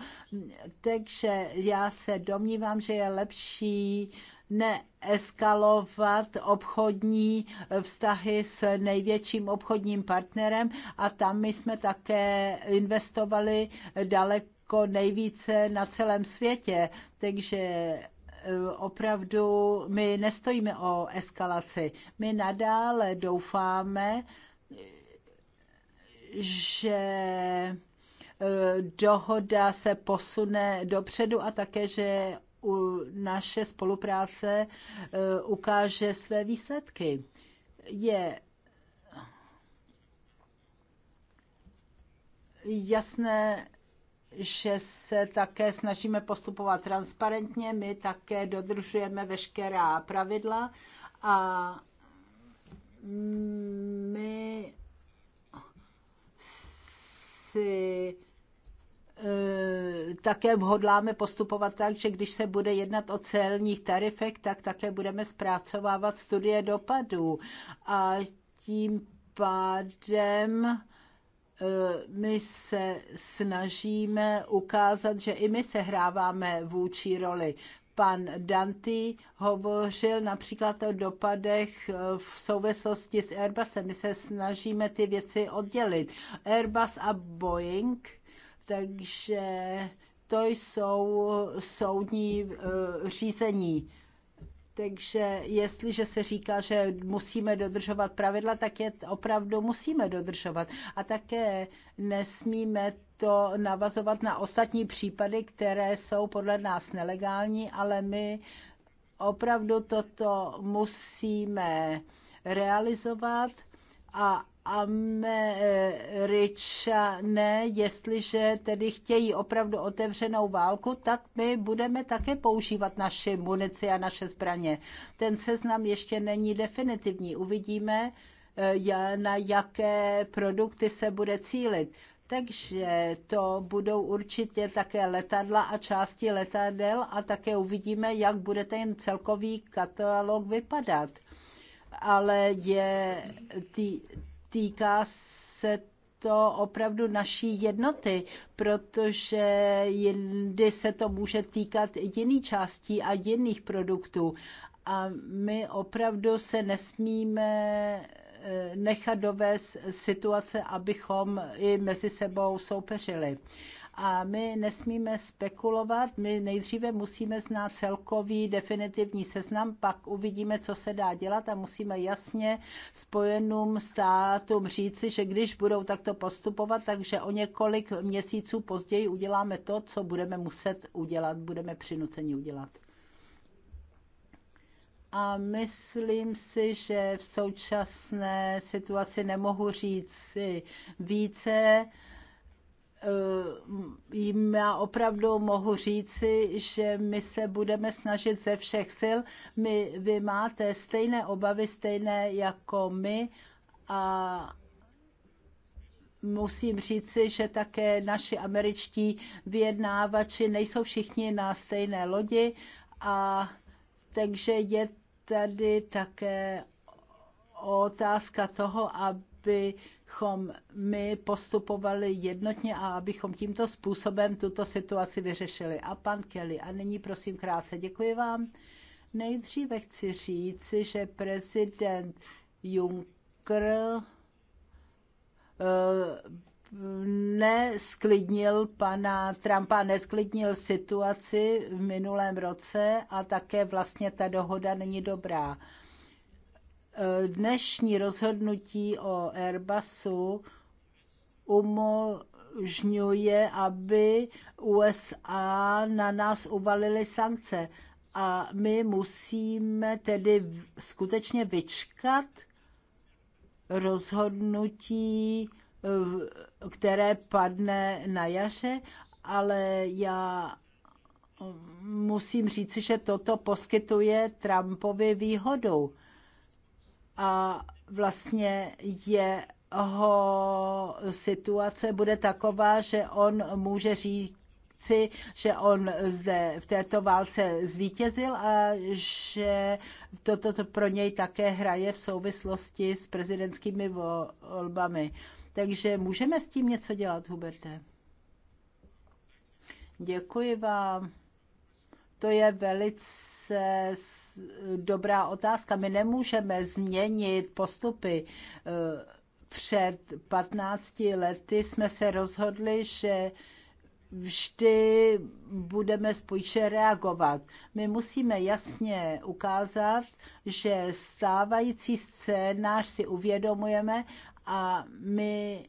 Takže já se domnívám, že je lepší neeskalovat obchodní vztahy s největším obchodním partnerem a tam my jsme také investovali daleko jako nejvíce na celém světě, takže eh, opravdu my nestojíme o eskalaci. My nadále doufáme, že eh, dohoda se posune dopředu a také, že naše spolupráce eh, ukáže své výsledky. Je jasné, že se také snažíme postupovat transparentně, my také dodržujeme veškerá pravidla a my si e, také hodláme postupovat tak, že když se bude jednat o celních tarifech, tak také budeme zpracovávat studie dopadů. A tím pádem Eh, my se snažíme ukázat, že i my se hráváme vůči roli. Pan Danty hovořil například o dopadech eh, v souvislosti s Airbusem. My se snažíme ty věci oddělit. Airbus a Boeing, takže to jsou soudní eh, řízení takže jestliže se říká, že musíme dodržovat pravidla, tak je opravdu musíme dodržovat. A také nesmíme to navazovat na ostatní případy, které jsou podle nás nelegální, ale my opravdu toto musíme realizovat a Američané, jestliže tedy chtějí opravdu otevřenou válku, tak my budeme také používat naše munici a naše zbraně. Ten seznam ještě není definitivní. Uvidíme, eh, na jaké produkty se bude cílit. Takže to budou určitě také letadla a části letadel a také uvidíme, jak bude ten celkový katalog vypadat. Ale je, ty, týká se to opravdu naší jednoty, protože jindy se to může týkat jiný částí a jiných produktů. A my opravdu se nesmíme eh, nechat dovést situace, abychom i mezi sebou soupeřili a my nesmíme spekulovat, my nejdříve musíme znát celkový definitivní seznam, pak uvidíme, co se dá dělat a musíme jasně spojeným státům říci, že když budou takto postupovat, takže o několik měsíců později uděláme to, co budeme muset udělat, budeme přinuceni udělat a myslím si, že v současné situaci nemohu říct si více. Eh, jim já opravdu mohu říci, že my se budeme snažit ze všech sil. My, vy máte stejné obavy, stejné jako my a musím říci, že také naši američtí vyjednávači nejsou všichni na stejné lodi a takže je tady také otázka toho, aby abychom my postupovali jednotně a abychom tímto způsobem tuto situaci vyřešili. A pan Kelly, a nyní prosím krátce, děkuji vám. Nejdříve chci říci, že prezident Juncker eh, nesklidnil pana Trumpa, nesklidnil situaci v minulém roce a také vlastně ta dohoda není dobrá dnešní rozhodnutí o Airbusu umožňuje, aby USA na nás uvalily sankce. A my musíme tedy skutečně vyčkat rozhodnutí, které padne na jaře, ale já musím říci, že toto poskytuje Trumpovi výhodu a vlastně jeho situace bude taková, že on může říct, že on zde v této válce zvítězil a že toto to pro něj také hraje v souvislosti s prezidentskými volbami. Takže můžeme s tím něco dělat, Huberte? Děkuji vám. To je velice dobrá otázka. My nemůžeme změnit postupy. Před 15 lety jsme se rozhodli, že vždy budeme spíše reagovat. My musíme jasně ukázat, že stávající scénář si uvědomujeme a my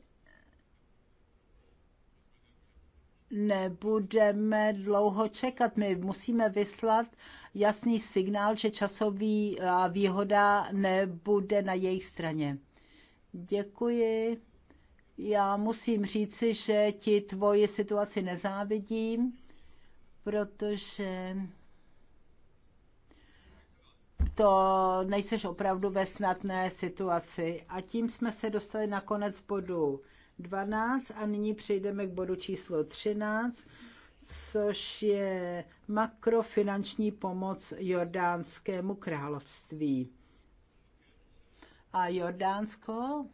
nebudeme dlouho čekat. My musíme vyslat jasný signál, že časový výhoda nebude na jejich straně. Děkuji. Já musím říci, že ti tvoji situaci nezávidím, protože to nejseš opravdu ve snadné situaci. A tím jsme se dostali na konec bodu 12 a nyní přejdeme k bodu číslo 13, což je makrofinanční pomoc Jordánskému království. A Jordánsko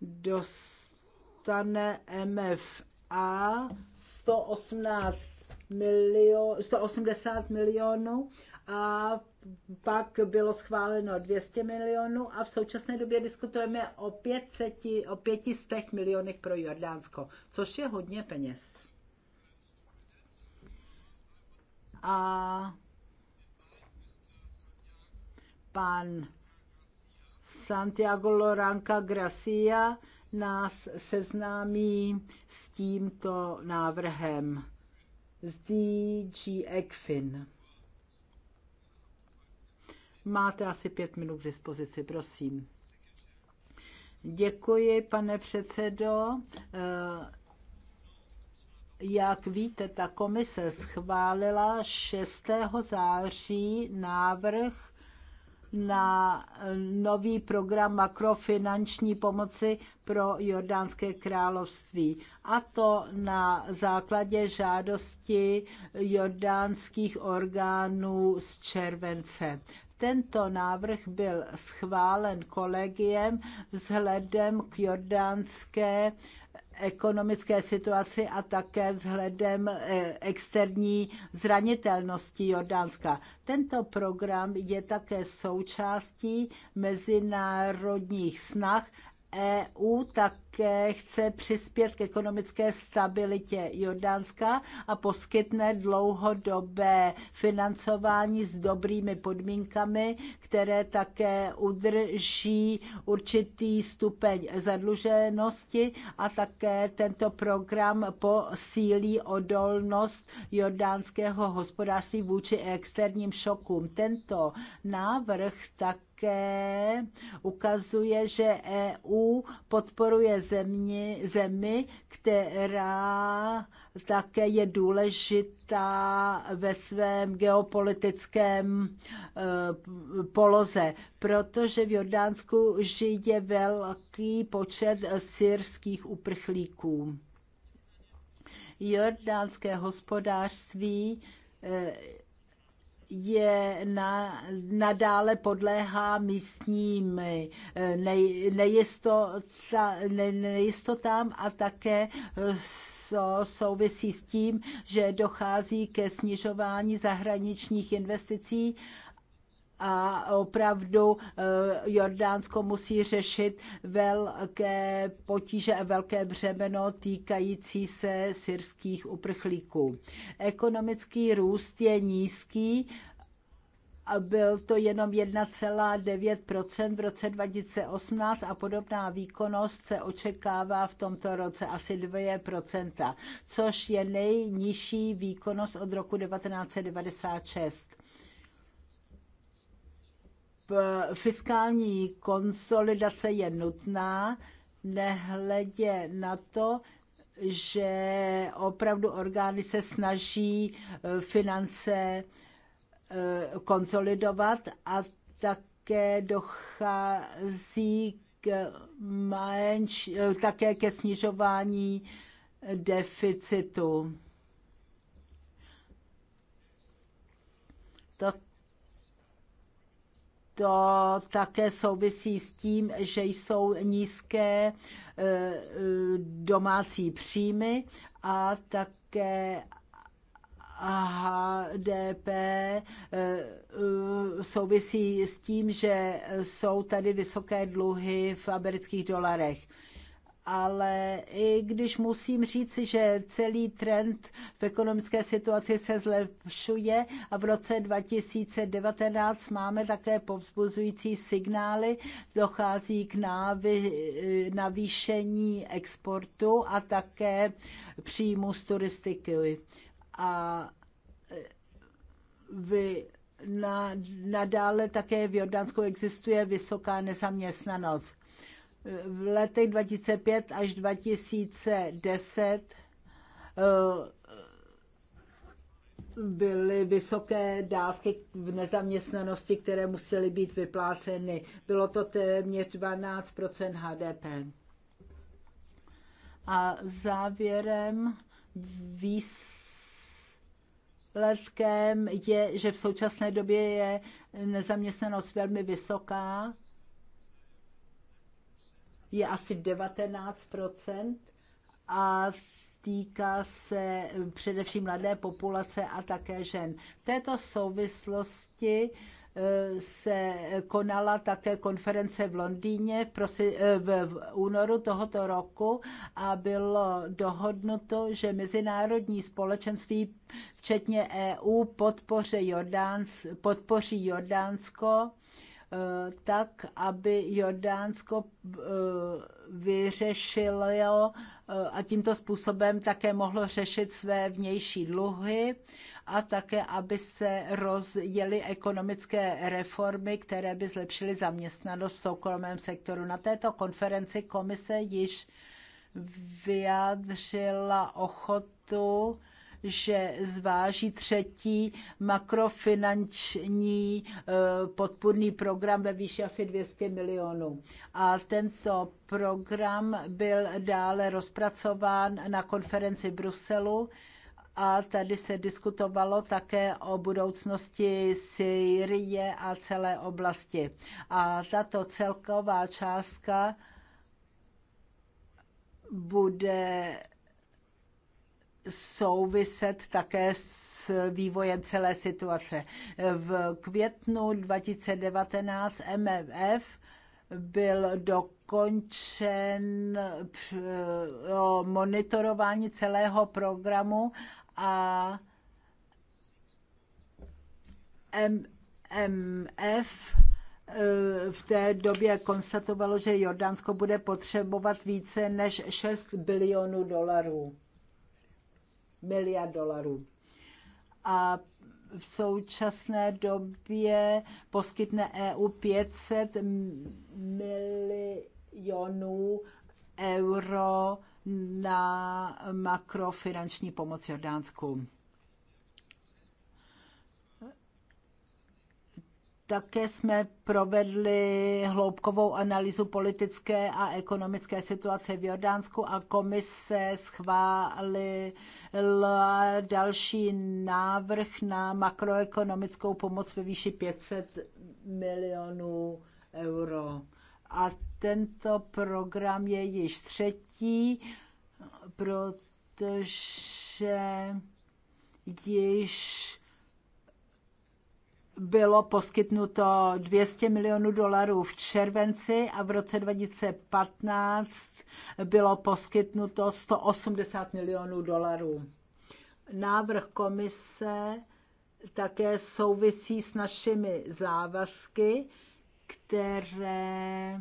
dostane MFA 118 milio, 180 milionů a pak bylo schváleno 200 milionů a v současné době diskutujeme o 500, o 500 milionech pro Jordánsko, což je hodně peněz. a pan Santiago Loranca Gracia nás seznámí s tímto návrhem z DG ECFIN. Máte asi pět minut k dispozici, prosím. Děkuji, pane předsedo. Eh, jak víte, ta komise schválila 6. září návrh na nový program makrofinanční pomoci pro Jordánské království. A to na základě žádosti jordánských orgánů z července. Tento návrh byl schválen kolegiem vzhledem k jordánské ekonomické situaci a také vzhledem eh, externí zranitelnosti Jordánska. Tento program je také součástí mezinárodních snah EU tak také chce přispět k ekonomické stabilitě Jordánska a poskytne dlouhodobé financování s dobrými podmínkami, které také udrží určitý stupeň zadluženosti a také tento program posílí odolnost jordánského hospodářství vůči externím šokům. Tento návrh tak také ukazuje, že EU podporuje země, zemi, která také je důležitá ve svém geopolitickém eh, poloze, protože v Jordánsku žije velký počet syrských uprchlíků. Jordánské hospodářství eh, je na, nadále podléhá místním eh, nej, nejistota, nejistotám a také co eh, souvisí s tím, že dochází ke snižování zahraničních investicí a opravdu eh, Jordánsko musí řešit velké potíže a velké břemeno týkající se syrských uprchlíků. Ekonomický růst je nízký, a byl to jenom 1,9 v roce 2018 a podobná výkonnost se očekává v tomto roce asi 2 což je nejnižší výkonnost od roku 1996 fiskální konsolidace je nutná, nehledě na to, že opravdu orgány se snaží e, finance e, konsolidovat a také dochází k menš, e, také ke snižování deficitu. to také souvisí s tím, že jsou nízké eh, eh, domácí příjmy a také HDP eh, souvisí s tím, že jsou tady vysoké dluhy v amerických dolarech ale i když musím říct, že celý trend v ekonomické situaci se zlepšuje a v roce 2019 máme také povzbuzující signály, dochází k návy, navýšení exportu a také příjmu z turistiky. A e, vy na, nadále také v Jordánsku existuje vysoká nezaměstnanost v letech 2005 až 2010 eh, byly vysoké dávky v nezaměstnanosti, které musely být vypláceny. Bylo to téměř 12 HDP. A závěrem výsledkem je, že v současné době je nezaměstnanost velmi vysoká je asi 19 a týká se především mladé populace a také žen. V této souvislosti eh, se konala také konference v Londýně v, prosi, eh, v, únoru tohoto roku a bylo dohodnuto, že mezinárodní společenství, včetně EU, podpoří Jordánsko Eh, tak, aby Jordánsko eh, vyřešilo eh, a tímto způsobem také mohlo řešit své vnější dluhy a také, aby se rozjeli ekonomické reformy, které by zlepšily zaměstnanost v soukromém sektoru. Na této konferenci komise již vyjádřila ochotu že zváží třetí makrofinanční eh, podpůrný program ve výši asi 200 milionů. A tento program byl dále rozpracován na konferenci v Bruselu a tady se diskutovalo také o budoucnosti Syrie a celé oblasti. A tato celková částka bude souviset také s vývojem celé situace. V květnu 2019 MMF byl dokončen monitorování celého programu a MMF eh, v té době konstatovalo, že Jordánsko bude potřebovat více než 6 bilionů dolarů miliard dolarů. A v současné době poskytne EU 500 milionů euro na makrofinanční pomoc Jordánsku. Také jsme provedli hloubkovou analýzu politické a ekonomické situace v Jordánsku a komise schválila další návrh na makroekonomickou pomoc ve výši 500 milionů euro. A tento program je již třetí, protože již bylo poskytnuto 200 milionů dolarů v červenci a v roce 2015 bylo poskytnuto 180 milionů dolarů. Návrh komise také souvisí s našimi závazky, které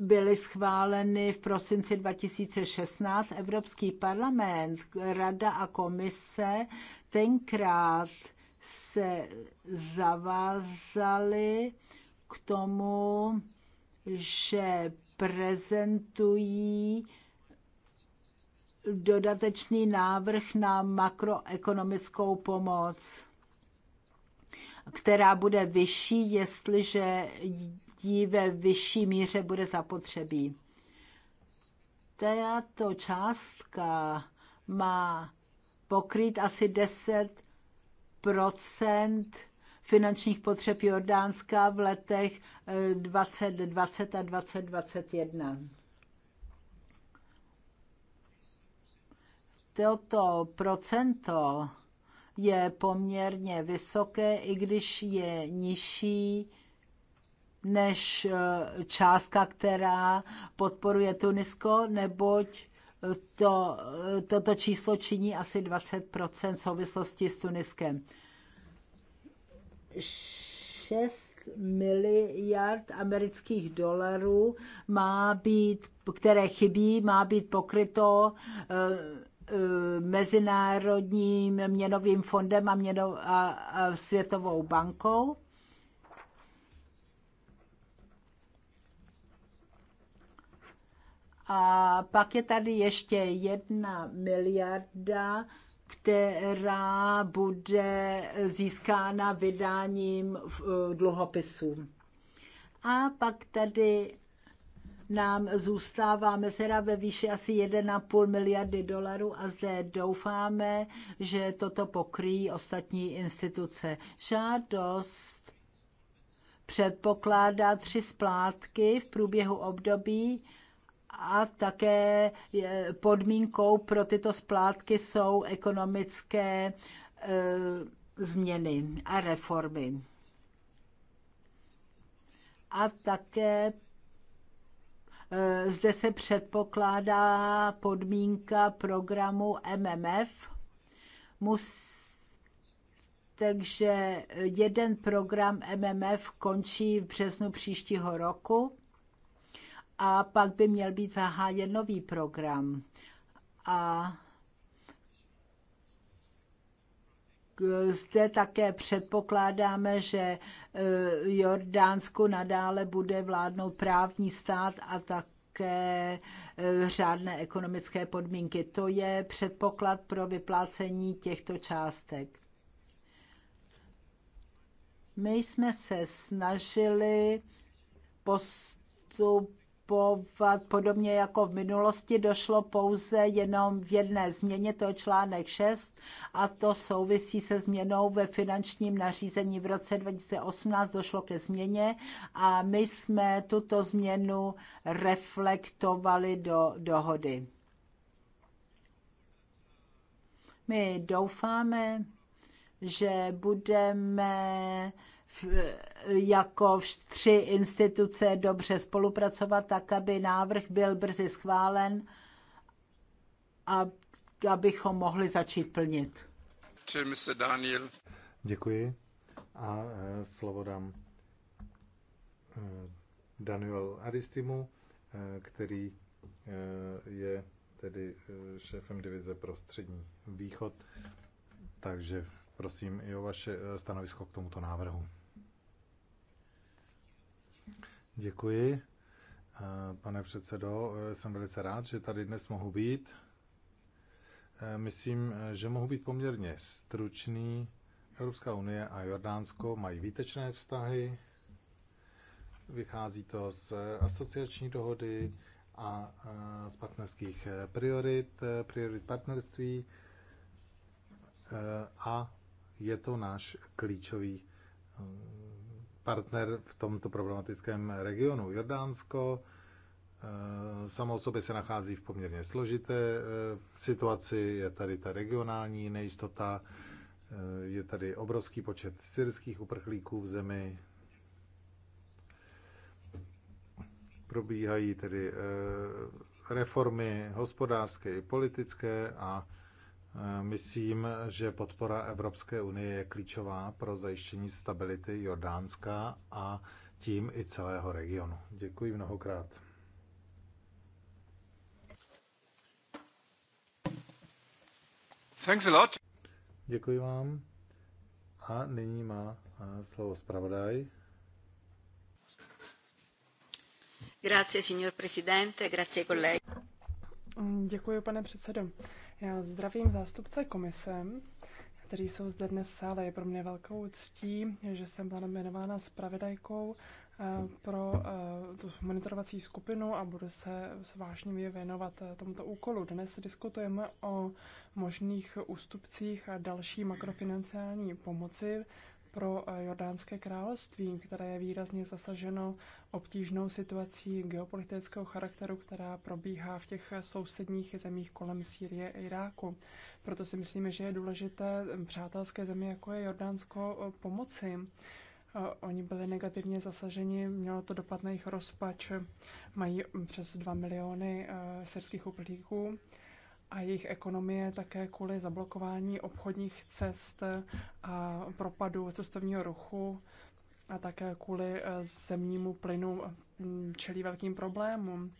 byly schváleny v prosinci 2016. Evropský parlament, Rada a komise tenkrát se zavázali k tomu, že prezentují dodatečný návrh na makroekonomickou pomoc, která bude vyšší, jestliže ji ve vyšší míře bude zapotřebí. Tato částka má pokrýt asi 10 finančních potřeb Jordánska v letech 2020 eh, a 2021. Toto procento je poměrně vysoké, i když je nižší než eh, částka, která podporuje Tunisko, neboť to, toto číslo činí asi 20% v souvislosti s Tuniskem. 6 miliard amerických dolarů má být, které chybí, má být pokryto eh, eh, Mezinárodním měnovým fondem a, měno, a, a Světovou bankou. A pak je tady ještě jedna miliarda, která bude získána vydáním eh, dluhopisů. A pak tady nám zůstává mezera ve výši asi 1,5 miliardy dolarů a zde doufáme, že toto pokryjí ostatní instituce. Žádost předpokládá tři splátky v průběhu období a také podmínkou pro tyto splátky jsou ekonomické e, změny a reformy. A také e, zde se předpokládá podmínka programu MMF. Mus, takže jeden program MMF končí v březnu příštího roku a pak by měl být zahájen nový program. A zde také předpokládáme, že e, Jordánsku nadále bude vládnout právní stát a tak také e, řádné ekonomické podmínky. To je předpoklad pro vyplácení těchto částek. My jsme se snažili postup postupovat podobně jako v minulosti. Došlo pouze jenom v jedné změně, to je článek 6, a to souvisí se změnou ve finančním nařízení. V roce 2018 došlo ke změně a my jsme tuto změnu reflektovali do dohody. My doufáme, že budeme jako tři instituce dobře spolupracovat, tak aby návrh byl brzy schválen a abychom mohli začít plnit. Daniel. Děkuji a eh, slovo dám eh, Daniel Aristimu, eh, který je tedy šéfem divize pro střední východ. Takže prosím i o vaše stanovisko k tomuto návrhu. Děkuji. Eh, pane předsedo, eh, jsem velice rád, že tady dnes mohu být. Eh, myslím, že mohu být poměrně stručný. Evropská unie a Jordánsko mají výtečné vztahy. Vychází to z asociační dohody a z partnerských priorit, priorit partnerství a je to náš klíčový partner v tomto problematickém regionu. Jordánsko eh, samo o sobě se nachází v poměrně složité eh, situaci, je tady ta regionální nejistota, eh, je tady obrovský počet syrských uprchlíků v zemi, probíhají tedy reformy hospodářské i politické a Eh, myslím, že podpora Evropské unie je klíčová pro zajištění stability Jordánska a tím i celého regionu. Děkuji mnohokrát. Thanks a lot. Děkuji vám. A nyní má eh, slovo zpravodaj. Grazie, signor presidente, grazie, colleghi. Děkuji, pane předsedo. Já zdravím zástupce komise, kteří jsou zde dnes v sále. Je pro mě velkou ctí, že jsem byla jmenována spravedajkou eh, pro eh, tu monitorovací skupinu a budu se s vášním věnovat eh, tomuto úkolu. Dnes diskutujeme o možných ústupcích a další makrofinanciální pomoci pro eh, Jordánské království, které je výrazně zasaženo obtížnou situací geopolitického charakteru, která probíhá v těch eh, sousedních zemích kolem Sýrie a Iráku. Proto si myslíme, že je důležité hm, přátelské země jako je Jordánsko, eh, pomoci. Oni byli negativně zasaženi, mělo to dopad na jejich rozpač. Mají hm, přes 2 miliony syrských uprchlíků a jejich ekonomie také kvůli zablokování obchodních cest a propadu cestovního ruchu a také kvůli eh, zemnímu plynu hm, čelí velkým problémům.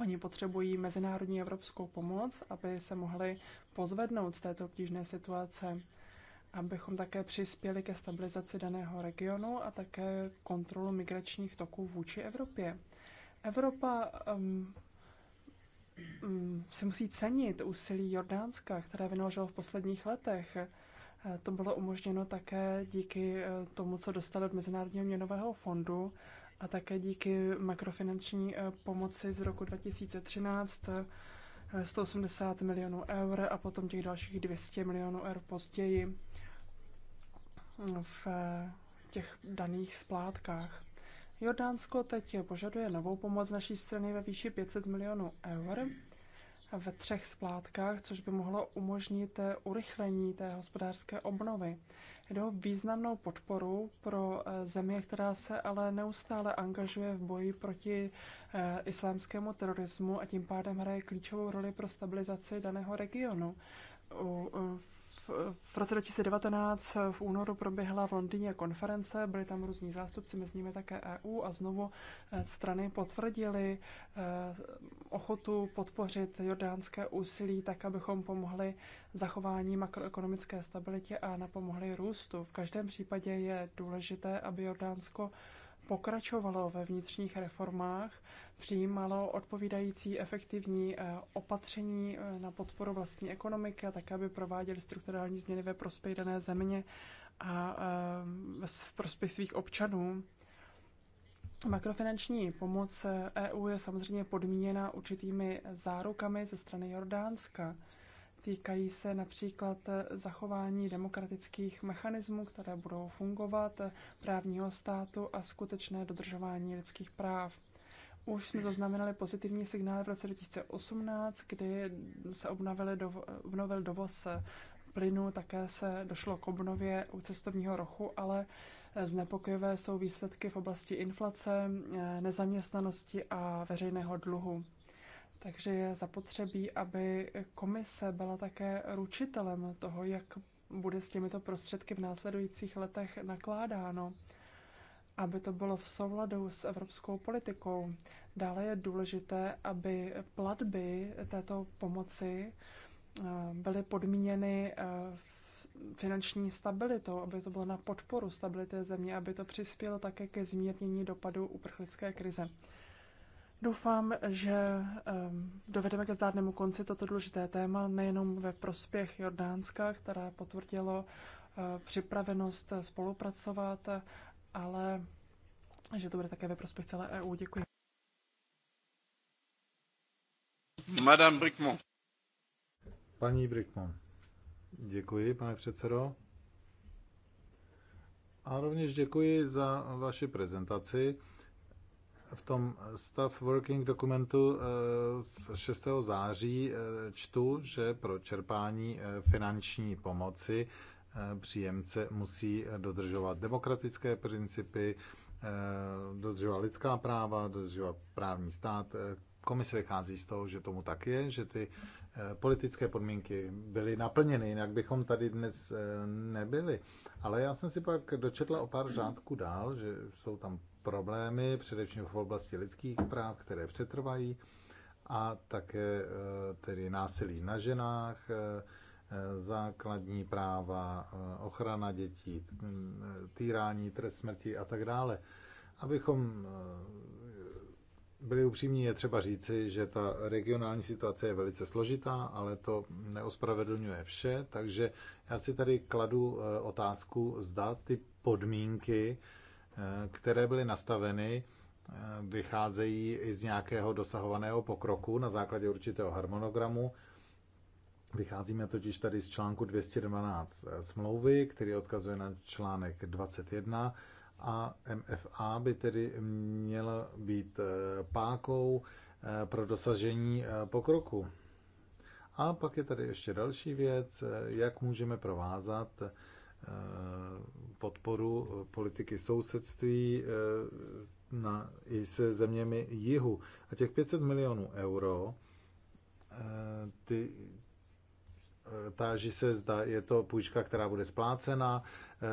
Oni potřebují mezinárodní evropskou pomoc, aby se mohli pozvednout z této obtížné situace, abychom také přispěli ke stabilizaci daného regionu a také kontrolu migračních toků vůči Evropě. Evropa um, Mm, se musí cenit úsilí Jordánska, které vynaložilo v posledních letech. Eh, to bylo umožněno také díky eh, tomu, co dostali od Mezinárodního měnového fondu a také díky makrofinanční eh, pomoci z roku 2013 180 milionů eur a potom těch dalších 200 milionů eur později v těch daných splátkách. Jordánsko teď požaduje novou pomoc naší strany ve výši 500 milionů eur ve třech splátkách, což by mohlo umožnit urychlení té hospodářské obnovy. Jde o významnou podporu pro eh, země, která se ale neustále angažuje v boji proti eh, islámskému terorismu a tím pádem hraje klíčovou roli pro stabilizaci daného regionu. Eh, v, roce 2019 v únoru proběhla v Londýně konference, byli tam různí zástupci, mezi nimi také EU a znovu eh, strany potvrdili eh, ochotu podpořit jordánské úsilí tak, abychom pomohli zachování makroekonomické stabilitě a napomohli růstu. V každém případě je důležité, aby Jordánsko pokračovalo ve vnitřních reformách, přijímalo odpovídající efektivní eh, opatření eh, na podporu vlastní ekonomiky a také, aby prováděli strukturální změny ve prospěch dané země a eh, v prospěch svých občanů. Makrofinanční pomoc EU e je samozřejmě podmíněna určitými zárukami ze strany Jordánska týkají se například eh, zachování demokratických mechanismů, které budou fungovat, eh, právního státu a skutečné dodržování lidských práv. Už jsme zaznamenali pozitivní signály v roce 2018, kdy se obnovil, dovo, obnovil dovoz eh, plynu, také se došlo k obnově u cestovního rochu, ale znepokojivé jsou výsledky v oblasti inflace, nezaměstnanosti a veřejného dluhu. Takže je zapotřebí, aby komise byla také ručitelem toho, jak bude s těmito prostředky v následujících letech nakládáno, aby to bylo v souladu s evropskou politikou. Dále je důležité, aby platby této pomoci eh, byly podmíněny eh, finanční stabilitou, aby to bylo na podporu stability země, aby to přispělo také ke zmírnění dopadu uprchlické krize. Doufám, že ehm, dovedeme ke zdárnému konci toto důležité téma, nejenom ve prospěch Jordánska, které potvrdilo eh, připravenost eh, spolupracovat, ale že to bude také ve prospěch celé EU. Děkuji. Madame Brickman. Paní Brickman. Děkuji, pane předsedo. A rovněž děkuji za vaši prezentaci v tom stav working dokumentu eh, z 6. září eh, čtu, že pro čerpání eh, finanční pomoci příjemce musí dodržovat demokratické principy, dodržovat lidská práva, dodržovat právní stát. Komise vychází z toho, že tomu tak je, že ty politické podmínky byly naplněny, jinak bychom tady dnes nebyli. Ale já jsem si pak dočetla o pár řádků dál, že jsou tam problémy, především v oblasti lidských práv, které přetrvají, a také eh, tedy násilí na ženách, eh, eh, základní práva, ochrana dětí, mm, týrání, trest smrti a tak dále. Abychom byli upřímní, je třeba říci, že ta regionální situace je velice složitá, ale to neospravedlňuje vše, takže já si tady kladu otázku, zda ty podmínky, Eh, které byly nastaveny, eh, vycházejí i z nějakého dosahovaného pokroku na základě určitého harmonogramu. Vycházíme totiž tady z článku 212 eh, smlouvy, který odkazuje na článek 21 a MFA by tedy měla být pákou pro dosažení pokroku. A pak je tady ještě další věc, jak můžeme provázat Eh, podporu eh, politiky sousedství eh, na, i se zeměmi jihu. A těch 500 milionů euro, ty, táží se, zda je to půjčka, která bude splácena,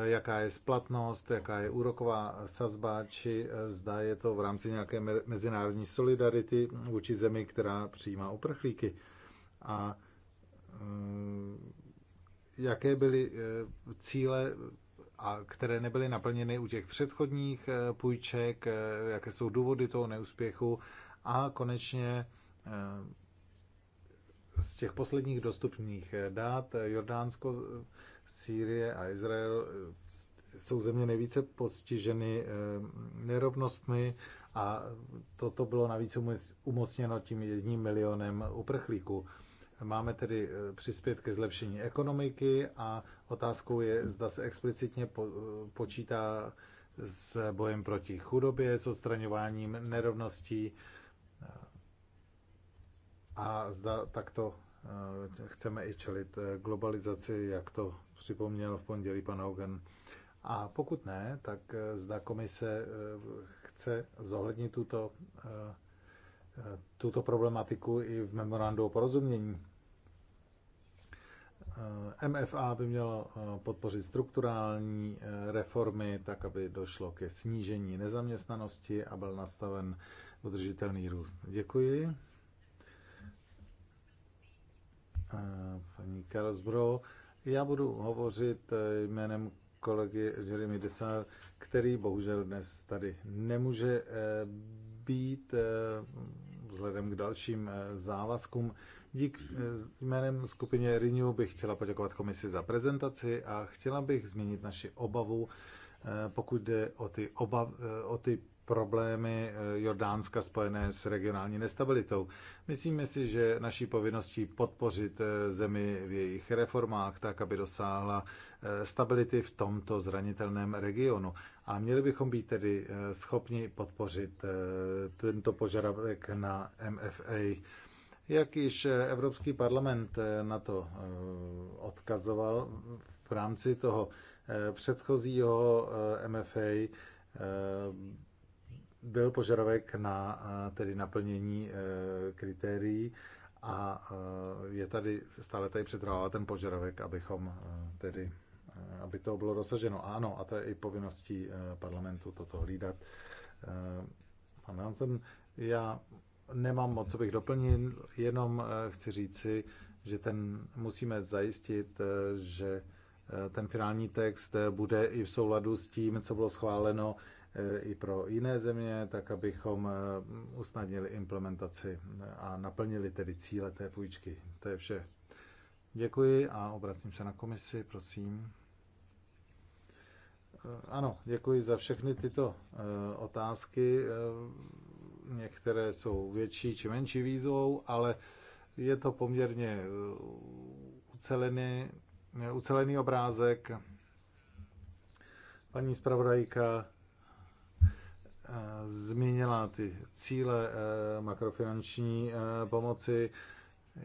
jaká je splatnost, jaká je úroková sazba, či zda je to v rámci nějaké mezinárodní solidarity vůči zemi, která přijímá uprchlíky. A mm, jaké byly eh, cíle, a které nebyly naplněny u těch předchodních eh, půjček, eh, jaké jsou důvody toho neúspěchu a konečně z těch posledních dostupných dát Jordánsko, Sýrie a Izrael jsou země nejvíce postiženy nerovnostmi a toto bylo navíc umocněno tím jedním milionem uprchlíků. Máme tedy eh, přispět ke zlepšení ekonomiky a otázkou je, zda se explicitně eh, počítá s bojem proti chudobě, s odstraňováním nerovností eh, a zda takto chceme i čelit globalizaci, jak to připomněl v pondělí pan Hogan. A pokud ne, tak zda komise chce zohlednit tuto, tuto problematiku i v memorandu o porozumění. Eh, MFA by mělo eh, podpořit strukturální eh, reformy, tak aby došlo ke snížení nezaměstnanosti a byl nastaven udržitelný růst. Děkuji. Paní Karlsbro, já budu hovořit jménem kolegy Jeremy Desar, který bohužel dnes tady nemůže být vzhledem k dalším závazkům. Dík eh, jménem skupině Renew bych chtěla poděkovat komisi za prezentaci a chtěla bych změnit naši obavu, eh, pokud jde o ty, obav, eh, o ty problémy Jordánska spojené s regionální nestabilitou. Myslíme si, že naší povinností podpořit zemi v jejich reformách tak, aby dosáhla stability v tomto zranitelném regionu. A měli bychom být tedy schopni podpořit tento požadavek na MFA jak již Evropský parlament eh, na to eh, odkazoval v rámci toho eh, předchozího MFA, byl požadavek na tedy naplnění kritérií a je tady, stále tady přetrvává ten požadavek, abychom tedy, aby to bylo dosaženo. ano, a to je i povinností parlamentu toto hlídat. Pan Hansen, já Nemám moc, co bych doplnil, jenom eh, chci říci, že ten musíme zajistit, eh, že eh, ten finální text bude i v souladu s tím, co bylo schváleno i pro jiné země, tak abychom usnadnili implementaci a naplnili tedy cíle té půjčky. To je vše. Děkuji a obracím se na komisi, prosím. Ano, děkuji za všechny tyto otázky. Některé jsou větší či menší výzvou, ale je to poměrně eh, ucelený, eh, ucelený obrázek. Paní zpravodajka eh, zmínila ty cíle makrofinanční pomoci.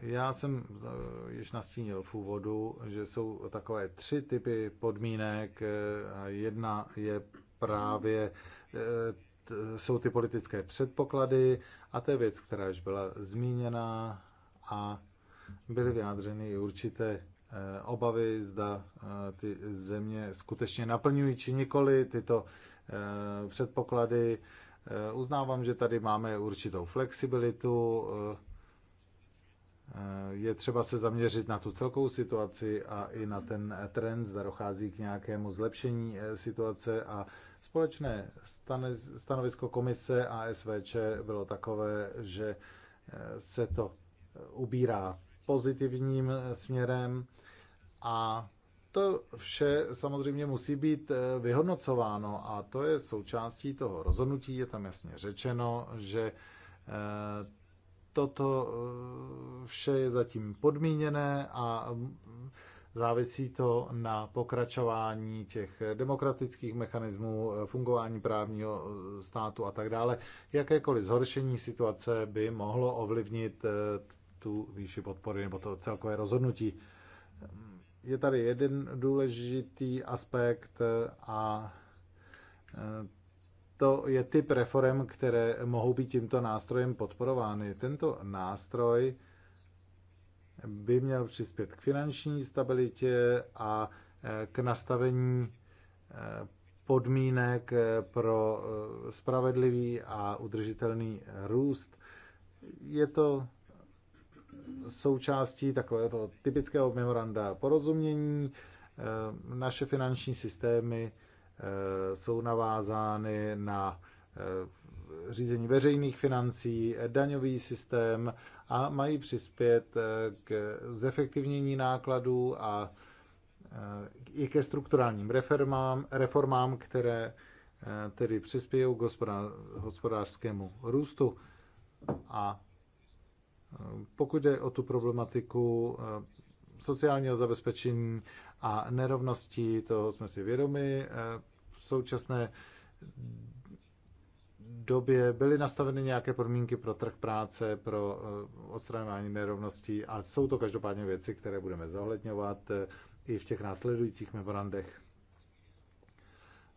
Já jsem již nastínil v úvodu, že jsou takové tři typy podmínek. Jedna je právě Eh, jsou ty politické předpoklady a to je věc, která už byla zmíněna a byly vyjádřeny i určité eh, obavy, zda eh, ty země skutečně naplňují či nikoli tyto předpoklady. Uznávám, že tady máme určitou flexibilitu, je třeba se zaměřit na tu celkovou situaci a i na ten trend, zda dochází k nějakému zlepšení situace a Společné stanovisko komise a SVČ bylo takové, že eh, se to eh, ubírá pozitivním eh, směrem a to vše samozřejmě musí být vyhodnocováno a to je součástí toho rozhodnutí. Je tam jasně řečeno, že toto vše je zatím podmíněné a mm, Závisí to na pokračování těch demokratických mechanismů, fungování právního státu a tak dále. Jakékoliv zhoršení situace by mohlo ovlivnit eh, tu výši podpory nebo to celkové rozhodnutí. Je tady jeden důležitý aspekt eh, a eh, to je typ reform, které mohou být tímto nástrojem podporovány. Tento nástroj by měl přispět k finanční stabilitě a e, k nastavení e, podmínek e, pro spravedlivý a udržitelný růst. Je to součástí takového typického memoranda porozumění. Naše finanční systémy jsou navázány na řízení veřejných financí, daňový systém a mají přispět eh, k zefektivnění nákladů a eh, i ke strukturálním reformám, reformám které eh, tedy přispějí k hospodářskému růstu. A pokud jde o tu problematiku sociálního zabezpečení a nerovností, toho jsme si vědomi. V současné době byly nastaveny nějaké podmínky pro trh práce, pro eh, odstraňování nerovností a jsou to každopádně věci, které budeme zohledňovat eh, i v těch následujících memorandech.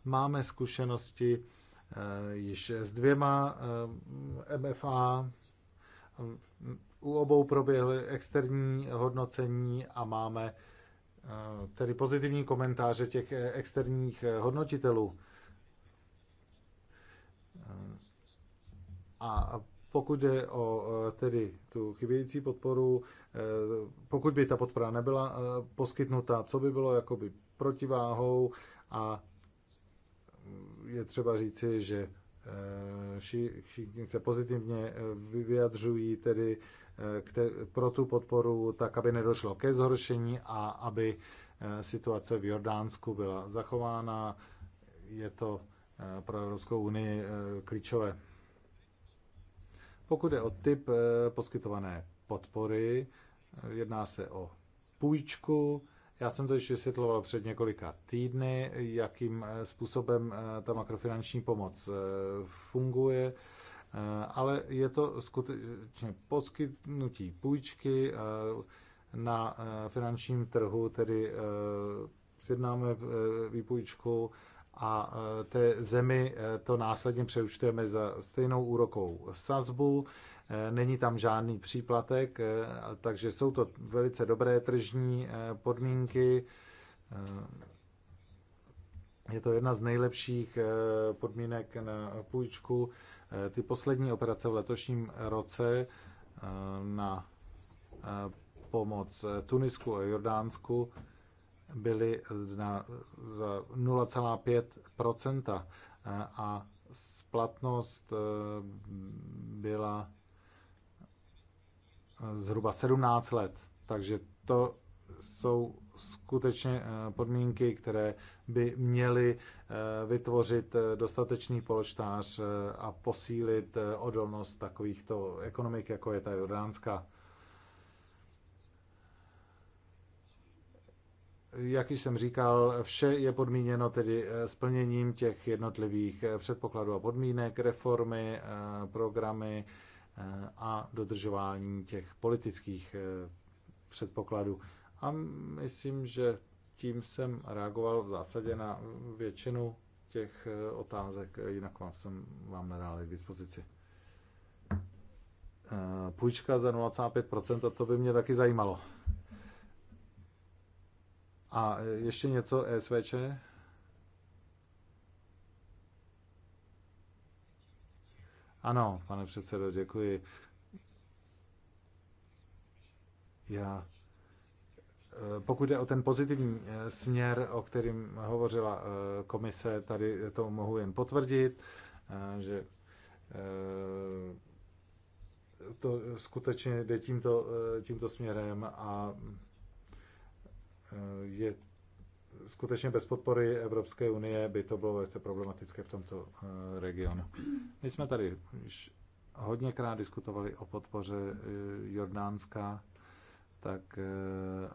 Máme zkušenosti eh, již s dvěma MFA. U obou proběhly externí hodnocení a máme tedy pozitivní komentáře těch externích hodnotitelů A pokud jde o e, tedy tu chybějící podporu, e, pokud by ta podpora nebyla e, poskytnuta, co by bylo jakoby protiváhou a je třeba říci, že všichni se pozitivně vyjadřují tedy pro tu podporu, tak aby nedošlo ke zhoršení a aby situace v Jordánsku byla zachována. Je to pro Evropskou unii klíčové. Pokud je o typ eh, poskytované podpory, eh, jedná se o půjčku. Já jsem to již vysvětloval před několika týdny, jakým eh, způsobem ta makrofinanční pomoc funguje, ale je to skutečně poskytnutí půjčky na finančním trhu, tedy sjednáme výpůjčku a e, té zemi e, to následně přeúčtujeme za stejnou úrokovou sazbu. E, není tam žádný příplatek, takže jsou to velice dobré tržní podmínky. Je to jedna z nejlepších podmínek na půjčku. Ty poslední operace v letošním roce na pomoc Tunisku a Jordánsku byly na, 0,5 a splatnost eh, byla zhruba 17 let. Takže to jsou skutečně eh, podmínky, které by měly eh, vytvořit dostatečný polštář a posílit odolnost takovýchto ekonomik, jako je ta jordánská. jak již jsem říkal, vše je podmíněno tedy eh, splněním těch jednotlivých eh, předpokladů a podmínek, reformy, eh, programy a dodržování těch politických předpokladů. A myslím, že tím jsem reagoval v zásadě na většinu těch otázek, jinak vám jsem vám nedal k dispozici. Půjčka za 0,5%, a to by mě taky zajímalo. A e, ještě něco ESVČ? Ano, pane předsedo, děkuji. Já, e, pokud jde o ten pozitivní e, směr, o kterým hovořila komise, tady to mohu jen potvrdit, že to skutečně jde tímto, tímto směrem a Eh, je skutečně bez podpory Evropské unie by to bylo velice problematické v tomto eh, regionu. My jsme tady už hodněkrát diskutovali o podpoře eh, Jordánska, tak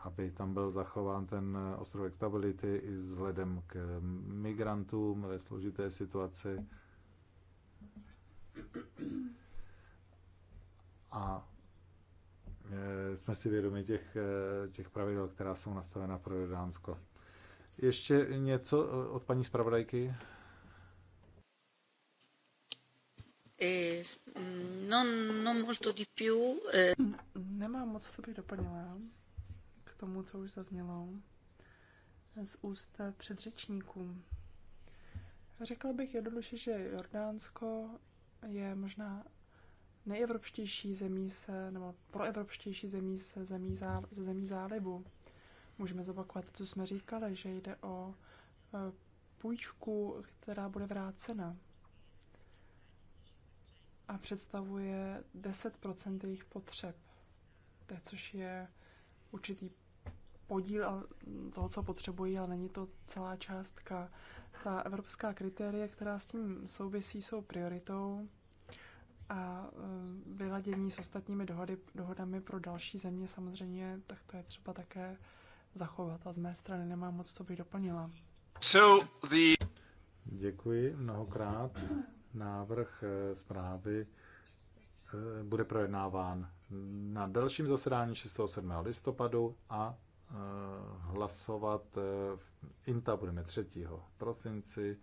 aby tam byl zachován ten ostrovek stability i vzhledem k migrantům ve složité situaci. A Eh, jsme si vědomi těch, eh, těch pravidel, která jsou nastavena pro Jordánsko. Ještě něco eh, od paní zpravodajky? Mm, no, no Nemám moc, co bych doplnila k tomu, co už zaznělo z úst předřečníků. Řekla bych jednoduše, že Jordánsko je možná nejevropštější zemí se, nebo proevropštější zemí se zemí, zá, zemí zálivu. Můžeme zopakovat to, co jsme říkali, že jde o e, půjčku, která bude vrácena a představuje 10% jejich potřeb, Teď, což je určitý podíl toho, co potřebují, ale není to celá částka. Ta evropská kritéria, která s tím souvisí, jsou prioritou a e, vyladění s ostatními dohody, dohodami pro další země samozřejmě, tak to je třeba také zachovat. A z mé strany nemám moc, co bych doplnila. So the... Děkuji mnohokrát. Návrh e, zprávy e, bude projednáván na dalším zasedání 6. 7. listopadu a hlasovat v INTA budeme 3. prosinci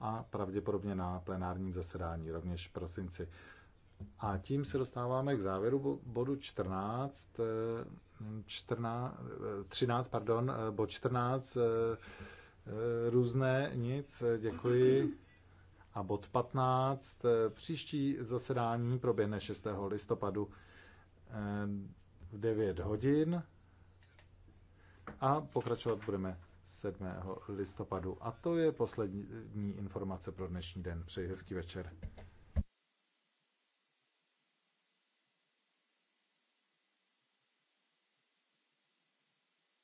a pravděpodobně na plenárním zasedání rovněž v prosinci. A tím se dostáváme k závěru bodu 14, 14 13, pardon, eh, bod 14, eh, eh, různé nic, děkuji. A bod 15, příští zasedání proběhne 6. listopadu v 9 hodin a pokračovat budeme 7. listopadu. A to je poslední informace pro dnešní den. Přeji hezký večer.